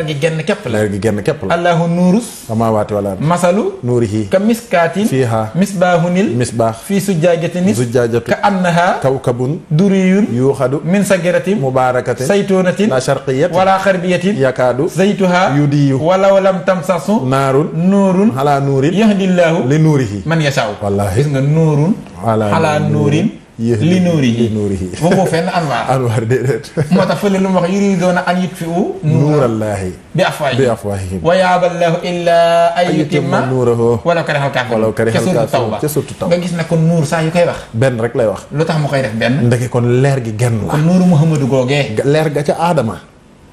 Speaker 1: gi genn képp la. leer gi genn képp la. allahu nuurus. samawaati wala masalu. nuurihi ka miskaatin. fiiha misbaahunil. misbaax fii sujaajatin. sujaajatin ka annaha. kawkabun duriyun yuuxadu min sagiratin mubaarakatin saytuunatin la sharqiyatin wala xarbiyatin yakaadu zaytuha yudiyu walaw lam tamsasu naarun nuurun ala nuurin yahdillaahu li nuurihi man yasaaw wallaahi gis nga nuurun ala nuurin li nuuri yi li nuuri yi booboo fenn anwaar anwaar déedéet moo tax fële lu mu wax yuriduuna an yutfiu nuurallaahi bi afwaahihim bi afwaahihim wa yaaba llaahu illaa an yutimma nuurahu walaw karihal kaafiruun walaw karihal kaafiruun ca surtu taw nga gis na kon nuur saa yu koy wax benn rek lay wax lu tax mu koy def benn ndeke kon leer gi genn la kon nuuru Muhammadu googee leer ga ca aadama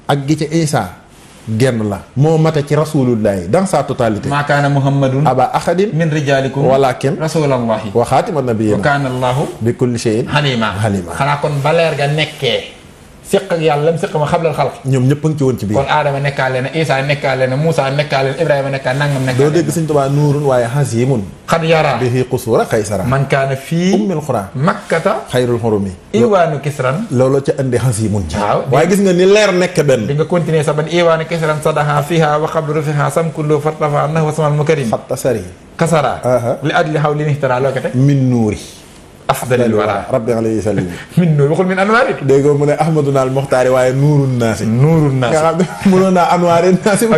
Speaker 1: ak gi ci Isaa genn la moo mate ci rasulullahi dans sa totalité maa kaana muhammadun aba ahadin min rijalikum walakin rasulallahi wa xaatima nabiyina wa kaana allahu bi kulli shay'in halima halima xanaa kon baleer ga nekkee séq yàlla lam séq ma xablal xalq ñoom ñëpp a ngi ci woon ci biir kon aadama nekkaale na isa nekkaale na Moussa nekkaale na Ibrahima nekkaale nangam nekkaale doo dégg sëñ Tuubaa nuurun waaye xasimun xad yara bihi qusuura qaysara man kaana fii ummil quran makkata xayrul xurumi iwaanu kisran loolu ca andi xasimun waaw waaye gis nga ni leer nekk benn di nga continuer sa ban iwaanu sa sadaha fiha wa qabru fiha samkullu fartafa annahu wasmal mukarim fatta li ajli xaw li nixtara afdalil wara rabbi alayhi salim ahmaduna al muxtaari waaye nga xam ne mënoon naa anwaari naasi bi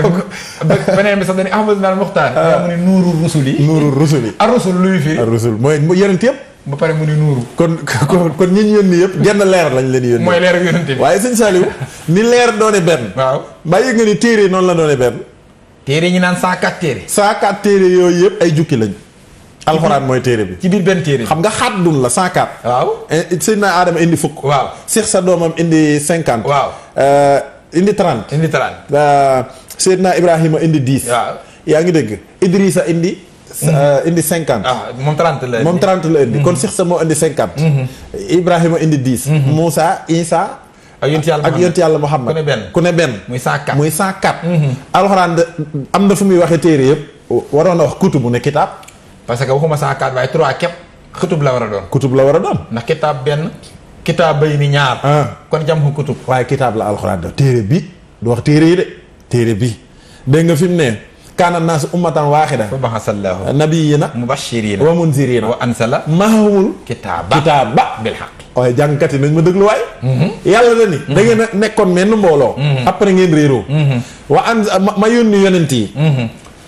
Speaker 1: sax dañu ahmaduna al muxtaari ah. yaa mu rusul yi nuuru rusul ar rusul luy firi ar rusul mooy yonent yëpp ba pare mu ne nuuru kon kon kon ñi ñu yëpp genn leer lañ leen yónni mooy leer ak yonent bi waaye sëñ Saliou ni leer doone benn waaw mbaa yëg nga ni téere noonu la doone benn téere ñi naan cent quatre téere cent quatre téere yooyu yëpp ay jukki lañ alxuraan mooy téere bi. ci biir benn téere xam nga xaddun la 104. waaw eh, Seydina Adama indi fukk. waaw Seex sa doomam indi 50. waaw eh, indi 30. indi 30. Seydina Ibrahima indi 10. yaa ngi dëgg Idrissa indi. Mm-hmm. Eh, indi 50. ah moom 30 la indi mm-hmm. moo indi 50. Mm-hmm. Ibrahima indi 10. Moussa Isa. ak yonti yàlla yàlla Muhammad ku ne benn ku ne benn. muy 104 muy 104. alxuraan am na fu muy waxee téere yëpp waroon na wax kutubu ne kitaab. parce que waxuma 104 waaye 3 képp xutub la war a doon. kutub la war a doon. ndax kitaab benn. kitaab bay ni ñaar. Ah. kon jam ko kutub. waaye kitaab la alxuraan def téere bi du wax téere yi de téere bi dégg nga fi mu ne. kaana naas ummatan waaxida. fa baxa sallahu nabiyina. mubashirina wa munzirina. wa ansala. maahumul. kitaaba kitaaba bil xaq. waaye nañ ma déglu waaye. Mhm. yàlla na ni. da a mhm. nekkoon menn mbooloo. Mhm. après ngeen réeroo. wa an ma yónni yonent yi.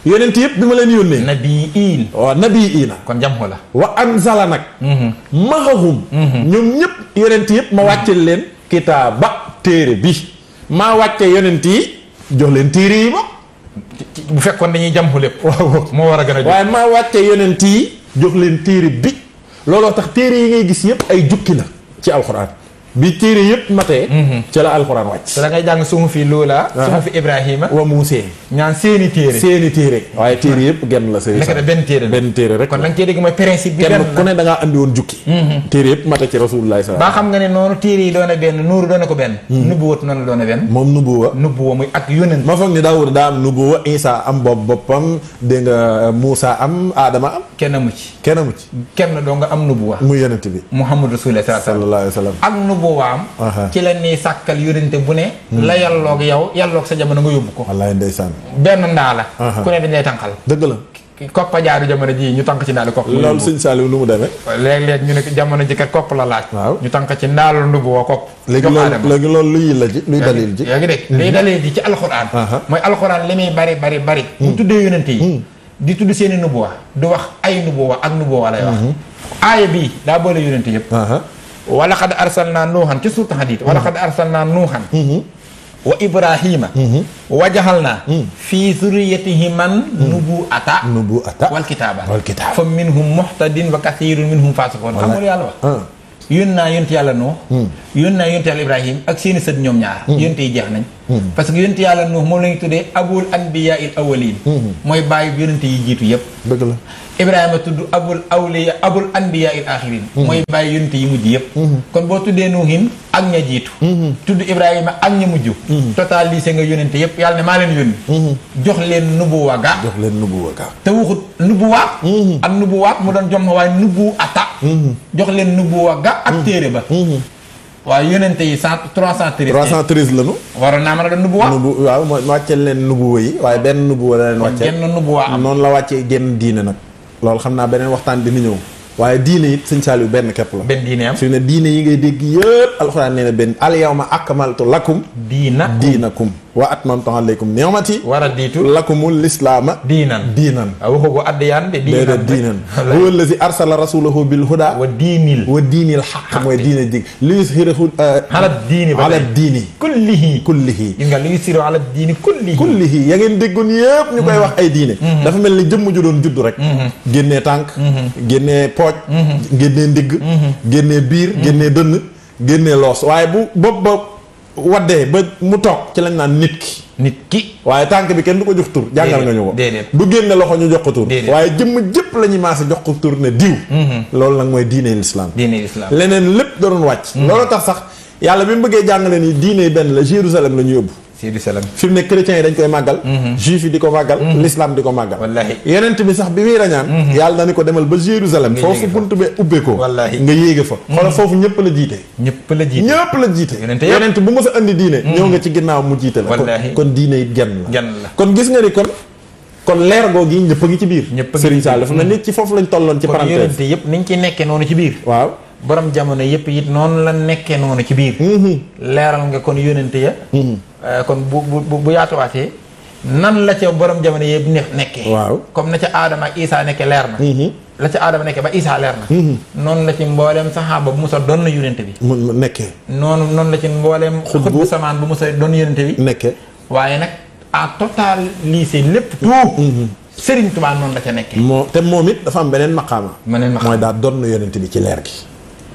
Speaker 1: yonent yëpp bi ma leen yónnee. nabii i waaw nabii iina. kon jam ko la. wa anzala nag. Mhm. maxahum. Mhm. ñoom ñëpp yonent yëpp ma wàcceel mhm. leen. kitaaba téere bi. maa wàcce yonent yi jox leen téere yi ma. bu fekkoon dañuy jam lépp. waaw moo war a gën a. waaye wàcce yonent yi. jox leen téere bi. looloo tax téere yi ngay gis yëpp ay jukki la ci alxuraan. bi téere yëpp matee. Mhm. ca la alxuraan wàcc. te da ngay jàng sumu fi Loola. sumu fi Ibrahima. wa Muusee. ñaan seeni téere. seeni téere. waaye téere yëpp genn la. sëriñ sax benn téere benn téere rek. kon da nga cee dégg mooy principe bi benn ku ne da ngaa andi woon jukki. Mhm. téere yëpp mate ci rasulullah sa ba xam nga ne noonu téere yi doon na benn nuuru doon na ko benn. Hmm. nubuwat noonu doon na benn. moom nubuwa. nubuwa muy ak yónent. ma foog ni daa wër daa am nubuwa Isa am bopp boppam dégg nga Muusa am Adama am. kenn amu ci. kenn amu ci. kenn doo nga am nubuwa. muy yónent bi. Muhammad rasulullah sallallahu alayhi wa sallam nubuwaam ci la nii sàkkal yurinte bu ne hmm. la yàlloog yow yàlloog sa jamono nga yóbbu ko wallaay ndeysaan benn ndaa la ku ne dañ lay tànqal dëgg la koppa jaaru jamono ji ñu tànk ci ndaali kopp loolu sëñ Saliou lu mu demee léeg-léeg ñu ne jamono ji kat kopp la laaj waaw ñu tànk ci ndaalu ndubu woo luy la ji luy dalil ji yaa ngi dégg luy dalil ji ci alxuraan mooy alxuraan li muy bari bari bari bu hmm. tuddee yonent yi hmm. di tudd seeni nubuwa du wax ay nubuwa ak nubuwa lay wax aaya bii daa boole yonent yëpp wala xad arsalna nuuhan ci suurta Hadiid wala xad arsalna nuuhan wa ibrahima hmm. hmm. wa jaxalna hmm. fi zurriyatihiman nubuwata nubuwata wal kitaaba wal kitaaba fa minhum muhtadin wa kathiirun minhum faasiqoon xam nga lu yàlla wax yón naa yonti yàlla Nuux yón naa yonti yàlla Ibrahim ak seeni sët ñoom ñaar yonte yi jeex nañ parce que yonti yàlla Nuux moom la ñu tuddee abul anbiya il mooy bàyyi yonente yi jiitu yëpp dëgg la Ibrahima tudd abul awliya abul anbiya il axirin mhm. mooy bàyyi yonent yi mujj yëpp mhm. kon boo tuddee nuuhin ak ña jiitu mhm. tudd Ibrahima ak ña mujj total lii nga yonent yëpp yàlla ne maa leen yónni jox leen nubuwa ga jox leen nubuwa ga te waxut nubuwa ak mu doon jom waaye nubu ata jox leen nubuwa ga ak téere ba waaw yonente yi cent trois cent treize. trois cent treize la waroon naa mën a doon nubuwa. nubu waaw wàcceel leen nubuwa yi waaye benn nubuwa la leen wàccee. genn noonu la wàccee genn diine nag. loolu xam naa beneen waxtaan dina ñëw waaye diine it sëñ Saliou benn képp la. benn diine am su ne diine yi ngay dégg yëpp alxuraan nee na benn al yawma akmaltu lakum. diinakum diinakum. waa atmamtu alaykum ni'mati wa raditu lakumul islaama diinan diinan ah, waxu ko addiyaan de diinan diinan huwa allazi arsala rasulahu bil huda wa diinil wa diinil xaq mooy diina jig li yusxirahu uh, ala diini ala diini kullihi kullihi gis nga li ngeen déggoon yëpp ñu koy mm-hmm. wax ay diine mm-hmm. dafa mel ni jëmm ju doon juddu rek mm-hmm. génnee tànk génnee pooj génnee ndigg génnee biir génnee dënn génnee loos waaye bu bopp bopp waddee ba mu toog ci lañ naan nit ki nit ki waaye tànk bi kenn du ko jox tur jàngal nga ñu ko du génne loxo ñu jox ko tur waaye jëmm jëpp la ñuy maase jox ko tur ne diw mhm. loolu nag mooy diine lislaam diine lislaam leneen lépp da doon wàcc mhm. loolu tax sax yàlla bi mu bëggee jàngale ni diine benn la Jérusalem la ñu yóbbu Sidi Salam fi mu ne chrétiens yi dañ koy màggal. Mhm. juif yi di ko màggal. Mhm. l'islam di ko màggal. wallaahi bi sax bi muy rañaan. Mhm. yàlla ni ko demal ba Jérusalem. nga foofu bunt be ubbeekoo. wallaahi nga yéege fa. xoolal foofu ñëpp la jiite. ñëpp la jiite ñëpp bu mës a andi diine. ñëw nga ci ginnaaw mu jiite la. kon diine it genn la. genn la kon gis nga ni kon. kon leer googu yi ngi ci biir. ñëpp a ngi ci biir ci foofu lañ tolloon ci parenthèse. kon niñ ci nekkee noonu ci biir. waaw borom jamono yëpp it noonu la nekkee noonu ci biir. Mhm. leeral nga kon yónnente ya. Mhm. Euh, kon bu bu bu yaatuwaatee. nan la ca borom jamono yëpp ne nekkee. waaw comme na ca aadama ak Isa nekkee leer na. Mhm. la ca Adama nekkee ba Isa leer na. noonu la ci mboolem saxaaba bu Musa doon na yónnente bi. mu nekkee. noonu noonu la ci mboolem. xut bu samaan bu Musa doon yónnente bi. nekkee waaye nag a total lii c'est lépp tout. Sëriñ Tuubaa noonu la ca nekkee. moo te moom it dafa am beneen maqaama. beneen maqaama mooy daal doon na yónnente bi ci leer gi.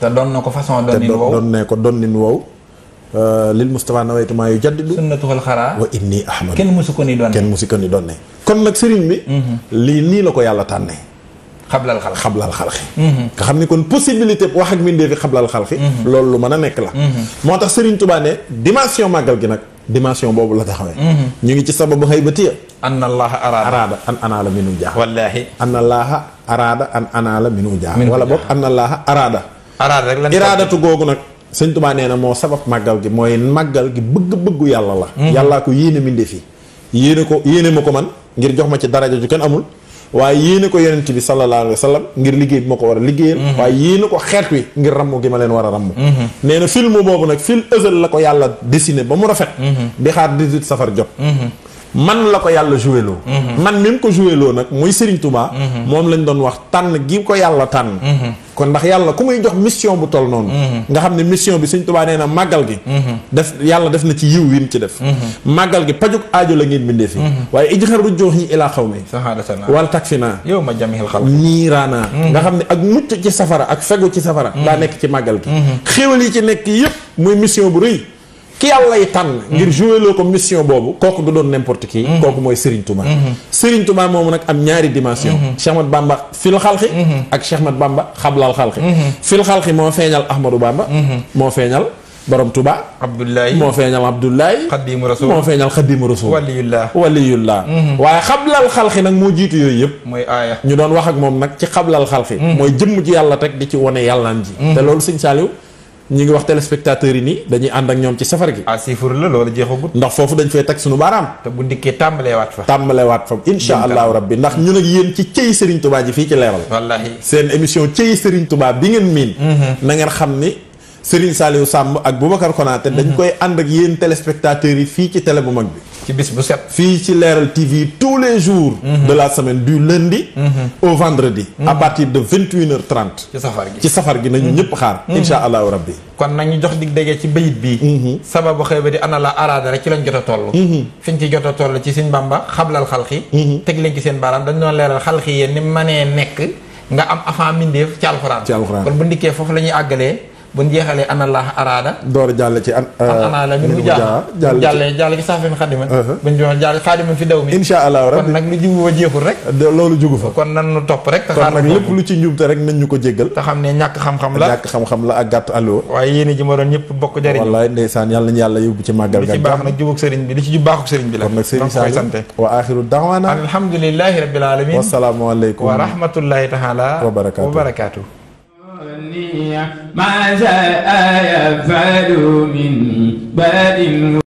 Speaker 1: te doon ne ko doon nañu wow. Euh, lil Moustapha nawaytu yu jaddidu. sunnatul xaraa wa inni ahmadu. kenn musu ko ni doon ne kenn musu ko ni doon ne. kon nag sëriñ bi. Mhm. lii nii la ko yàlla tànnee. xablal xalxi xablal xalxi mhm. nga xam ni kon possibilité wax ak mindee fi xablal xalxi mhm. loolu lu mën a nekk la moo tax Serigne Touba ne dimension màggal gi nag dimension boobu la taxawee ñu ngi ci sababu xaybati ya an allaha araada an anaala minu jaax wallaahi an allaha araada an anaala minu jaax wala boog an allaha araada araada rek lan iraadatu googu nag sëñ Tuubaa nee na moo sabab màggal gi mooy màggal gi bëgg-bëggu yàlla la mhm. yàllaa ko yéene mbindee fi yéene ko yéene ma ko man ngir jox ma ci daraja ju kenn amul waaye yéene ko yonent bi sallallahu alayhi wa sallam ngir liggéey bi ma ko war a liggéeyal mhm. waaye yéene ko xeet wi ngir ramm gi ma leen war a ramm mhm. nee na film boobu nag fil ësal la ko yàlla dessiné ba mu rafet di xaar 18 safar jot man la ko yàlla joué loo mhm. man mi ko joué loo nag muy Serigne Touba. Mhm. moom lañ doon wax tànn gi ko yàlla tànn. Mhm. kon ndax yàlla ku muy jox mission bu toll noonu. nga xam ne mission bi Serigne Touba nee na màggal gi. def yàlla def na ci yiw wi mu ci def. màggal gi pajuk aajo la ngeen bindee fi. waaye ijxar bu jox ñi ilaa xaw mi. wala tag fi naa. yow ma jamihil xalq niiraanaa nga xam ne ak mucc ci safara ak fegu ci safara. daa nekk ci màggal gi. xéwal yi ci nekk yëpp muy mission bu rëy. ki yàlla yi tànn. ngir joué ko mission boobu. kooku du doon n'importe qui. Mhm. kooku mooy Serigne Touba. Mhm. Serigne Touba moomu nag am ñaari dimension. Mhm. Cheikh Mat Bamba fil xalxi. ak Cheikh Mat Bamba xablal xalxi. fil xalxi moo feeñal Ahmadou Bamba. moo feeñal. borom Touba. Abdoulaye moo feeñal Abdoulaye. xaddimu rasul moo feeñal xaddimu rasul. waliyullah waliyullah. waaye xablal xalxi nag moo jiitu yooyu yëpp. mooy ñu doon wax ak moom nag ci xablal xalxi. mooy jëmm ci yàlla teg di ci wane yàllaan ji. te loolu Sëñ ñu ngi wax téléspectateurs yi nii dañuy ànd ak ñoom ci safar gi. ah siifur jeexagut. ndax foofu dañ fay teg suñu baaraam. te bu ndikkee tàmbaleewaat fa. tàmbaleewaat fa incha allahu rabbi ndax ñun ak yéen ci cëy Serigne Touba ji fii ci leeral. wallaahi seen émission cëy Serigne Touba bi ngeen miin. Mhm. na ngeen xam ni Serigne Saliou sàmm ak bu Boubacar Konaté dañ mhm. koy ànd ak yéen téléspectateurs yi fii ci télé bu mag bi. ci bis bu set. fii ci Leral TV tous les jours. Mhm. de la semaine du lundi. Mhm. au vendredi. Mhm. à partir de vingt une heures trente. ci safar gi ci safar gi nañu ñëpp xaar. incha allahu bi kon nag ñu jox dig dégg ci bayit bi sababu xëy ba di ana la araada rek ci lañ jot a toll fiñ ci jot a toll ci suñ bamba xablal xalxi teg leen ci seen baaraam dañ doon leeral xalxi yéen ni manee nekk nga am avant mindeef ci alxuraan kon bu ndikkee foofu la ñuy àggalee bu ñu jeexalee anallah araada. door a jàll ci an. amaala euh, ñu ngi uh-huh. jàll jàll ci jàll jàll ci saafin xadima. bu ñu doon jàll xadima fi daw mi. incha allah kon nag lu jiwu ba jeexul rek. kon nan nu topp rek. te kon nag lépp ci njuumte rek nañ ñu ko jéggal. te xam ne ñàkk xam-xam la ñàkk xam-xam la ak gàtt allo. waaye yéen a ji ma doon ñëpp bokk jariñ. wallaay ndeysaan yàlla nañu yàlla yóbbu ci màggal. li ci baax nag jubug sëriñ bi li ci baaxu sëriñ bi la. kon nag sëriñ Sall wa axiru daawaana alhamdulillahi rabbil alamin wa salaamu aleykum wa rahmatullahi taala wa barakaatu ما شاء يفعل من بال